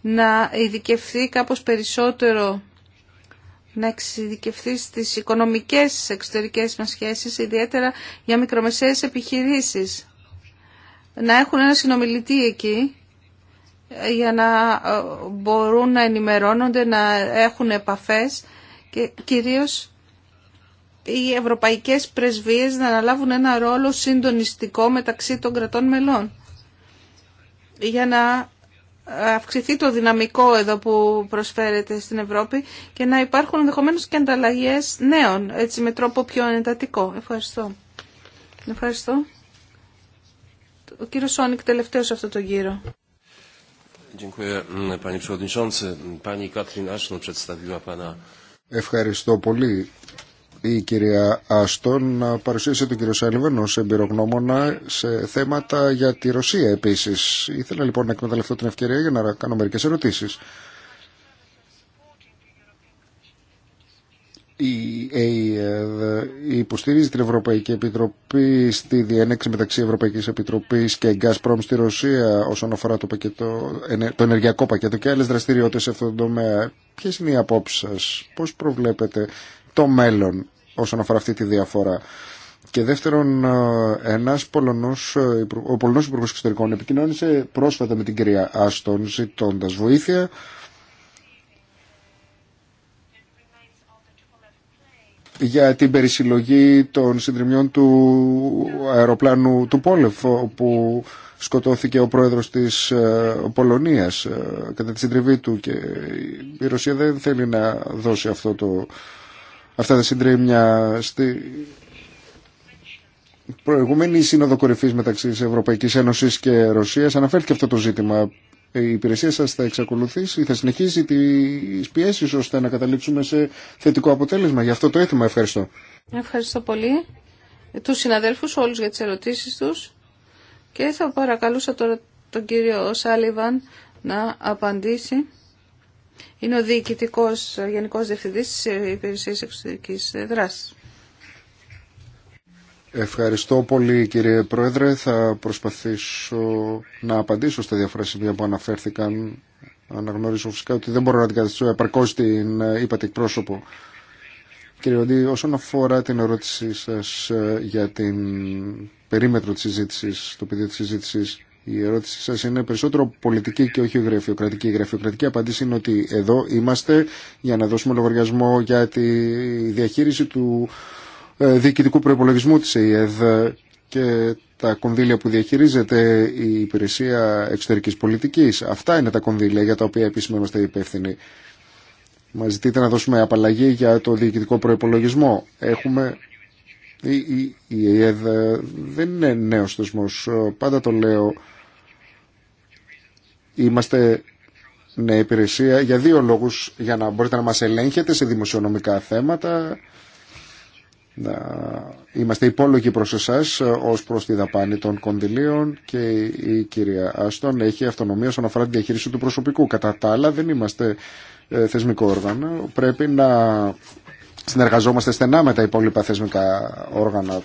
να ειδικευθεί κάπως περισσότερο να εξειδικευθεί στις οικονομικές εξωτερικές μας σχέσεις, ιδιαίτερα για μικρομεσαίες επιχειρήσεις. Να έχουν ένα συνομιλητή εκεί ε, για να ε, μπορούν να ενημερώνονται, να έχουν επαφές και κυρίως οι ευρωπαϊκές πρεσβείες να αναλάβουν ένα ρόλο συντονιστικό μεταξύ των κρατών μελών για να αυξηθεί το δυναμικό εδώ που προσφέρεται στην Ευρώπη και να υπάρχουν ενδεχομένω και ανταλλαγέ νέων, έτσι με τρόπο πιο εντατικό. Ευχαριστώ. Ευχαριστώ. Ο κύριος Σόνικ τελευταίος αυτό το γύρο. Mm, Ευχαριστώ πολύ η κυρία Άστον παρουσίασε τον κύριο Σάλιβεν ως εμπειρογνώμονα σε θέματα για τη Ρωσία επίσης. Ήθελα λοιπόν να εκμεταλλευτώ την ευκαιρία για να κάνω μερικές ερωτήσεις. η ΑΕΔ υποστηρίζει την Ευρωπαϊκή Επιτροπή στη διένεξη μεταξύ Ευρωπαϊκής Επιτροπής και Gazprom στη Ρωσία όσον αφορά το, πακέτο, το ενεργειακό πακέτο και άλλες δραστηριότητες σε αυτόν τον τομέα. Ποιες είναι οι απόψεις σας, πώς προβλέπετε το μέλλον όσον αφορά αυτή τη διαφορά. Και δεύτερον, ε, ένας Πολωνός, ε, ο Πολωνός Υπουργός Εξωτερικών επικοινώνησε πρόσφατα με την κυρία Άστον ζητώντας βοήθεια για την περισυλλογή των συντριμιών του αεροπλάνου του Πόλεφ όπου σκοτώθηκε ο πρόεδρος της ε, Πολωνίας κατά τη συντριβή του και η Ρωσία δεν θέλει να δώσει αυτό το αυτά τα συντρίμια στη προηγούμενη σύνοδο κορυφής μεταξύ της Ευρωπαϊκής Ένωσης και Ρωσίας αναφέρθηκε αυτό το ζήτημα. Η υπηρεσία σας θα εξακολουθήσει, θα συνεχίσει τις πιέσεις ώστε να καταλήξουμε σε θετικό αποτέλεσμα. Γι' αυτό το έθιμα ευχαριστώ. Ευχαριστώ πολύ τους συναδέλφους όλους για τις ερωτήσεις τους και θα παρακαλούσα τώρα τον κύριο Σάλιβαν να απαντήσει. Είναι ο διοικητικός γενικός διευθυντής της Υπηρεσίας Εξωτερικής Δράσης. Ευχαριστώ πολύ κύριε Πρόεδρε. Θα προσπαθήσω να απαντήσω στα διάφορα σημεία που αναφέρθηκαν. Αναγνωρίζω φυσικά ότι δεν μπορώ να αντικαταστήσω επαρκώς την ε, είπατε εκπρόσωπο. Κύριε Οντή, όσον αφορά την ερώτησή σας ε, για την περίμετρο της συζήτησης, το πεδίο της συζήτησης, η ερώτησή σας είναι περισσότερο πολιτική και όχι γραφειοκρατική. Η γραφειοκρατική απάντηση είναι ότι εδώ είμαστε για να δώσουμε λογαριασμό για τη διαχείριση του ε, διοικητικού προϋπολογισμού της ΕΕΔ και τα κονδύλια που διαχειρίζεται η υπηρεσία εξωτερικής πολιτικής. Αυτά είναι τα κονδύλια για τα οποία επίσημα είμαστε υπεύθυνοι. Μα ζητείτε να δώσουμε απαλλαγή για το διοικητικό προπολογισμό. Έχουμε... Η, η, η δεν είναι νέος θεσμός. Πάντα το λέω Είμαστε ναι, υπηρεσία για δύο λόγους, για να μπορείτε να μας ελέγχετε σε δημοσιονομικά θέματα, να είμαστε υπόλογοι προς εσάς ως προς τη δαπάνη των κονδυλίων και η κυρία Άστον έχει αυτονομία όσον αφορά τη διαχείριση του προσωπικού. Κατά τα άλλα δεν είμαστε ε, θεσμικό όργανο, πρέπει να συνεργαζόμαστε στενά με τα υπόλοιπα θεσμικά όργανα.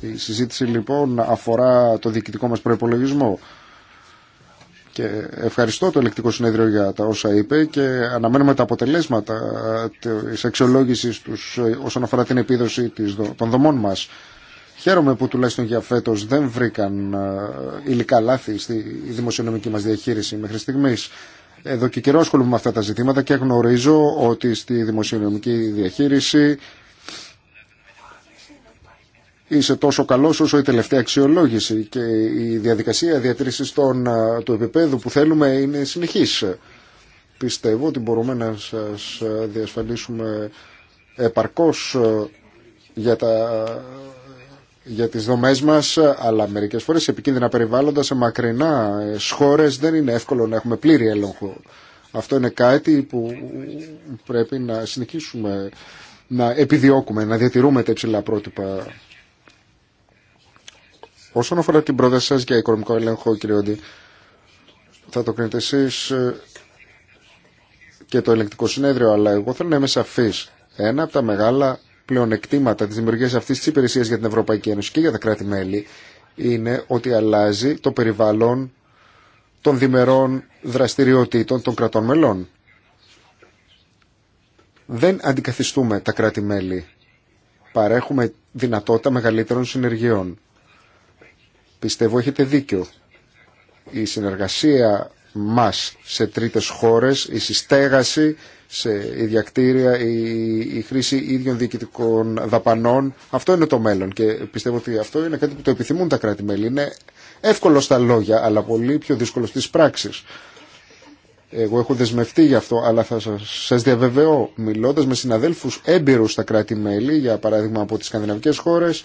Η συζήτηση λοιπόν αφορά το διοικητικό μας προπολογισμό. Και ευχαριστώ το ελεκτικό συνέδριο για τα όσα είπε και αναμένουμε τα αποτελέσματα ε, της αξιολόγησης τους ε, όσον αφορά την επίδοση των δομών μας. Χαίρομαι που τουλάχιστον για φέτος δεν βρήκαν ε, υλικά λάθη στη δημοσιονομική μας διαχείριση μέχρι στιγμής. Εδώ και καιρό ασχολούμαι με αυτά τα ζητήματα και γνωρίζω ότι στη δημοσιονομική διαχείριση είσαι τόσο καλός όσο η τελευταία αξιολόγηση και η διαδικασία διατήρησης των, του επίπεδου που θέλουμε είναι συνεχής. Πιστεύω ότι μπορούμε να σας διασφαλίσουμε επαρκώς για, τα, για τις δομές μας, αλλά μερικές φορές σε επικίνδυνα περιβάλλοντα, σε μακρινά ε, χώρες δεν είναι εύκολο να έχουμε πλήρη έλεγχο. Αυτό είναι κάτι που πρέπει να συνεχίσουμε να επιδιώκουμε, να διατηρούμε τα υψηλά πρότυπα Όσον αφορά την πρόταση σας για οικονομικό έλεγχο, κύριε Όντι, θα το κρίνετε εσείς ε, και το ελεγκτικό συνέδριο, αλλά εγώ θέλω να είμαι σαφής. Ένα από τα μεγάλα πλεονεκτήματα της δημιουργίας αυτής της υπηρεσίας για την Ευρωπαϊκή Ένωση και για τα κράτη-μέλη είναι ότι αλλάζει το περιβάλλον των διμερών δραστηριοτήτων των κρατών μελών. Δεν αντικαθιστούμε τα κράτη-μέλη. Παρέχουμε δυνατότητα μεγαλύτερων συνεργειών. Πιστεύω έχετε δίκιο. Η συνεργασία μας σε τρίτες χώρες, η συστέγαση σε ιδιακτήρια, η, η χρήση ίδιων διοικητικών δαπανών, αυτό είναι το μέλλον και πιστεύω ότι αυτό είναι κάτι που το επιθυμούν τα κράτη-μέλη. Είναι εύκολο στα λόγια, αλλά πολύ πιο δύσκολο στις πράξεις. Εγώ έχω δεσμευτεί γι' αυτό, αλλά θα σας διαβεβαιώ, μιλώντας με συναδέλφους έμπειρους στα κράτη-μέλη, για παράδειγμα από τις σκανδιναβικές χώρες,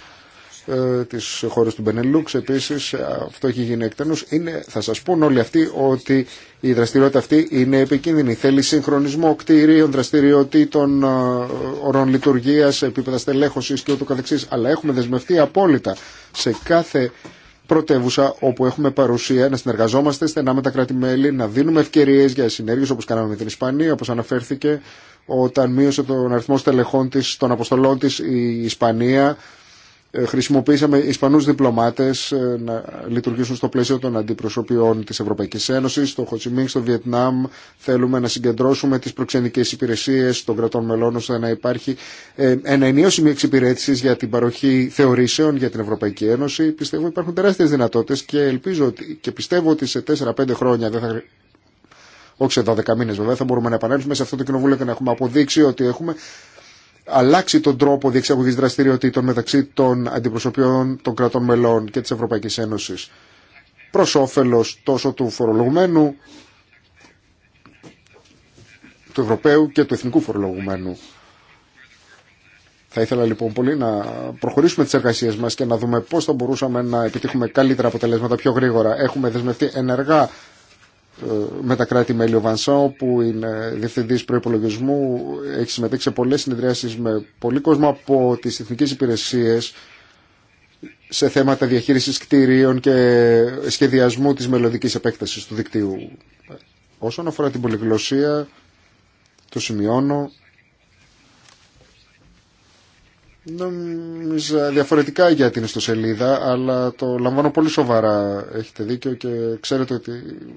ε, Τι χώρες του Μπενελούξ Επίση, ε, αυτό έχει γίνει εκτενού. θα σα πούν όλοι αυτοί ότι η δραστηριότητα αυτή είναι επικίνδυνη θέλει συγχρονισμό κτίριων δραστηριοτήτων ε, ορών λειτουργία, επίπεδα στελέχωση και ούτω αλλά έχουμε δεσμευτεί απόλυτα σε κάθε πρωτεύουσα όπου έχουμε παρουσία να συνεργαζόμαστε στενά με τα κράτη-μέλη, να δίνουμε ευκαιρίε για συνέργειε όπω κάναμε με την Ισπανία, όπω αναφέρθηκε, όταν μείωσε τον αριθμό στελεχών τη, των αποστολών τη η Ισπανία ε, χρησιμοποίησαμε Ισπανούς διπλωμάτες ε, να λειτουργήσουν στο πλαίσιο των αντιπροσωπιών της Ευρωπαϊκής Ένωσης. Στο Χοτσιμίνγκ, στο Βιετνάμ θέλουμε να συγκεντρώσουμε τις προξενικές υπηρεσίες των κρατών μελών ώστε να υπάρχει ε, ένα ενίο σημείο εξυπηρέτηση για την παροχή θεωρήσεων για την Ευρωπαϊκή Ένωση. Πιστεύω υπάρχουν τεράστιες δυνατότητες και ελπίζω ότι, και πιστεύω ότι σε 4-5 χρόνια δεν θα όχι σε 12 μήνε βέβαια, θα μπορούμε να επανέλθουμε σε αυτό το κοινοβούλιο και να έχουμε αποδείξει ότι έχουμε αλλάξει τον τρόπο διεξαγωγής δραστηριοτήτων μεταξύ των αντιπροσωπιών των κρατών μελών και της Ευρωπαϊκής Ένωσης προς όφελος τόσο του φορολογουμένου, του Ευρωπαίου και του Εθνικού Φορολογουμένου. Θα ήθελα λοιπόν πολύ να προχωρήσουμε τις εργασίες μας και να δούμε πώς θα μπορούσαμε να επιτύχουμε καλύτερα αποτελέσματα πιο γρήγορα. Έχουμε δεσμευτεί ενεργά ε, με τα κράτη-μέλη. Ο Βανσό, που είναι διευθυντή προπολογισμού, έχει συμμετέχει σε πολλέ συνεδριάσει με πολύ κόσμο από τι εθνικέ υπηρεσίε σε θέματα διαχείριση κτηρίων και σχεδιασμού της μελλοντική επέκταση του δικτύου. Όσον αφορά την πολυγλωσία, το σημειώνω Νομίζω διαφορετικά για την ιστοσελίδα, αλλά το λαμβάνω πολύ σοβαρά. Έχετε δίκιο και ξέρετε ότι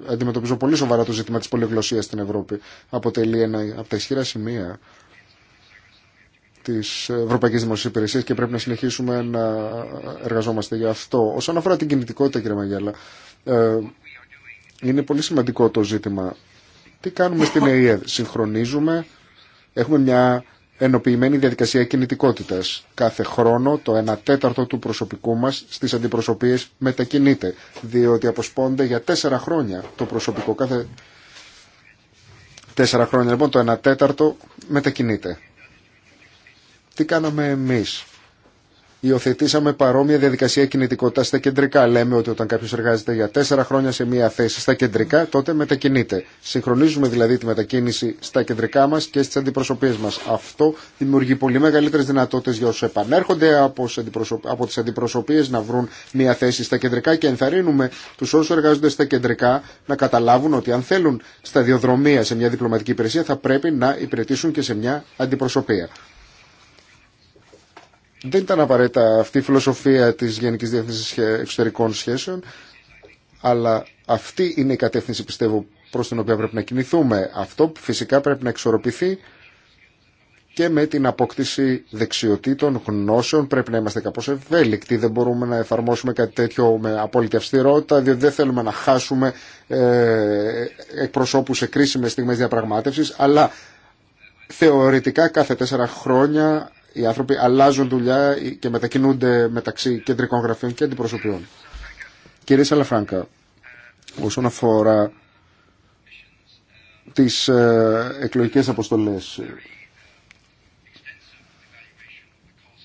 αντιμετωπίζω πολύ σοβαρά το ζήτημα τη πολυγλωσία στην Ευρώπη. Αποτελεί ένα από τα ισχυρά σημεία τη Ευρωπαϊκή Δημοσίας και πρέπει να συνεχίσουμε να εργαζόμαστε για αυτό. Όσον αφορά την κινητικότητα, κύριε Μαγιάλα, ε, είναι πολύ σημαντικό το ζήτημα. Τι κάνουμε στην ΕΕ, συγχρονίζουμε, έχουμε μια ενοποιημένη διαδικασία κινητικότητας. Κάθε χρόνο το 1 τέταρτο του προσωπικού μας στις αντιπροσωπείες μετακινείται, διότι αποσπώνται για τέσσερα χρόνια το προσωπικό. Κάθε τέσσερα χρόνια λοιπόν το 1 τέταρτο μετακινείται. Τι κάναμε εμείς Υιοθετήσαμε παρόμοια διαδικασία κινητικότητα στα κεντρικά. Λέμε ότι όταν κάποιο εργάζεται για τέσσερα χρόνια σε μία θέση στα κεντρικά, τότε μετακινείται. Συγχρονίζουμε δηλαδή τη μετακίνηση στα κεντρικά μα και στι αντιπροσωπείε μα. Αυτό δημιουργεί πολύ μεγαλύτερε δυνατότητε για όσου επανέρχονται από, από τι αντιπροσωπείε να βρουν μία θέση στα κεντρικά και ενθαρρύνουμε του όσου εργάζονται στα κεντρικά να καταλάβουν ότι αν θέλουν σταδιοδρομία σε μια διπλωματική υπηρεσία θα πρέπει να υπηρετήσουν και σε μια αντιπροσωπεία. Δεν ήταν απαραίτητα αυτή η φιλοσοφία της Γενικής Διεύθυνσης Εξωτερικών Σχέσεων, αλλά αυτή είναι η κατεύθυνση, πιστεύω, προς την οποία πρέπει να κινηθούμε. Αυτό που φυσικά πρέπει να εξορροπηθεί και με την απόκτηση δεξιοτήτων, γνώσεων. Πρέπει να είμαστε κάπως ευέλικτοι. Δεν μπορούμε να εφαρμόσουμε κάτι τέτοιο με απόλυτη αυστηρότητα, διότι δεν θέλουμε να χάσουμε ε, εκπροσώπους σε κρίσιμες στιγμές διαπραγμάτευσης, αλλά θεωρητικά κάθε τέσσερα χρόνια οι άνθρωποι αλλάζουν δουλειά και μετακινούνται μεταξύ κεντρικών γραφείων και αντιπροσωπιών. Κύριε Σαλαφράνκα, όσον αφορά τις ε, εκλογικές αποστολές,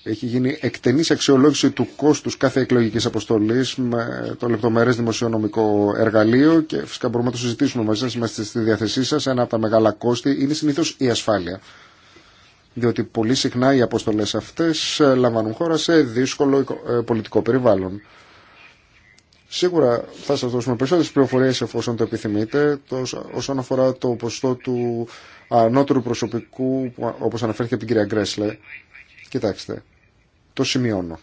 έχει γίνει εκτενής αξιολόγηση του κόστους κάθε εκλογικής αποστολής με το λεπτομερές δημοσιονομικό εργαλείο και φυσικά μπορούμε να το συζητήσουμε μαζί σας, είμαστε στη διάθεσή σας. Ένα από τα μεγάλα κόστη είναι συνήθως η ασφάλεια διότι πολύ συχνά οι αποστολές αυτές ε, λαμβάνουν χώρα σε δύσκολο ε, πολιτικό περιβάλλον. Σίγουρα θα σας δώσουμε περισσότερες πληροφορίες εφόσον το επιθυμείτε όσον αφορά το ποσοστό του ανώτερου προσωπικού όπως αναφέρθηκε από την κυρία Γκρέσλε. Κοιτάξτε, το σημειώνω.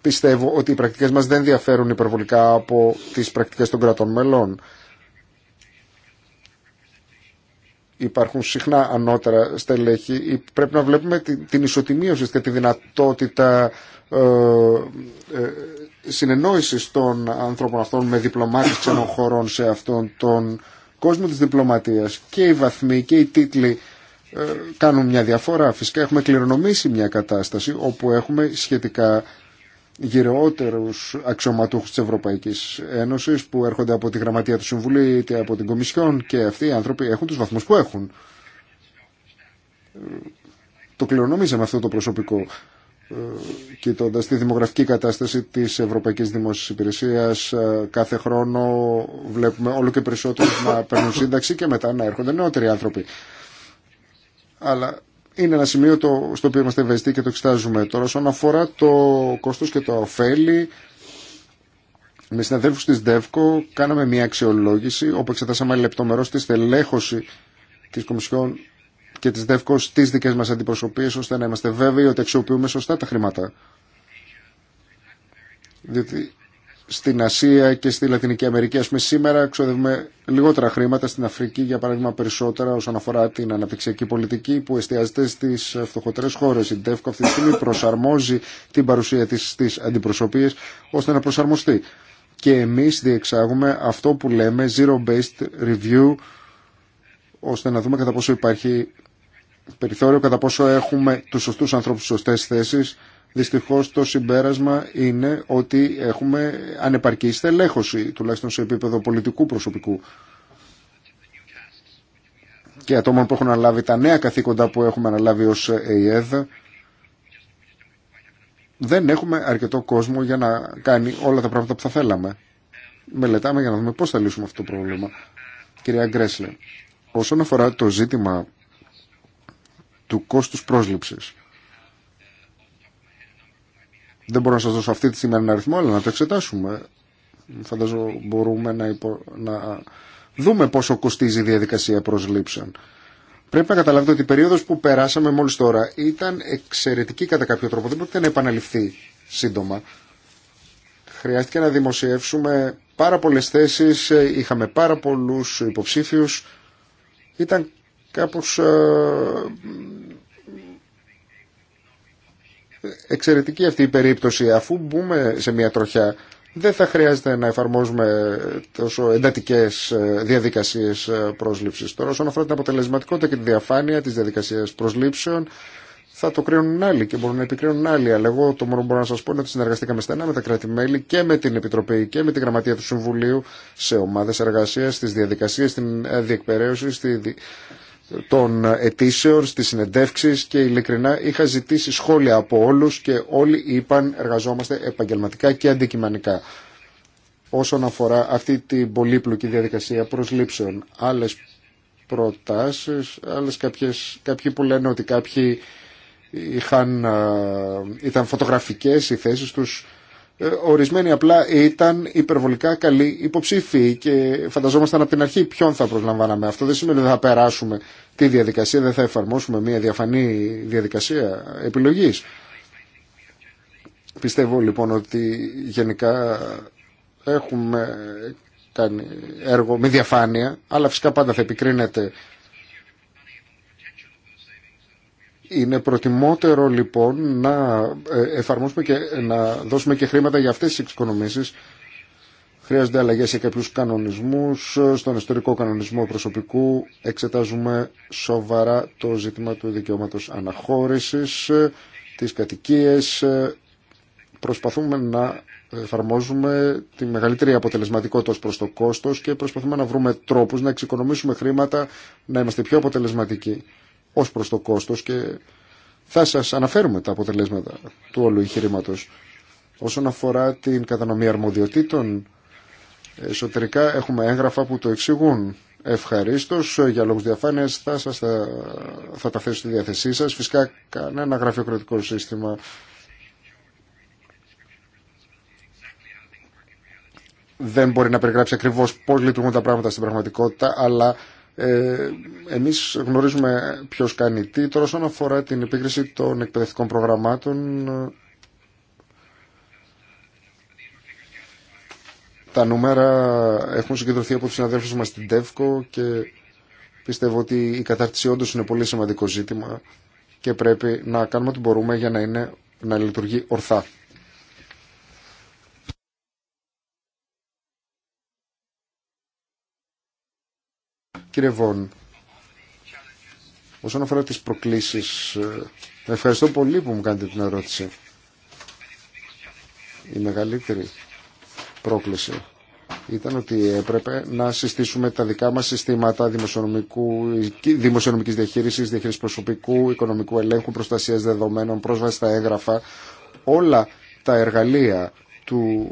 Πιστεύω ότι οι πρακτικές μας δεν διαφέρουν υπερβολικά από τις πρακτικές των κρατών μελών. υπάρχουν συχνά ανώτερα στελέχη. Πρέπει να βλέπουμε την ισοτιμίωση και τη δυνατότητα ε, ε, συνεννόησης των ανθρώπων αυτών με διπλωμάτες ξένων χωρών σε αυτόν τον κόσμο της διπλωματίας. Και οι βαθμοί και οι τίτλοι ε, κάνουν μια διαφορά. Φυσικά έχουμε κληρονομήσει μια κατάσταση όπου έχουμε σχετικά γυρεότερους αξιωματούχους της Ευρωπαϊκής Ένωσης που έρχονται από τη Γραμματεία του Συμβουλίου είτε από την Κομισιόν και αυτοί οι άνθρωποι έχουν τους βαθμούς που έχουν. Το κληρονομίζαμε αυτό το προσωπικό ε, κοιτώντας τη δημογραφική κατάσταση της Ευρωπαϊκής Δημόσιας Υπηρεσίας ε, κάθε χρόνο βλέπουμε όλο και περισσότερο να παίρνουν σύνταξη και μετά να έρχονται νεότεροι άνθρωποι αλλά είναι ένα σημείο το, στο οποίο είμαστε ευαισθητοί και το εξετάζουμε τώρα. Όσον αφορά το κόστος και το ωφέλη, με συναδέλφου τη ΔΕΒΚΟ κάναμε μια αξιολόγηση όπου εξετάσαμε λεπτομερώ τη στελέχωση της Κομισιόν και της ΔΕΒΚΟ στι δικές μας αντιπροσωπείες ώστε να είμαστε βέβαιοι ότι αξιοποιούμε σωστά τα χρήματα. Διότι στην Ασία και στη Λατινική Αμερική. Ας πούμε σήμερα ξοδεύουμε λιγότερα χρήματα στην Αφρική, για παράδειγμα περισσότερα όσον αφορά την αναπτυξιακή πολιτική που εστιάζεται στις φτωχότερες χώρες. Η ΔΕΦΚΟ αυτή τη στιγμή προσαρμόζει την παρουσία της στις αντιπροσωπείες ώστε να προσαρμοστεί. Και εμείς διεξάγουμε αυτό που λέμε zero-based review ώστε να δούμε κατά πόσο υπάρχει περιθώριο, κατά πόσο έχουμε τους σωστούς ανθρώπους στις σωστές θέσεις Δυστυχώς το συμπέρασμα είναι ότι έχουμε ανεπαρκή στελέχωση, τουλάχιστον σε επίπεδο πολιτικού προσωπικού και ατόμων που έχουν αναλάβει τα νέα καθήκοντα που έχουμε αναλάβει ως Ε.Ε.Δ. δεν έχουμε αρκετό κόσμο για να κάνει όλα τα πράγματα που θα θέλαμε. Μελετάμε για να δούμε πώς θα λύσουμε αυτό το πρόβλημα. Κυρία Γκρέσλε, όσον αφορά το ζήτημα του κόστους πρόσληψης, δεν μπορώ να σας δώσω αυτή τη στιγμή ένα αριθμό, αλλά να το εξετάσουμε. Φαντάζομαι μπορούμε να, να δούμε πόσο κοστίζει η διαδικασία προσλήψεων. Πρέπει να καταλάβετε ότι η περίοδος που περάσαμε μόλις τώρα ήταν εξαιρετική κατά κάποιο τρόπο. Δεν πρόκειται να επαναληφθεί σύντομα. Χρειάστηκε να δημοσιεύσουμε πάρα πολλές θέσεις, ε, είχαμε πάρα πολλούς υποψήφιους. Ήταν κάπως ε, εξαιρετική αυτή η περίπτωση. Αφού μπούμε σε μια τροχιά, δεν θα χρειάζεται να εφαρμόζουμε τόσο εντατικέ ε, διαδικασίε ε, πρόσληψη. Τώρα, όσον αφορά την αποτελεσματικότητα και τη διαφάνεια τη διαδικασία προσλήψεων, θα το κρίνουν άλλοι και μπορούν να επικρίνουν άλλοι. Αλλά εγώ το μόνο που μπορώ να σα πω είναι ότι συνεργαστήκαμε στενά με τα κράτη-μέλη και με την Επιτροπή και με την Γραμματεία του Συμβουλίου σε ομάδε εργασία, στι διαδικασίε, στην διεκπαιρέωση, στη των αιτήσεων, στις συνεντεύξεις και ειλικρινά είχα ζητήσει σχόλια από όλους και όλοι είπαν εργαζόμαστε επαγγελματικά και αντικειμενικά όσον αφορά αυτή την πολύπλοκη διαδικασία προσλήψεων. Άλλες προτάσεις, άλλες κάποιες, κάποιοι που λένε ότι κάποιοι είχαν, ε, ήταν φωτογραφικές οι θέσεις τους ε, ορισμένοι απλά ήταν υπερβολικά καλοί υποψήφοι και φανταζόμασταν από την αρχή ποιον θα προσλαμβάναμε. Αυτό δεν σημαίνει ότι θα περάσουμε τη διαδικασία, δεν θα εφαρμόσουμε μια διαφανή διαδικασία επιλογής. Πιστεύω λοιπόν ότι γενικά έχουμε κάνει έργο με διαφάνεια, αλλά φυσικά πάντα θα επικρίνεται Είναι προτιμότερο λοιπόν να ε, εφαρμόσουμε και να δώσουμε και χρήματα για αυτές τις εξοικονομήσεις. Χρειάζονται αλλαγές σε κάποιους κανονισμούς. Στον ιστορικό κανονισμό προσωπικού εξετάζουμε σοβαρά το ζήτημα του δικαιώματος αναχώρησης, τις κατοικίε. Προσπαθούμε να εφαρμόζουμε τη μεγαλύτερη αποτελεσματικότητα προς το κόστος και προσπαθούμε να βρούμε τρόπους να εξοικονομήσουμε χρήματα, να είμαστε πιο αποτελεσματικοί ως προς το κόστος και θα σας αναφέρουμε τα αποτελέσματα του όλου εγχειρήματο. Όσον αφορά την κατανομή αρμοδιοτήτων, εσωτερικά έχουμε έγγραφα που το εξηγούν. Ευχαρίστω για λόγους διαφάνειας θα, σας θα, θα τα θέσω στη διάθεσή σας. Φυσικά κανένα γραφειοκρατικό σύστημα δεν μπορεί να περιγράψει ακριβώς πώς λειτουργούν τα πράγματα στην πραγματικότητα, αλλά ε, εμείς γνωρίζουμε ποιο κάνει τι. Τώρα όσον αφορά την επίκριση των εκπαιδευτικών προγραμμάτων, τα νούμερα έχουν συγκεντρωθεί από του συναδέλφου μας στην ΤΕΒΚΟ και πιστεύω ότι η κατάρτιση όντω είναι πολύ σημαντικό ζήτημα και πρέπει να κάνουμε ό,τι μπορούμε για να, είναι, να λειτουργεί ορθά. Κύριε Βόν, όσον αφορά τις προκλήσεις, ε, ευχαριστώ πολύ που μου κάνετε την ερώτηση. Η μεγαλύτερη πρόκληση ήταν ότι έπρεπε να συστήσουμε τα δικά μας συστήματα δημοσιονομικού, δημοσιονομικής διαχείρισης, διαχείρισης προσωπικού, οικονομικού ελέγχου, προστασίας δεδομένων, πρόσβαση στα έγγραφα, όλα τα εργαλεία του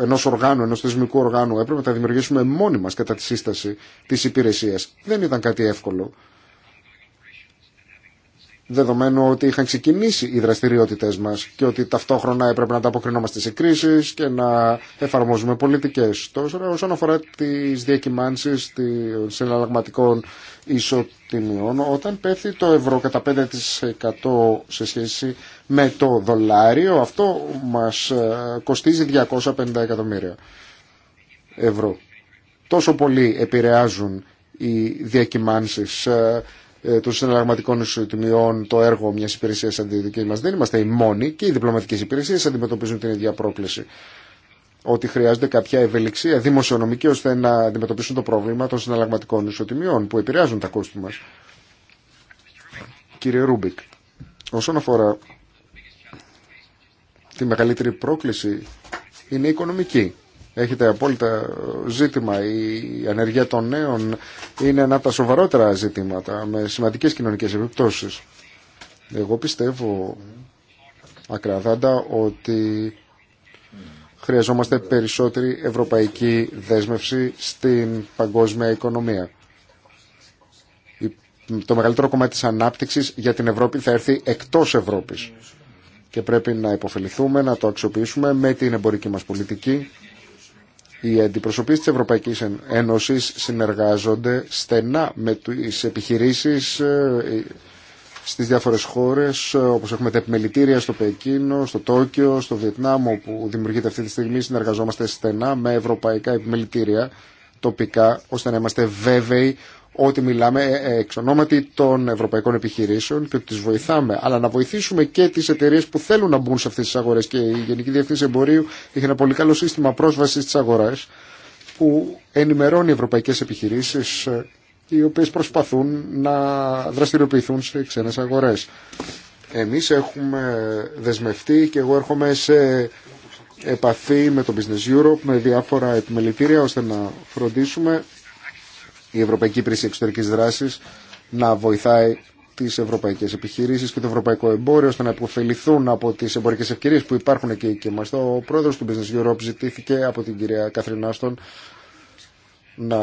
ενός οργάνου, ενός θεσμικού οργάνου. Έπρεπε να τα δημιουργήσουμε μόνοι μας κατά τη σύσταση της υπηρεσίας. Δεν ήταν κάτι εύκολο δεδομένου ότι είχαν ξεκινήσει οι δραστηριότητες μας και ότι ταυτόχρονα έπρεπε να τα σε κρίσει και να εφαρμόζουμε πολιτικές. Τώρα όσον αφορά τι διακυμάνσεις των συναλλαγματικών ισοτιμιών, όταν πέφτει το ευρώ κατά 5% σε σχέση με το δολάριο, αυτό μας ε, κοστίζει 250 εκατομμύρια ευρώ. Τόσο πολύ επηρεάζουν οι διακυμάνσεις ε, ε, των συναλλαγματικών ισοτιμιών το έργο μια υπηρεσία σαν τη δική μα. Δεν είμαστε οι μόνοι και οι διπλωματικέ υπηρεσίε αντιμετωπίζουν την ίδια πρόκληση. Ότι χρειάζεται κάποια ευελιξία δημοσιονομική ώστε να αντιμετωπίσουν το πρόβλημα των συναλλαγματικών ισοτιμιών που επηρεάζουν τα κόστη μα. Κύριε Ρούμπικ, όσον αφορά τη μεγαλύτερη πρόκληση είναι η οικονομική. Έχετε απόλυτα ζήτημα. Η ανεργία των νέων είναι ένα από τα σοβαρότερα ζητήματα με σημαντικές κοινωνικές επιπτώσεις. Εγώ πιστεύω ακραδάντα ότι χρειαζόμαστε περισσότερη ευρωπαϊκή δέσμευση στην παγκόσμια οικονομία. Το μεγαλύτερο κομμάτι της ανάπτυξης για την Ευρώπη θα έρθει εκτός Ευρώπης και πρέπει να υποφεληθούμε, να το αξιοποιήσουμε με την εμπορική μας πολιτική οι αντιπροσωπείς της Ευρωπαϊκής Ένωσης συνεργάζονται στενά με τις επιχειρήσεις ε, στις διάφορες χώρες ε, όπως έχουμε τα επιμελητήρια στο Πεκίνο, στο Τόκιο, στο Βιετνάμ όπου δημιουργείται αυτή τη στιγμή συνεργαζόμαστε στενά με ευρωπαϊκά επιμελητήρια τοπικά ώστε να είμαστε βέβαιοι ότι μιλάμε ε, ε, εξ ονόματι των ευρωπαϊκών επιχειρήσεων και ότι τις βοηθάμε, αλλά να βοηθήσουμε και τις εταιρείε που θέλουν να μπουν σε αυτές τις αγορές και η Γενική Διευθύνση Εμπορίου έχει ένα πολύ καλό σύστημα πρόσβασης στις αγορές που ενημερώνει ευρωπαϊκές επιχειρήσεις ε, οι οποίες προσπαθούν να δραστηριοποιηθούν σε ξένες αγορές. Εμείς έχουμε δεσμευτεί και εγώ έρχομαι σε επαφή με το Business Europe, με διάφορα επιμελητήρια ώστε να φροντίσουμε η Ευρωπαϊκή Υπηρεσία Εξωτερική δράση να βοηθάει τι ευρωπαϊκέ επιχειρήσει και το ευρωπαϊκό εμπόριο ώστε να υποφεληθούν από τι εμπορικέ ευκαιρίε που υπάρχουν εκεί και Ο πρόεδρος του Business Europe ζητήθηκε από την κυρία Καθρινάστον να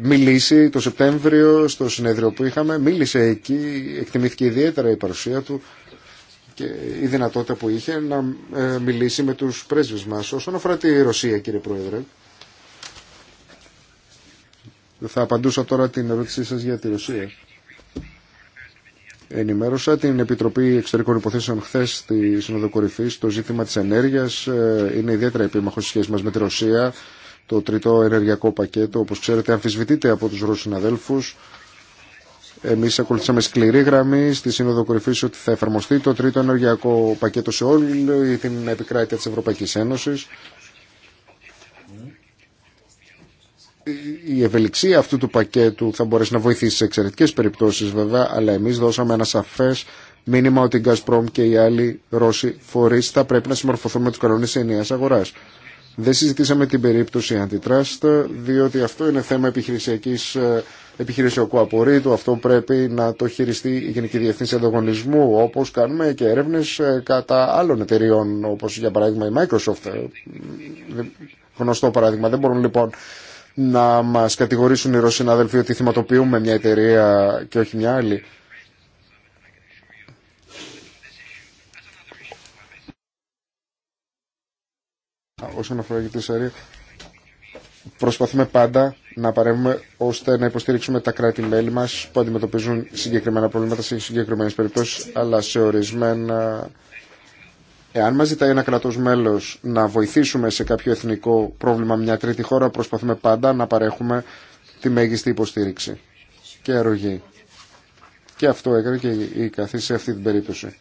μιλήσει το Σεπτέμβριο στο συνέδριο που είχαμε. Μίλησε εκεί, εκτιμήθηκε ιδιαίτερα η παρουσία του και η δυνατότητα που είχε να ε, μιλήσει με του πρέσβει μα Όσον αφορά τη Ρωσία κύριε Πρόεδρε, θα απαντούσα τώρα την ερώτησή σας για τη Ρωσία. Ενημέρωσα την Επιτροπή Εξωτερικών Υποθέσεων χθε στη Σύνοδο Κορυφή. Το ζήτημα τη ενέργεια ε, είναι ιδιαίτερα επίμαχο σχέση μα με τη Ρωσία. Το τρίτο ενεργειακό πακέτο, όπω ξέρετε, αμφισβητείται από του Ρώσου συναδέλφου. Εμεί ακολουθήσαμε σκληρή γραμμή στη Σύνοδο Κορυφή ότι θα εφαρμοστεί το τρίτο ενεργειακό πακέτο σε όλη την επικράτεια τη Ευρωπαϊκή Ένωση. η ευελιξία αυτού του πακέτου θα μπορέσει να βοηθήσει σε εξαιρετικέ περιπτώσει, βέβαια, αλλά εμεί δώσαμε ένα σαφέ μήνυμα ότι η Gazprom και οι άλλοι Ρώσοι φορεί θα πρέπει να συμμορφωθούν με του κανόνε ενιαία αγορά. Δεν συζητήσαμε την περίπτωση antitrust, διότι αυτό είναι θέμα επιχειρησιακής, ε, επιχειρησιακού απορρίτου. Αυτό πρέπει να το χειριστεί η Γενική Διευθύνση Ανταγωνισμού, όπως κάνουμε και έρευνες ε, κατά άλλων εταιριών, όπως για παράδειγμα η Microsoft. Ε, γνωστό παράδειγμα. Δεν μπορούν λοιπόν να μας κατηγορήσουν οι συνάδελφοι ότι θυματοποιούμε μια εταιρεία και όχι μια άλλη. Όσον αφορά για τη Σαρία, προσπαθούμε πάντα να παρέμβουμε ώστε να υποστηρίξουμε τα κράτη-μέλη μας που αντιμετωπίζουν συγκεκριμένα προβλήματα σε συγκεκριμένες περιπτώσεις, αλλά σε ορισμένα Εάν μα ζητάει ένα κρατός μέλος να βοηθήσουμε σε κάποιο εθνικό πρόβλημα μια τρίτη χώρα, προσπαθούμε πάντα να παρέχουμε τη μέγιστη υποστήριξη και αρρωγή. Και αυτό έκανε και η καθήση σε αυτή την περίπτωση.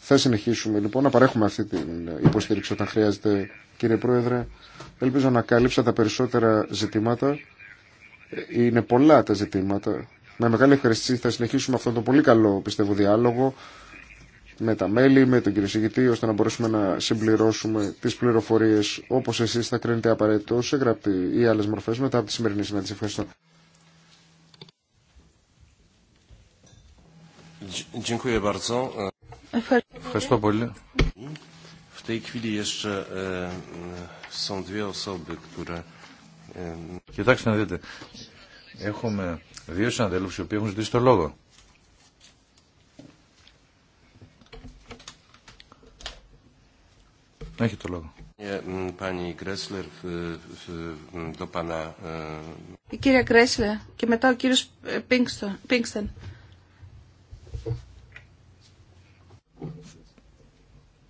Θα συνεχίσουμε λοιπόν να παρέχουμε αυτή την υποστήριξη όταν χρειάζεται. Κύριε Πρόεδρε, ελπίζω να κάλυψα τα περισσότερα ζητήματα. Είναι πολλά τα ζητήματα. Με μεγάλη ευχαριστή θα συνεχίσουμε αυτόν τον πολύ καλό πιστεύω διάλογο με τα μέλη, με τον κύριο Σιγητή, ώστε να μπορέσουμε να συμπληρώσουμε τι πληροφορίε, όπω εσεί θα κρίνετε απαραίτητο σε γραπτή ή άλλες μορφές μετά από τη σημερινή συνάντηση. Ευχαριστώ. Ευχαριστώ πολύ. Κοιτάξτε να δείτε. Έχουμε δύο συναδέλφους οι οποίοι έχουν ζητήσει το λόγο. Έχει το λόγο. Η κυρία Κρέσλερ και μετά ο κύριος ε, Πίνξτεν.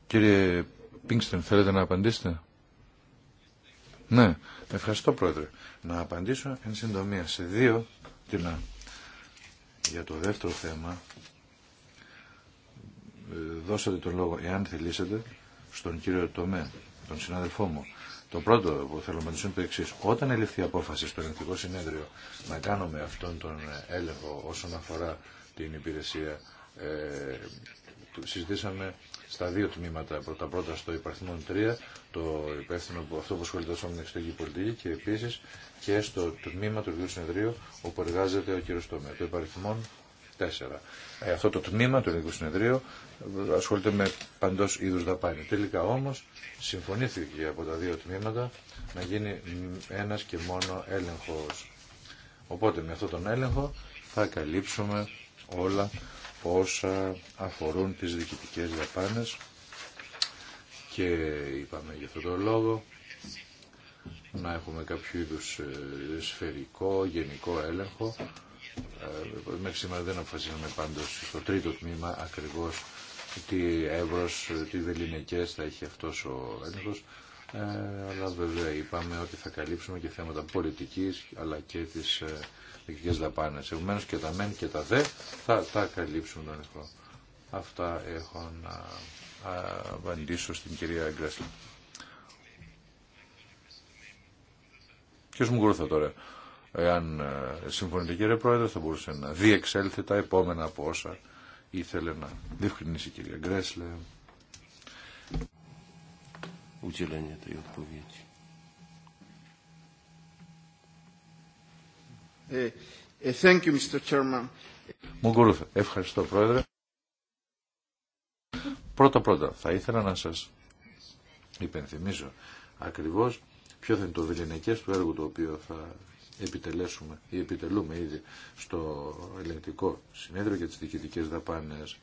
Κύριε Πίνξτεν, θέλετε να απαντήσετε. Ναι, ευχαριστώ πρόεδρε. Να απαντήσω εν συντομία σε δύο κοινά. Για το δεύτερο θέμα, ε, δώσατε τον λόγο, εάν θελήσετε, στον κύριο Τομέ, τον συναδελφό μου. Το πρώτο που θέλω να ρωτήσω είναι το εξή. Όταν ελήφθη η απόφαση στο Ελληνικό Συνέδριο να κάνουμε αυτόν τον έλεγχο όσον αφορά την υπηρεσία, ε, συζητήσαμε στα δύο τμήματα. Πρώτα πρώτα στο υπαριθμό 3, το υπεύθυνο που αυτό που ασχολείται με την εξωτερική πολιτική και επίση και στο τμήμα του Ελληνικού Συνεδρίου όπου εργάζεται ο κύριο Τομέ. Το υπαρθμόν 4. Ε, αυτό το τμήμα του Ελληνικού Συνεδρίου ασχολείται με παντό είδου δαπάνη. Τελικά όμω συμφωνήθηκε από τα δύο τμήματα να γίνει ένα και μόνο έλεγχο. Οπότε με αυτόν τον έλεγχο θα καλύψουμε όλα όσα αφορούν τις διοικητικές δαπάνες και είπαμε για αυτόν τον λόγο να έχουμε κάποιο είδους ε, σφαιρικό, γενικό έλεγχο ε, μέχρι σήμερα δεν αποφασίσαμε πάντως στο τρίτο τμήμα ακριβώς τι εύρος, τι βεληνικές θα έχει αυτός ο έλεγχος. Ε, αλλά βέβαια είπαμε ότι θα καλύψουμε και θέματα πολιτικής αλλά και τις ε, δαπάνε. δαπάνες. και τα μεν και τα δε θα τα καλύψουμε τον εχθρό. Αυτά έχω να απαντήσω στην κυρία Γκρέσλα. Ποιος μου γρούθα τώρα. Εάν ε, συμφωνείτε κύριε Πρόεδρε θα μπορούσε να διεξέλθει τα επόμενα από όσα ήθελε να διευκρινίσει η κυρία Γκρέσλε. Ε, ε, Μου ευχαριστώ Πρόεδρε. Πρώτα πρώτα θα ήθελα να σας υπενθυμίσω ακριβώς ποιο θα είναι το βιλινικές του έργου το οποίο θα επιτελέσουμε ή επιτελούμε ήδη στο ελεγκτικό συνέδριο για τις διοικητικές δαπάνες.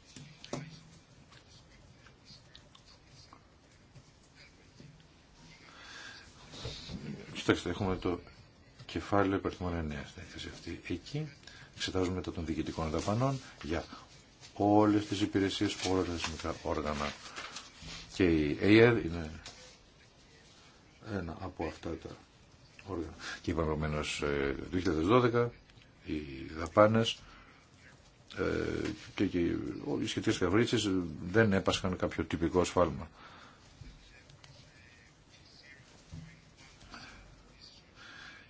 Κοιτάξτε, έχουμε το κεφάλαιο υπαριθμών 9 στην έκθεση αυτή. Εκεί εξετάζουμε τα των διοικητικών δαπανών για όλες τις υπηρεσίες, όλα τα θεσμικά όργανα. Και η ΑΕΡ είναι ένα από αυτά τα και είπαμε επομένω το 2012 οι δαπάνε ε, και, και οι σχετικέ καυρίτσε δεν έπασχαν κάποιο τυπικό σφάλμα.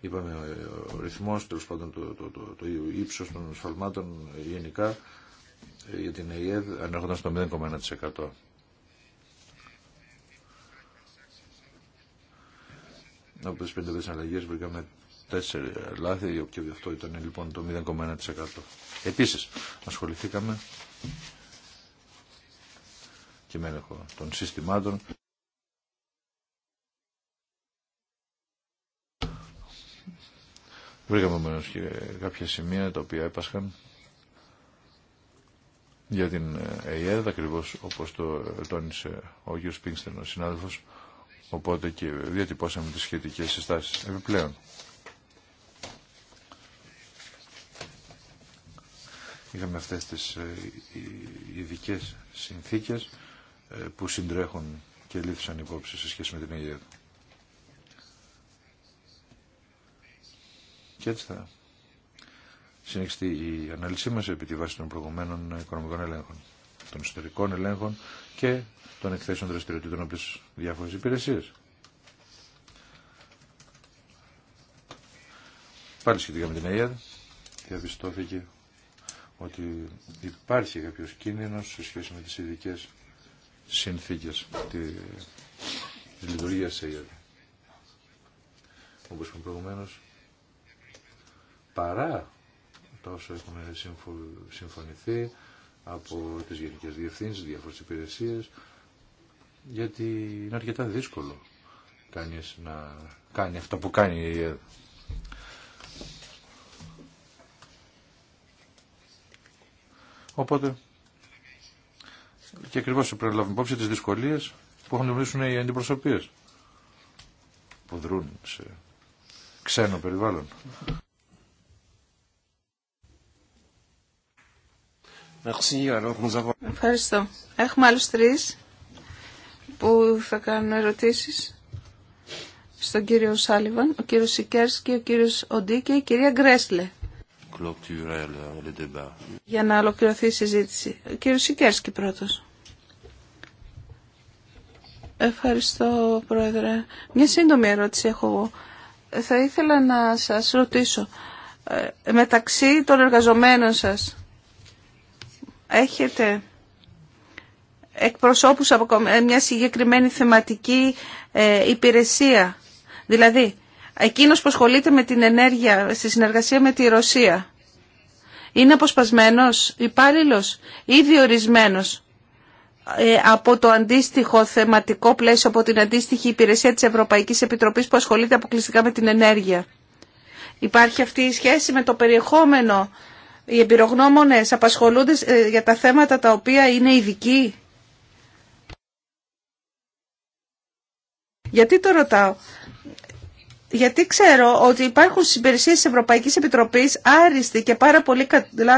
Είπαμε ε, ο ρυθμό, τέλο πάντων το, το, το, των σφαλμάτων γενικά ε, για την ΕΕΔ ανέρχονταν στο 0,1%. από τι 5 αλλαγές βρήκαμε 4 λάθη και αυτό ήταν λοιπόν το 0,1%. Επίση ασχοληθήκαμε και με έλεγχο των συστημάτων Βρήκαμε όμω και κάποια σημεία τα οποία έπασχαν για την ΕΕΔ, ακριβώς όπως το τόνισε ο Γιώργος Πίνξτεν, ο συνάδελφος, Οπότε και διατυπώσαμε τις σχετικές συστάσεις επιπλέον. Είχαμε αυτές τις ε, ειδικέ συνθήκες ε, που συντρέχουν και λήφθησαν υπόψη σε σχέση με την υγεία Και έτσι θα συνεχιστεί η ανάλυση μας επί τη βάση των προηγουμένων οικονομικών ελέγχων των ιστορικών ελέγχων και των εκθέσεων δραστηριοτήτων από τις διάφορες υπηρεσίες. Πάλι σχετικά με την ΑΕΔ, διαπιστώθηκε ότι υπάρχει κάποιο κίνδυνο σε σχέση με τις ειδικέ συνθήκες τη λειτουργία. της ΑΕΔ. Όπως είπαμε προηγουμένως, παρά τόσο έχουμε συμφωνηθεί από τις γενικές διευθύνσεις, διάφορες υπηρεσίες, γιατί είναι αρκετά δύσκολο κανείς να κάνει αυτό που κάνει η ΕΕ. Οπότε, και ακριβώς λάβουμε υπόψη τις δυσκολίες που έχουν δημιουργήσουν οι αντιπροσωπείες που δρούν σε ξένο περιβάλλον. Ευχαριστώ. Έχουμε άλλους τρεις που θα κάνουν ερωτήσεις στον κύριο Σάλιβαν, ο κύριος Σικέρσκι, ο Κύριο Οντί και η κυρία Γκρέσλε. Ε, Για να ολοκληρωθεί η συζήτηση. Ο κύριος Σικέρσκι πρώτος. Ευχαριστώ, Πρόεδρε. Μια σύντομη ερώτηση έχω εγώ. Θα ήθελα να σας ρωτήσω, ε, μεταξύ των εργαζομένων σας, έχετε εκπροσώπους από ε, μια συγκεκριμένη θεματική ε, υπηρεσία. Δηλαδή, εκείνος που ασχολείται με την ενέργεια στη συνεργασία με τη Ρωσία είναι αποσπασμένος υπάλληλο ή διορισμένος ε, από το αντίστοιχο θεματικό πλαίσιο, από την αντίστοιχη υπηρεσία της Ευρωπαϊκής Επιτροπής που ασχολείται αποκλειστικά με την ενέργεια. Υπάρχει αυτή η σχέση με το περιεχόμενο οι εμπειρογνώμονες απασχολούνται ε, για τα θέματα τα οποία είναι ειδικοί. Γιατί το ρωτάω. Γιατί ξέρω ότι υπάρχουν στι υπηρεσίε τη Ευρωπαϊκή Επιτροπή άριστοι και πάρα πολύ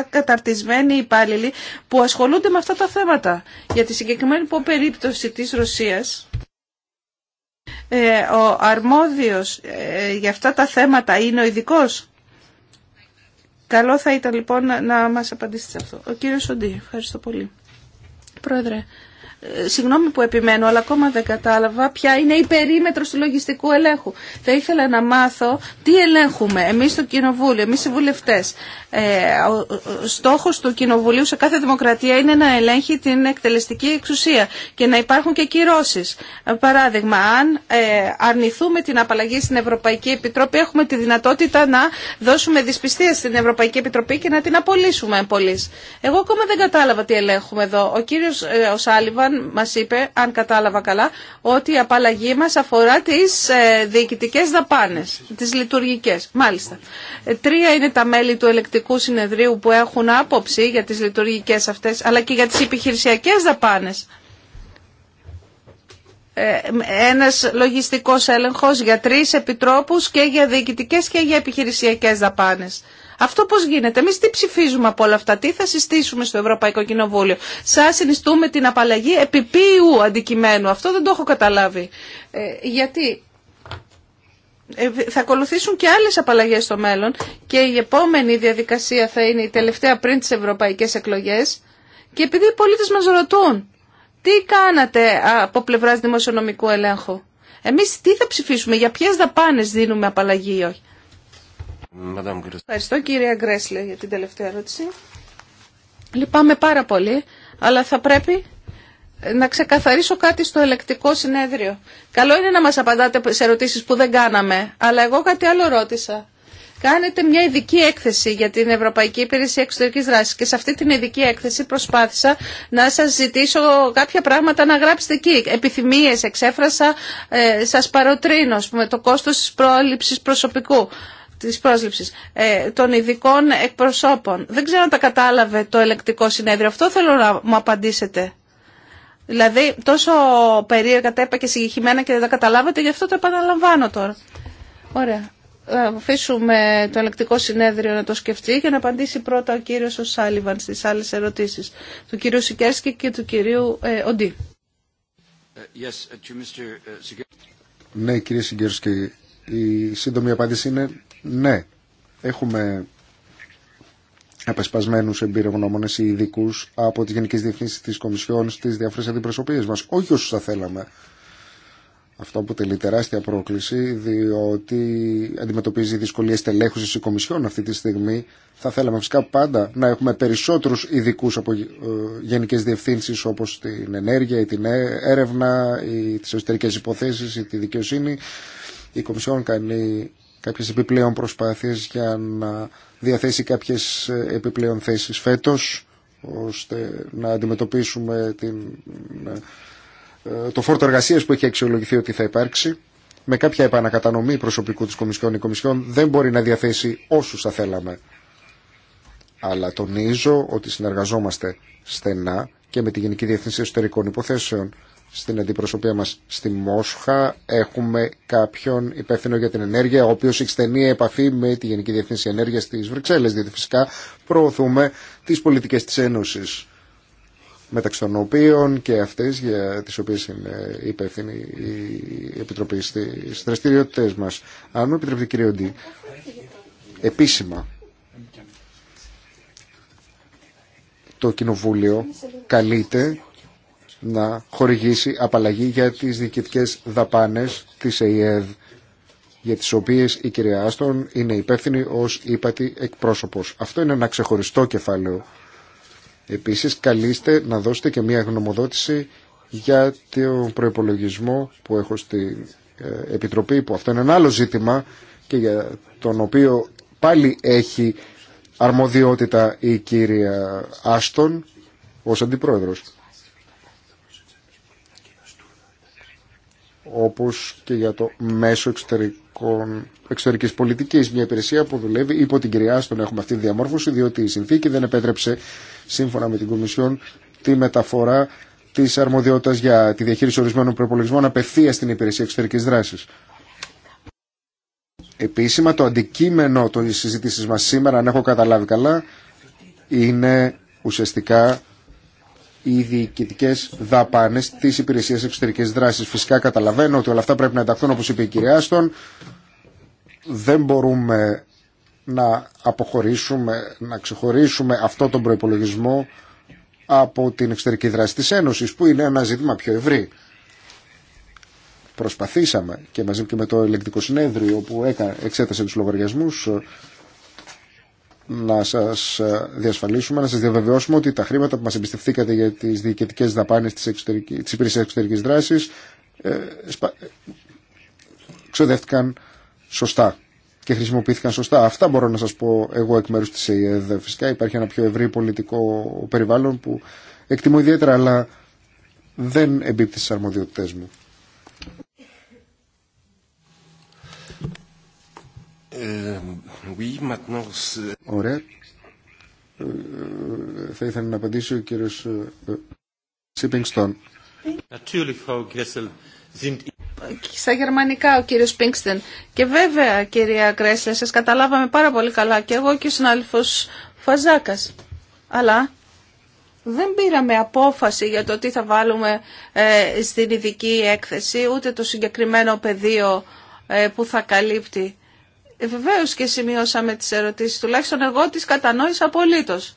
καταρτισμένοι υπάλληλοι που ασχολούνται με αυτά τα θέματα. Για τη συγκεκριμένη περίπτωση της Ρωσίας, ε, ο αρμόδιος ε, για αυτά τα θέματα είναι ο ειδικό. Καλό θα ήταν λοιπόν να μας απαντήσετε σε αυτό. Ο κύριος Σοντή, ευχαριστώ πολύ. Πρόεδρε, ε, συγγνώμη που επιμένω, αλλά ακόμα δεν κατάλαβα ποια είναι η περίμετρο του λογιστικού ελέγχου. Θα ήθελα να μάθω τι ελέγχουμε εμείς στο Κοινοβούλιο, εμείς οι βουλευτές. Ε, ο στόχος του Κοινοβουλίου σε κάθε δημοκρατία είναι να ελέγχει την εκτελεστική εξουσία και να υπάρχουν και κυρώσεις. Ε, παράδειγμα, αν αρνηθούμε την απαλλαγή στην Ευρωπαϊκή Επιτροπή, έχουμε τη δυνατότητα να δώσουμε δυσπιστία στην Ευρωπαϊκή Επιτροπή και να την απολύσουμε εμπολή. Εγώ ακόμα δεν κατάλαβα τι ελέγχουμε εδώ. Ο κύριος ο Σάλιβαν μας είπε, αν κατάλαβα καλά, ότι η απαλλαγή μας αφορά τις ε, διοικητικές δαπάνες, τις λειτουργικές. Μάλιστα. Ε, τρία είναι τα μέλη του ελεκτικού συνεδρίου που έχουν άποψη για τις λειτουργικές αυτές, αλλά και για τις επιχειρησιακές δαπάνες ε, ένας λογιστικός έλεγχος για τρεις επιτρόπους και για διοικητικές και για επιχειρησιακές δαπάνες. Αυτό πώ γίνεται. εμεί τι ψηφίζουμε από όλα αυτά, τι θα συστήσουμε στο Ευρωπαϊκό Κοινοβούλιο. Σα συνιστούμε την απαλλαγή επιπίου αντικειμένου. Αυτό δεν το έχω καταλάβει. Ε, γιατί ε, θα ακολουθήσουν και άλλες απαλλαγές στο μέλλον και η επόμενη διαδικασία θα είναι η τελευταία πριν τις ευρωπαϊκές εκλογές και επειδή οι πολίτες μας ρωτούν τι κάνατε από πλευράς δημοσιονομικού ελέγχου. Εμείς τι θα ψηφίσουμε, για ποιες δαπάνες δίνουμε απαλλαγή ή όχι. Ευχαριστώ κύριε Γκρέσλε για την τελευταία ερώτηση. Λυπάμαι πάρα πολύ, αλλά θα πρέπει να ξεκαθαρίσω κάτι στο ελεκτικό συνέδριο. Καλό είναι να μας απαντάτε σε ερωτήσεις που δεν κάναμε, αλλά εγώ κάτι άλλο ρώτησα. Κάνετε μια ειδική έκθεση για την Ευρωπαϊκή Υπηρεσία Εξωτερική Δράση και σε αυτή την ειδική έκθεση προσπάθησα να σα ζητήσω κάποια πράγματα να γράψετε εκεί. Επιθυμίε εξέφρασα, ε, σα παροτρύνω, πούμε, το κόστο τη πρόληψη προσωπικού της πρόσληψης ε, των ειδικών εκπροσώπων. Δεν ξέρω αν τα κατάλαβε το ελεκτικό συνέδριο. Αυτό θέλω να μου απαντήσετε. Δηλαδή τόσο περίεργα τα είπα και συγκεκριμένα και δεν τα καταλάβατε, γι' αυτό το επαναλαμβάνω τώρα. Ωραία. Θα Αφήσουμε το ελεκτικό συνέδριο να το σκεφτεί και να απαντήσει πρώτα ο κύριος Σάλιβαν στις άλλες ερωτήσεις του κυρίου Σικέρσκη και του κυρίου ε, Οντί. Ε, uh, uh, ναι κύριε Σικέρσκη, η σύντομη απάντηση είναι ναι, έχουμε απεσπασμένους εμπειρογνώμονες ή ειδικού από τις Γενικές Διευθύνσεις της Κομισιόν στις διάφορες αντιπροσωπείες μας, όχι όσους θα θέλαμε. Αυτό αποτελεί τεράστια πρόκληση, διότι αντιμετωπίζει δυσκολίε τελέχουση η Κομισιόν αυτή τη στιγμή. Θα θέλαμε φυσικά πάντα να έχουμε περισσότερου ειδικού από ε, γενικέ διευθύνσει όπω την ενέργεια ή την ε, έρευνα ή τι εσωτερικέ υποθέσει ή τη δικαιοσύνη. Η Κομισιόν κάνει κάποιες επιπλέον προσπάθειες για να διαθέσει κάποιες ε, επιπλέον θέσεις φέτος ώστε να αντιμετωπίσουμε την, ε, ε, το φόρτο εργασία που έχει αξιολογηθεί ότι θα υπάρξει με κάποια επανακατανομή προσωπικού της Κομισιόν. Η Κομισιόν δεν μπορεί να διαθέσει όσους θα θέλαμε. Αλλά τονίζω ότι συνεργαζόμαστε στενά και με τη Γενική Διευθυνσία Εσωτερικών Υποθέσεων στην αντιπροσωπεία μας στη Μόσχα. Έχουμε κάποιον υπεύθυνο για την ενέργεια, ο οποίος έχει στενή επαφή με τη Γενική Διευθύνση Ενέργειας της Βρυξέλλες, διότι φυσικά προωθούμε τις πολιτικές της Ένωσης μεταξύ των οποίων και αυτές για τις οποίες είναι υπεύθυνοι οι Επιτροπή στις δραστηριότητε μας. Αν μου επιτρέπετε κύριε Οντή, επίσημα το Κοινοβούλιο καλείται να χορηγήσει απαλλαγή για τις διοικητικές δαπάνες της ΕΙΕΔ για τις οποίες η κυρία Άστον είναι υπεύθυνη ως ύπατη εκπρόσωπος. Αυτό είναι ένα ξεχωριστό κεφάλαιο. Επίσης καλείστε να δώσετε και μια γνωμοδότηση για τον προεπολογισμό που έχω στην ε, Επιτροπή που αυτό είναι ένα άλλο ζήτημα και για τον οποίο πάλι έχει αρμοδιότητα η κυρία Άστον ως αντιπρόεδρος. όπως και για το μέσο εξωτερική εξωτερικής πολιτικής. Μια υπηρεσία που δουλεύει υπό την κυρία στον έχουμε αυτή τη διαμόρφωση, διότι η συνθήκη δεν επέτρεψε, σύμφωνα με την Κομισιόν, τη μεταφορά της αρμοδιότητας για τη διαχείριση ορισμένων προπολογισμών απευθεία στην υπηρεσία εξωτερικής δράσης. Επίσημα το αντικείμενο των συζήτησης μας σήμερα, αν έχω καταλάβει καλά, είναι ουσιαστικά οι διοικητικέ δαπάνε τη Υπηρεσία Εξωτερική Δράση. Φυσικά καταλαβαίνω ότι όλα αυτά πρέπει να ενταχθούν όπω είπε η κυρία Άστον. Δεν μπορούμε να αποχωρήσουμε, να ξεχωρίσουμε αυτό τον προπολογισμό από την εξωτερική δράση της Ένωσης που είναι ένα ζήτημα πιο ευρύ. Προσπαθήσαμε και μαζί και με το ελεγκτικό συνέδριο που εξέτασε τους λογαριασμούς να σας ε, διασφαλίσουμε, να σας διαβεβαιώσουμε ότι τα χρήματα που μας εμπιστευθήκατε για τις διοικητικέ δαπάνε τη υπηρεσία εξωτερική δράση ε, ε, ξοδεύτηκαν σωστά και χρησιμοποιήθηκαν σωστά. Αυτά μπορώ να σας πω εγώ εκ μέρους της ΕΕΔ. Φυσικά υπάρχει ένα πιο ευρύ πολιτικό περιβάλλον που εκτιμώ ιδιαίτερα, αλλά δεν εμπίπτει στι αρμοδιότητές μου. Ε, Ωραία. Ε, θα ήθελα να απαντήσει ο κύριο ε, Σίπινγκστον. Στα γερμανικά ο κύριος Πίνξτεν. Και βέβαια κυρία Γκρέσλε, σας καταλάβαμε πάρα πολύ καλά και εγώ και ο συνάδελφος Φαζάκας. Αλλά δεν πήραμε απόφαση για το τι θα βάλουμε στην ειδική έκθεση, ούτε το συγκεκριμένο πεδίο που θα καλύπτει ε, βεβαίως και σημειώσαμε τις ερωτήσεις, τουλάχιστον εγώ τις κατανόησα απολύτως.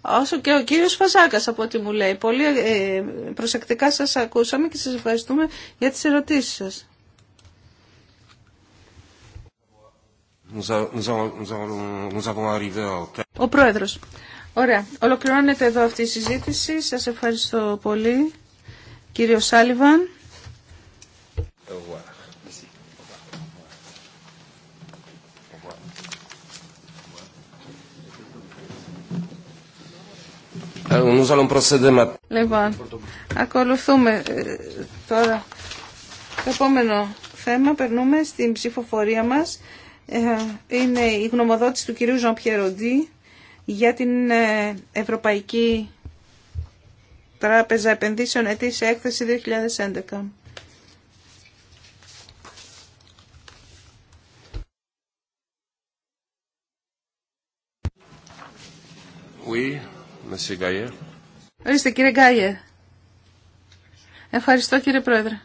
Όσο και ο κύριος Φαζάκας από ό,τι μου λέει. Πολύ ε, προσεκτικά σας ακούσαμε και σας ευχαριστούμε για τις ερωτήσεις σας. Ο Πρόεδρος. Ωραία. Ολοκληρώνεται εδώ αυτή η συζήτηση. Σας ευχαριστώ πολύ. Κύριο Σάλιβαν. Ε, λοιπόν, ακολουθούμε ε, τώρα το επόμενο θέμα. Περνούμε στην ψηφοφορία μας. Ε, είναι η γνωμοδότηση του κυρίου Ζαν για την Ευρωπαϊκή Τράπεζα Επενδύσεων ετήσια έκθεση 2011. Oui. Ορίστε κύριε Γκάιερ. Ευχαριστώ κύριε Πρόεδρε.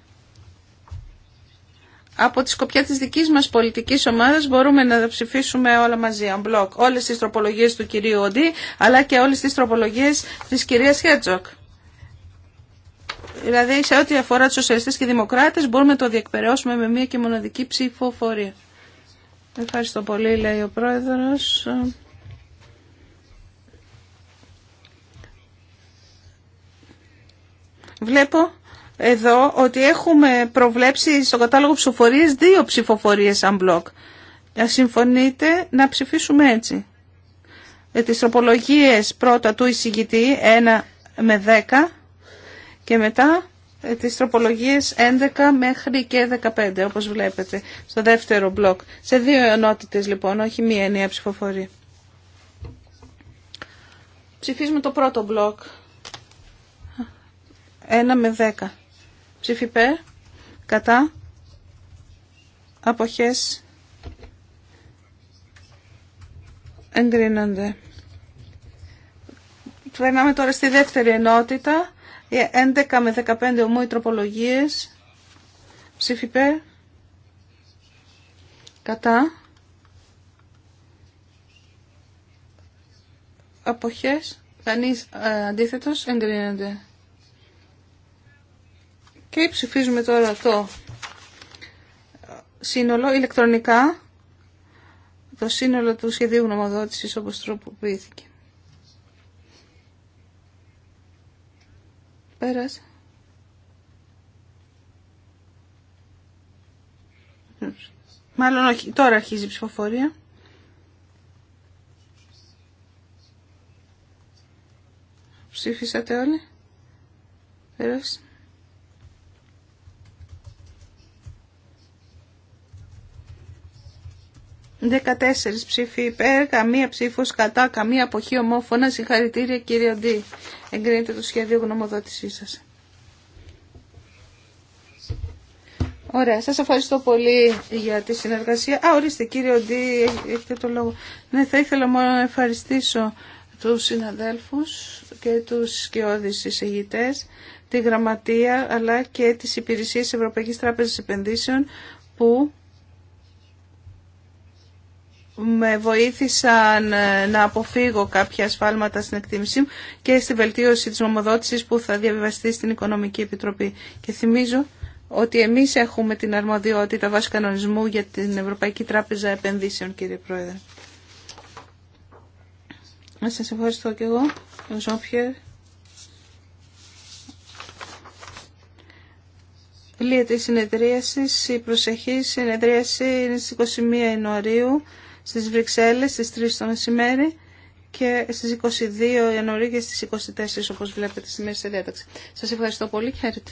Από τη σκοπιά της δικής μας πολιτικής ομάδας μπορούμε να ψηφίσουμε όλα μαζί, αν μπλοκ, Όλες τις τροπολογίες του κυρίου Οντί, αλλά και όλες τις τροπολογίες της κυρίας Χέτζοκ. Δηλαδή σε ό,τι αφορά τους σοσιαλιστές και δημοκράτες μπορούμε να το διεκπαιρεώσουμε με μία και μοναδική ψηφοφορία. Ευχαριστώ πολύ λέει ο Πρόεδρος. Βλέπω εδώ ότι έχουμε προβλέψει στο κατάλογο ψηφοφορίες δύο ψηφοφορίες αν μπλοκ. Ε, συμφωνείτε να ψηφίσουμε έτσι. Ε, τις τροπολογίες πρώτα του εισηγητή 1 με 10 και μετά ε, τις τροπολογίες 11 μέχρι και 15 όπως βλέπετε στο δεύτερο μπλοκ. Σε δύο ενότητες λοιπόν, όχι μία ενιαία ψηφοφορία. Ψηφίζουμε το πρώτο μπλοκ 1 με 10. Ψήφι κατά, αποχές, εγκρίνονται. Περνάμε τώρα στη δεύτερη ενότητα, 11 με 15 ομού οι τροπολογίες, ψήφι κατά, αποχές, κανείς ε, αντίθετος, εγκρίνονται. Και ψηφίζουμε τώρα το σύνολο ηλεκτρονικά, το σύνολο του σχεδίου γνωμοδότησης όπως τροποποιήθηκε. Πέρασε. Μάλλον όχι, τώρα αρχίζει η ψηφοφορία. Ψήφισατε όλοι. Πέρασε. 14 ψήφοι υπέρ, καμία ψήφος κατά, καμία αποχή ομόφωνα. Συγχαρητήρια κύριε Ντί. Εγκρίνεται το σχέδιο γνωμοδότησής σας. Ωραία, σας ευχαριστώ πολύ για τη συνεργασία. Α, ορίστε κύριε Ντί, έχετε το λόγο. Ναι, θα ήθελα μόνο να ευχαριστήσω τους συναδέλφους και τους σκιώδης εισηγητές, τη γραμματεία αλλά και τις υπηρεσίες Ευρωπαϊκής Τράπεζας Επενδύσεων που με βοήθησαν ε, να αποφύγω κάποια ασφάλματα στην εκτίμησή μου και στη βελτίωση της νομοδότησης που θα διαβιβαστεί στην Οικονομική Επιτροπή. Και θυμίζω ότι εμείς έχουμε την αρμοδιότητα βάσει κανονισμού για την Ευρωπαϊκή Τράπεζα Επενδύσεων, κύριε Πρόεδρε. Να σας ευχαριστώ και εγώ, Ο Ζωμπιέρ. Λύεται η συνεδρίαση, η προσεχή συνεδρίαση είναι στι 21 Ιανουαρίου στις Βρυξέλλες στις 3 το μεσημέρι και στις 22 Ιανουαρίου και στις 24 όπως βλέπετε στη μέση διάταξη. Σας ευχαριστώ πολύ χαίρετε.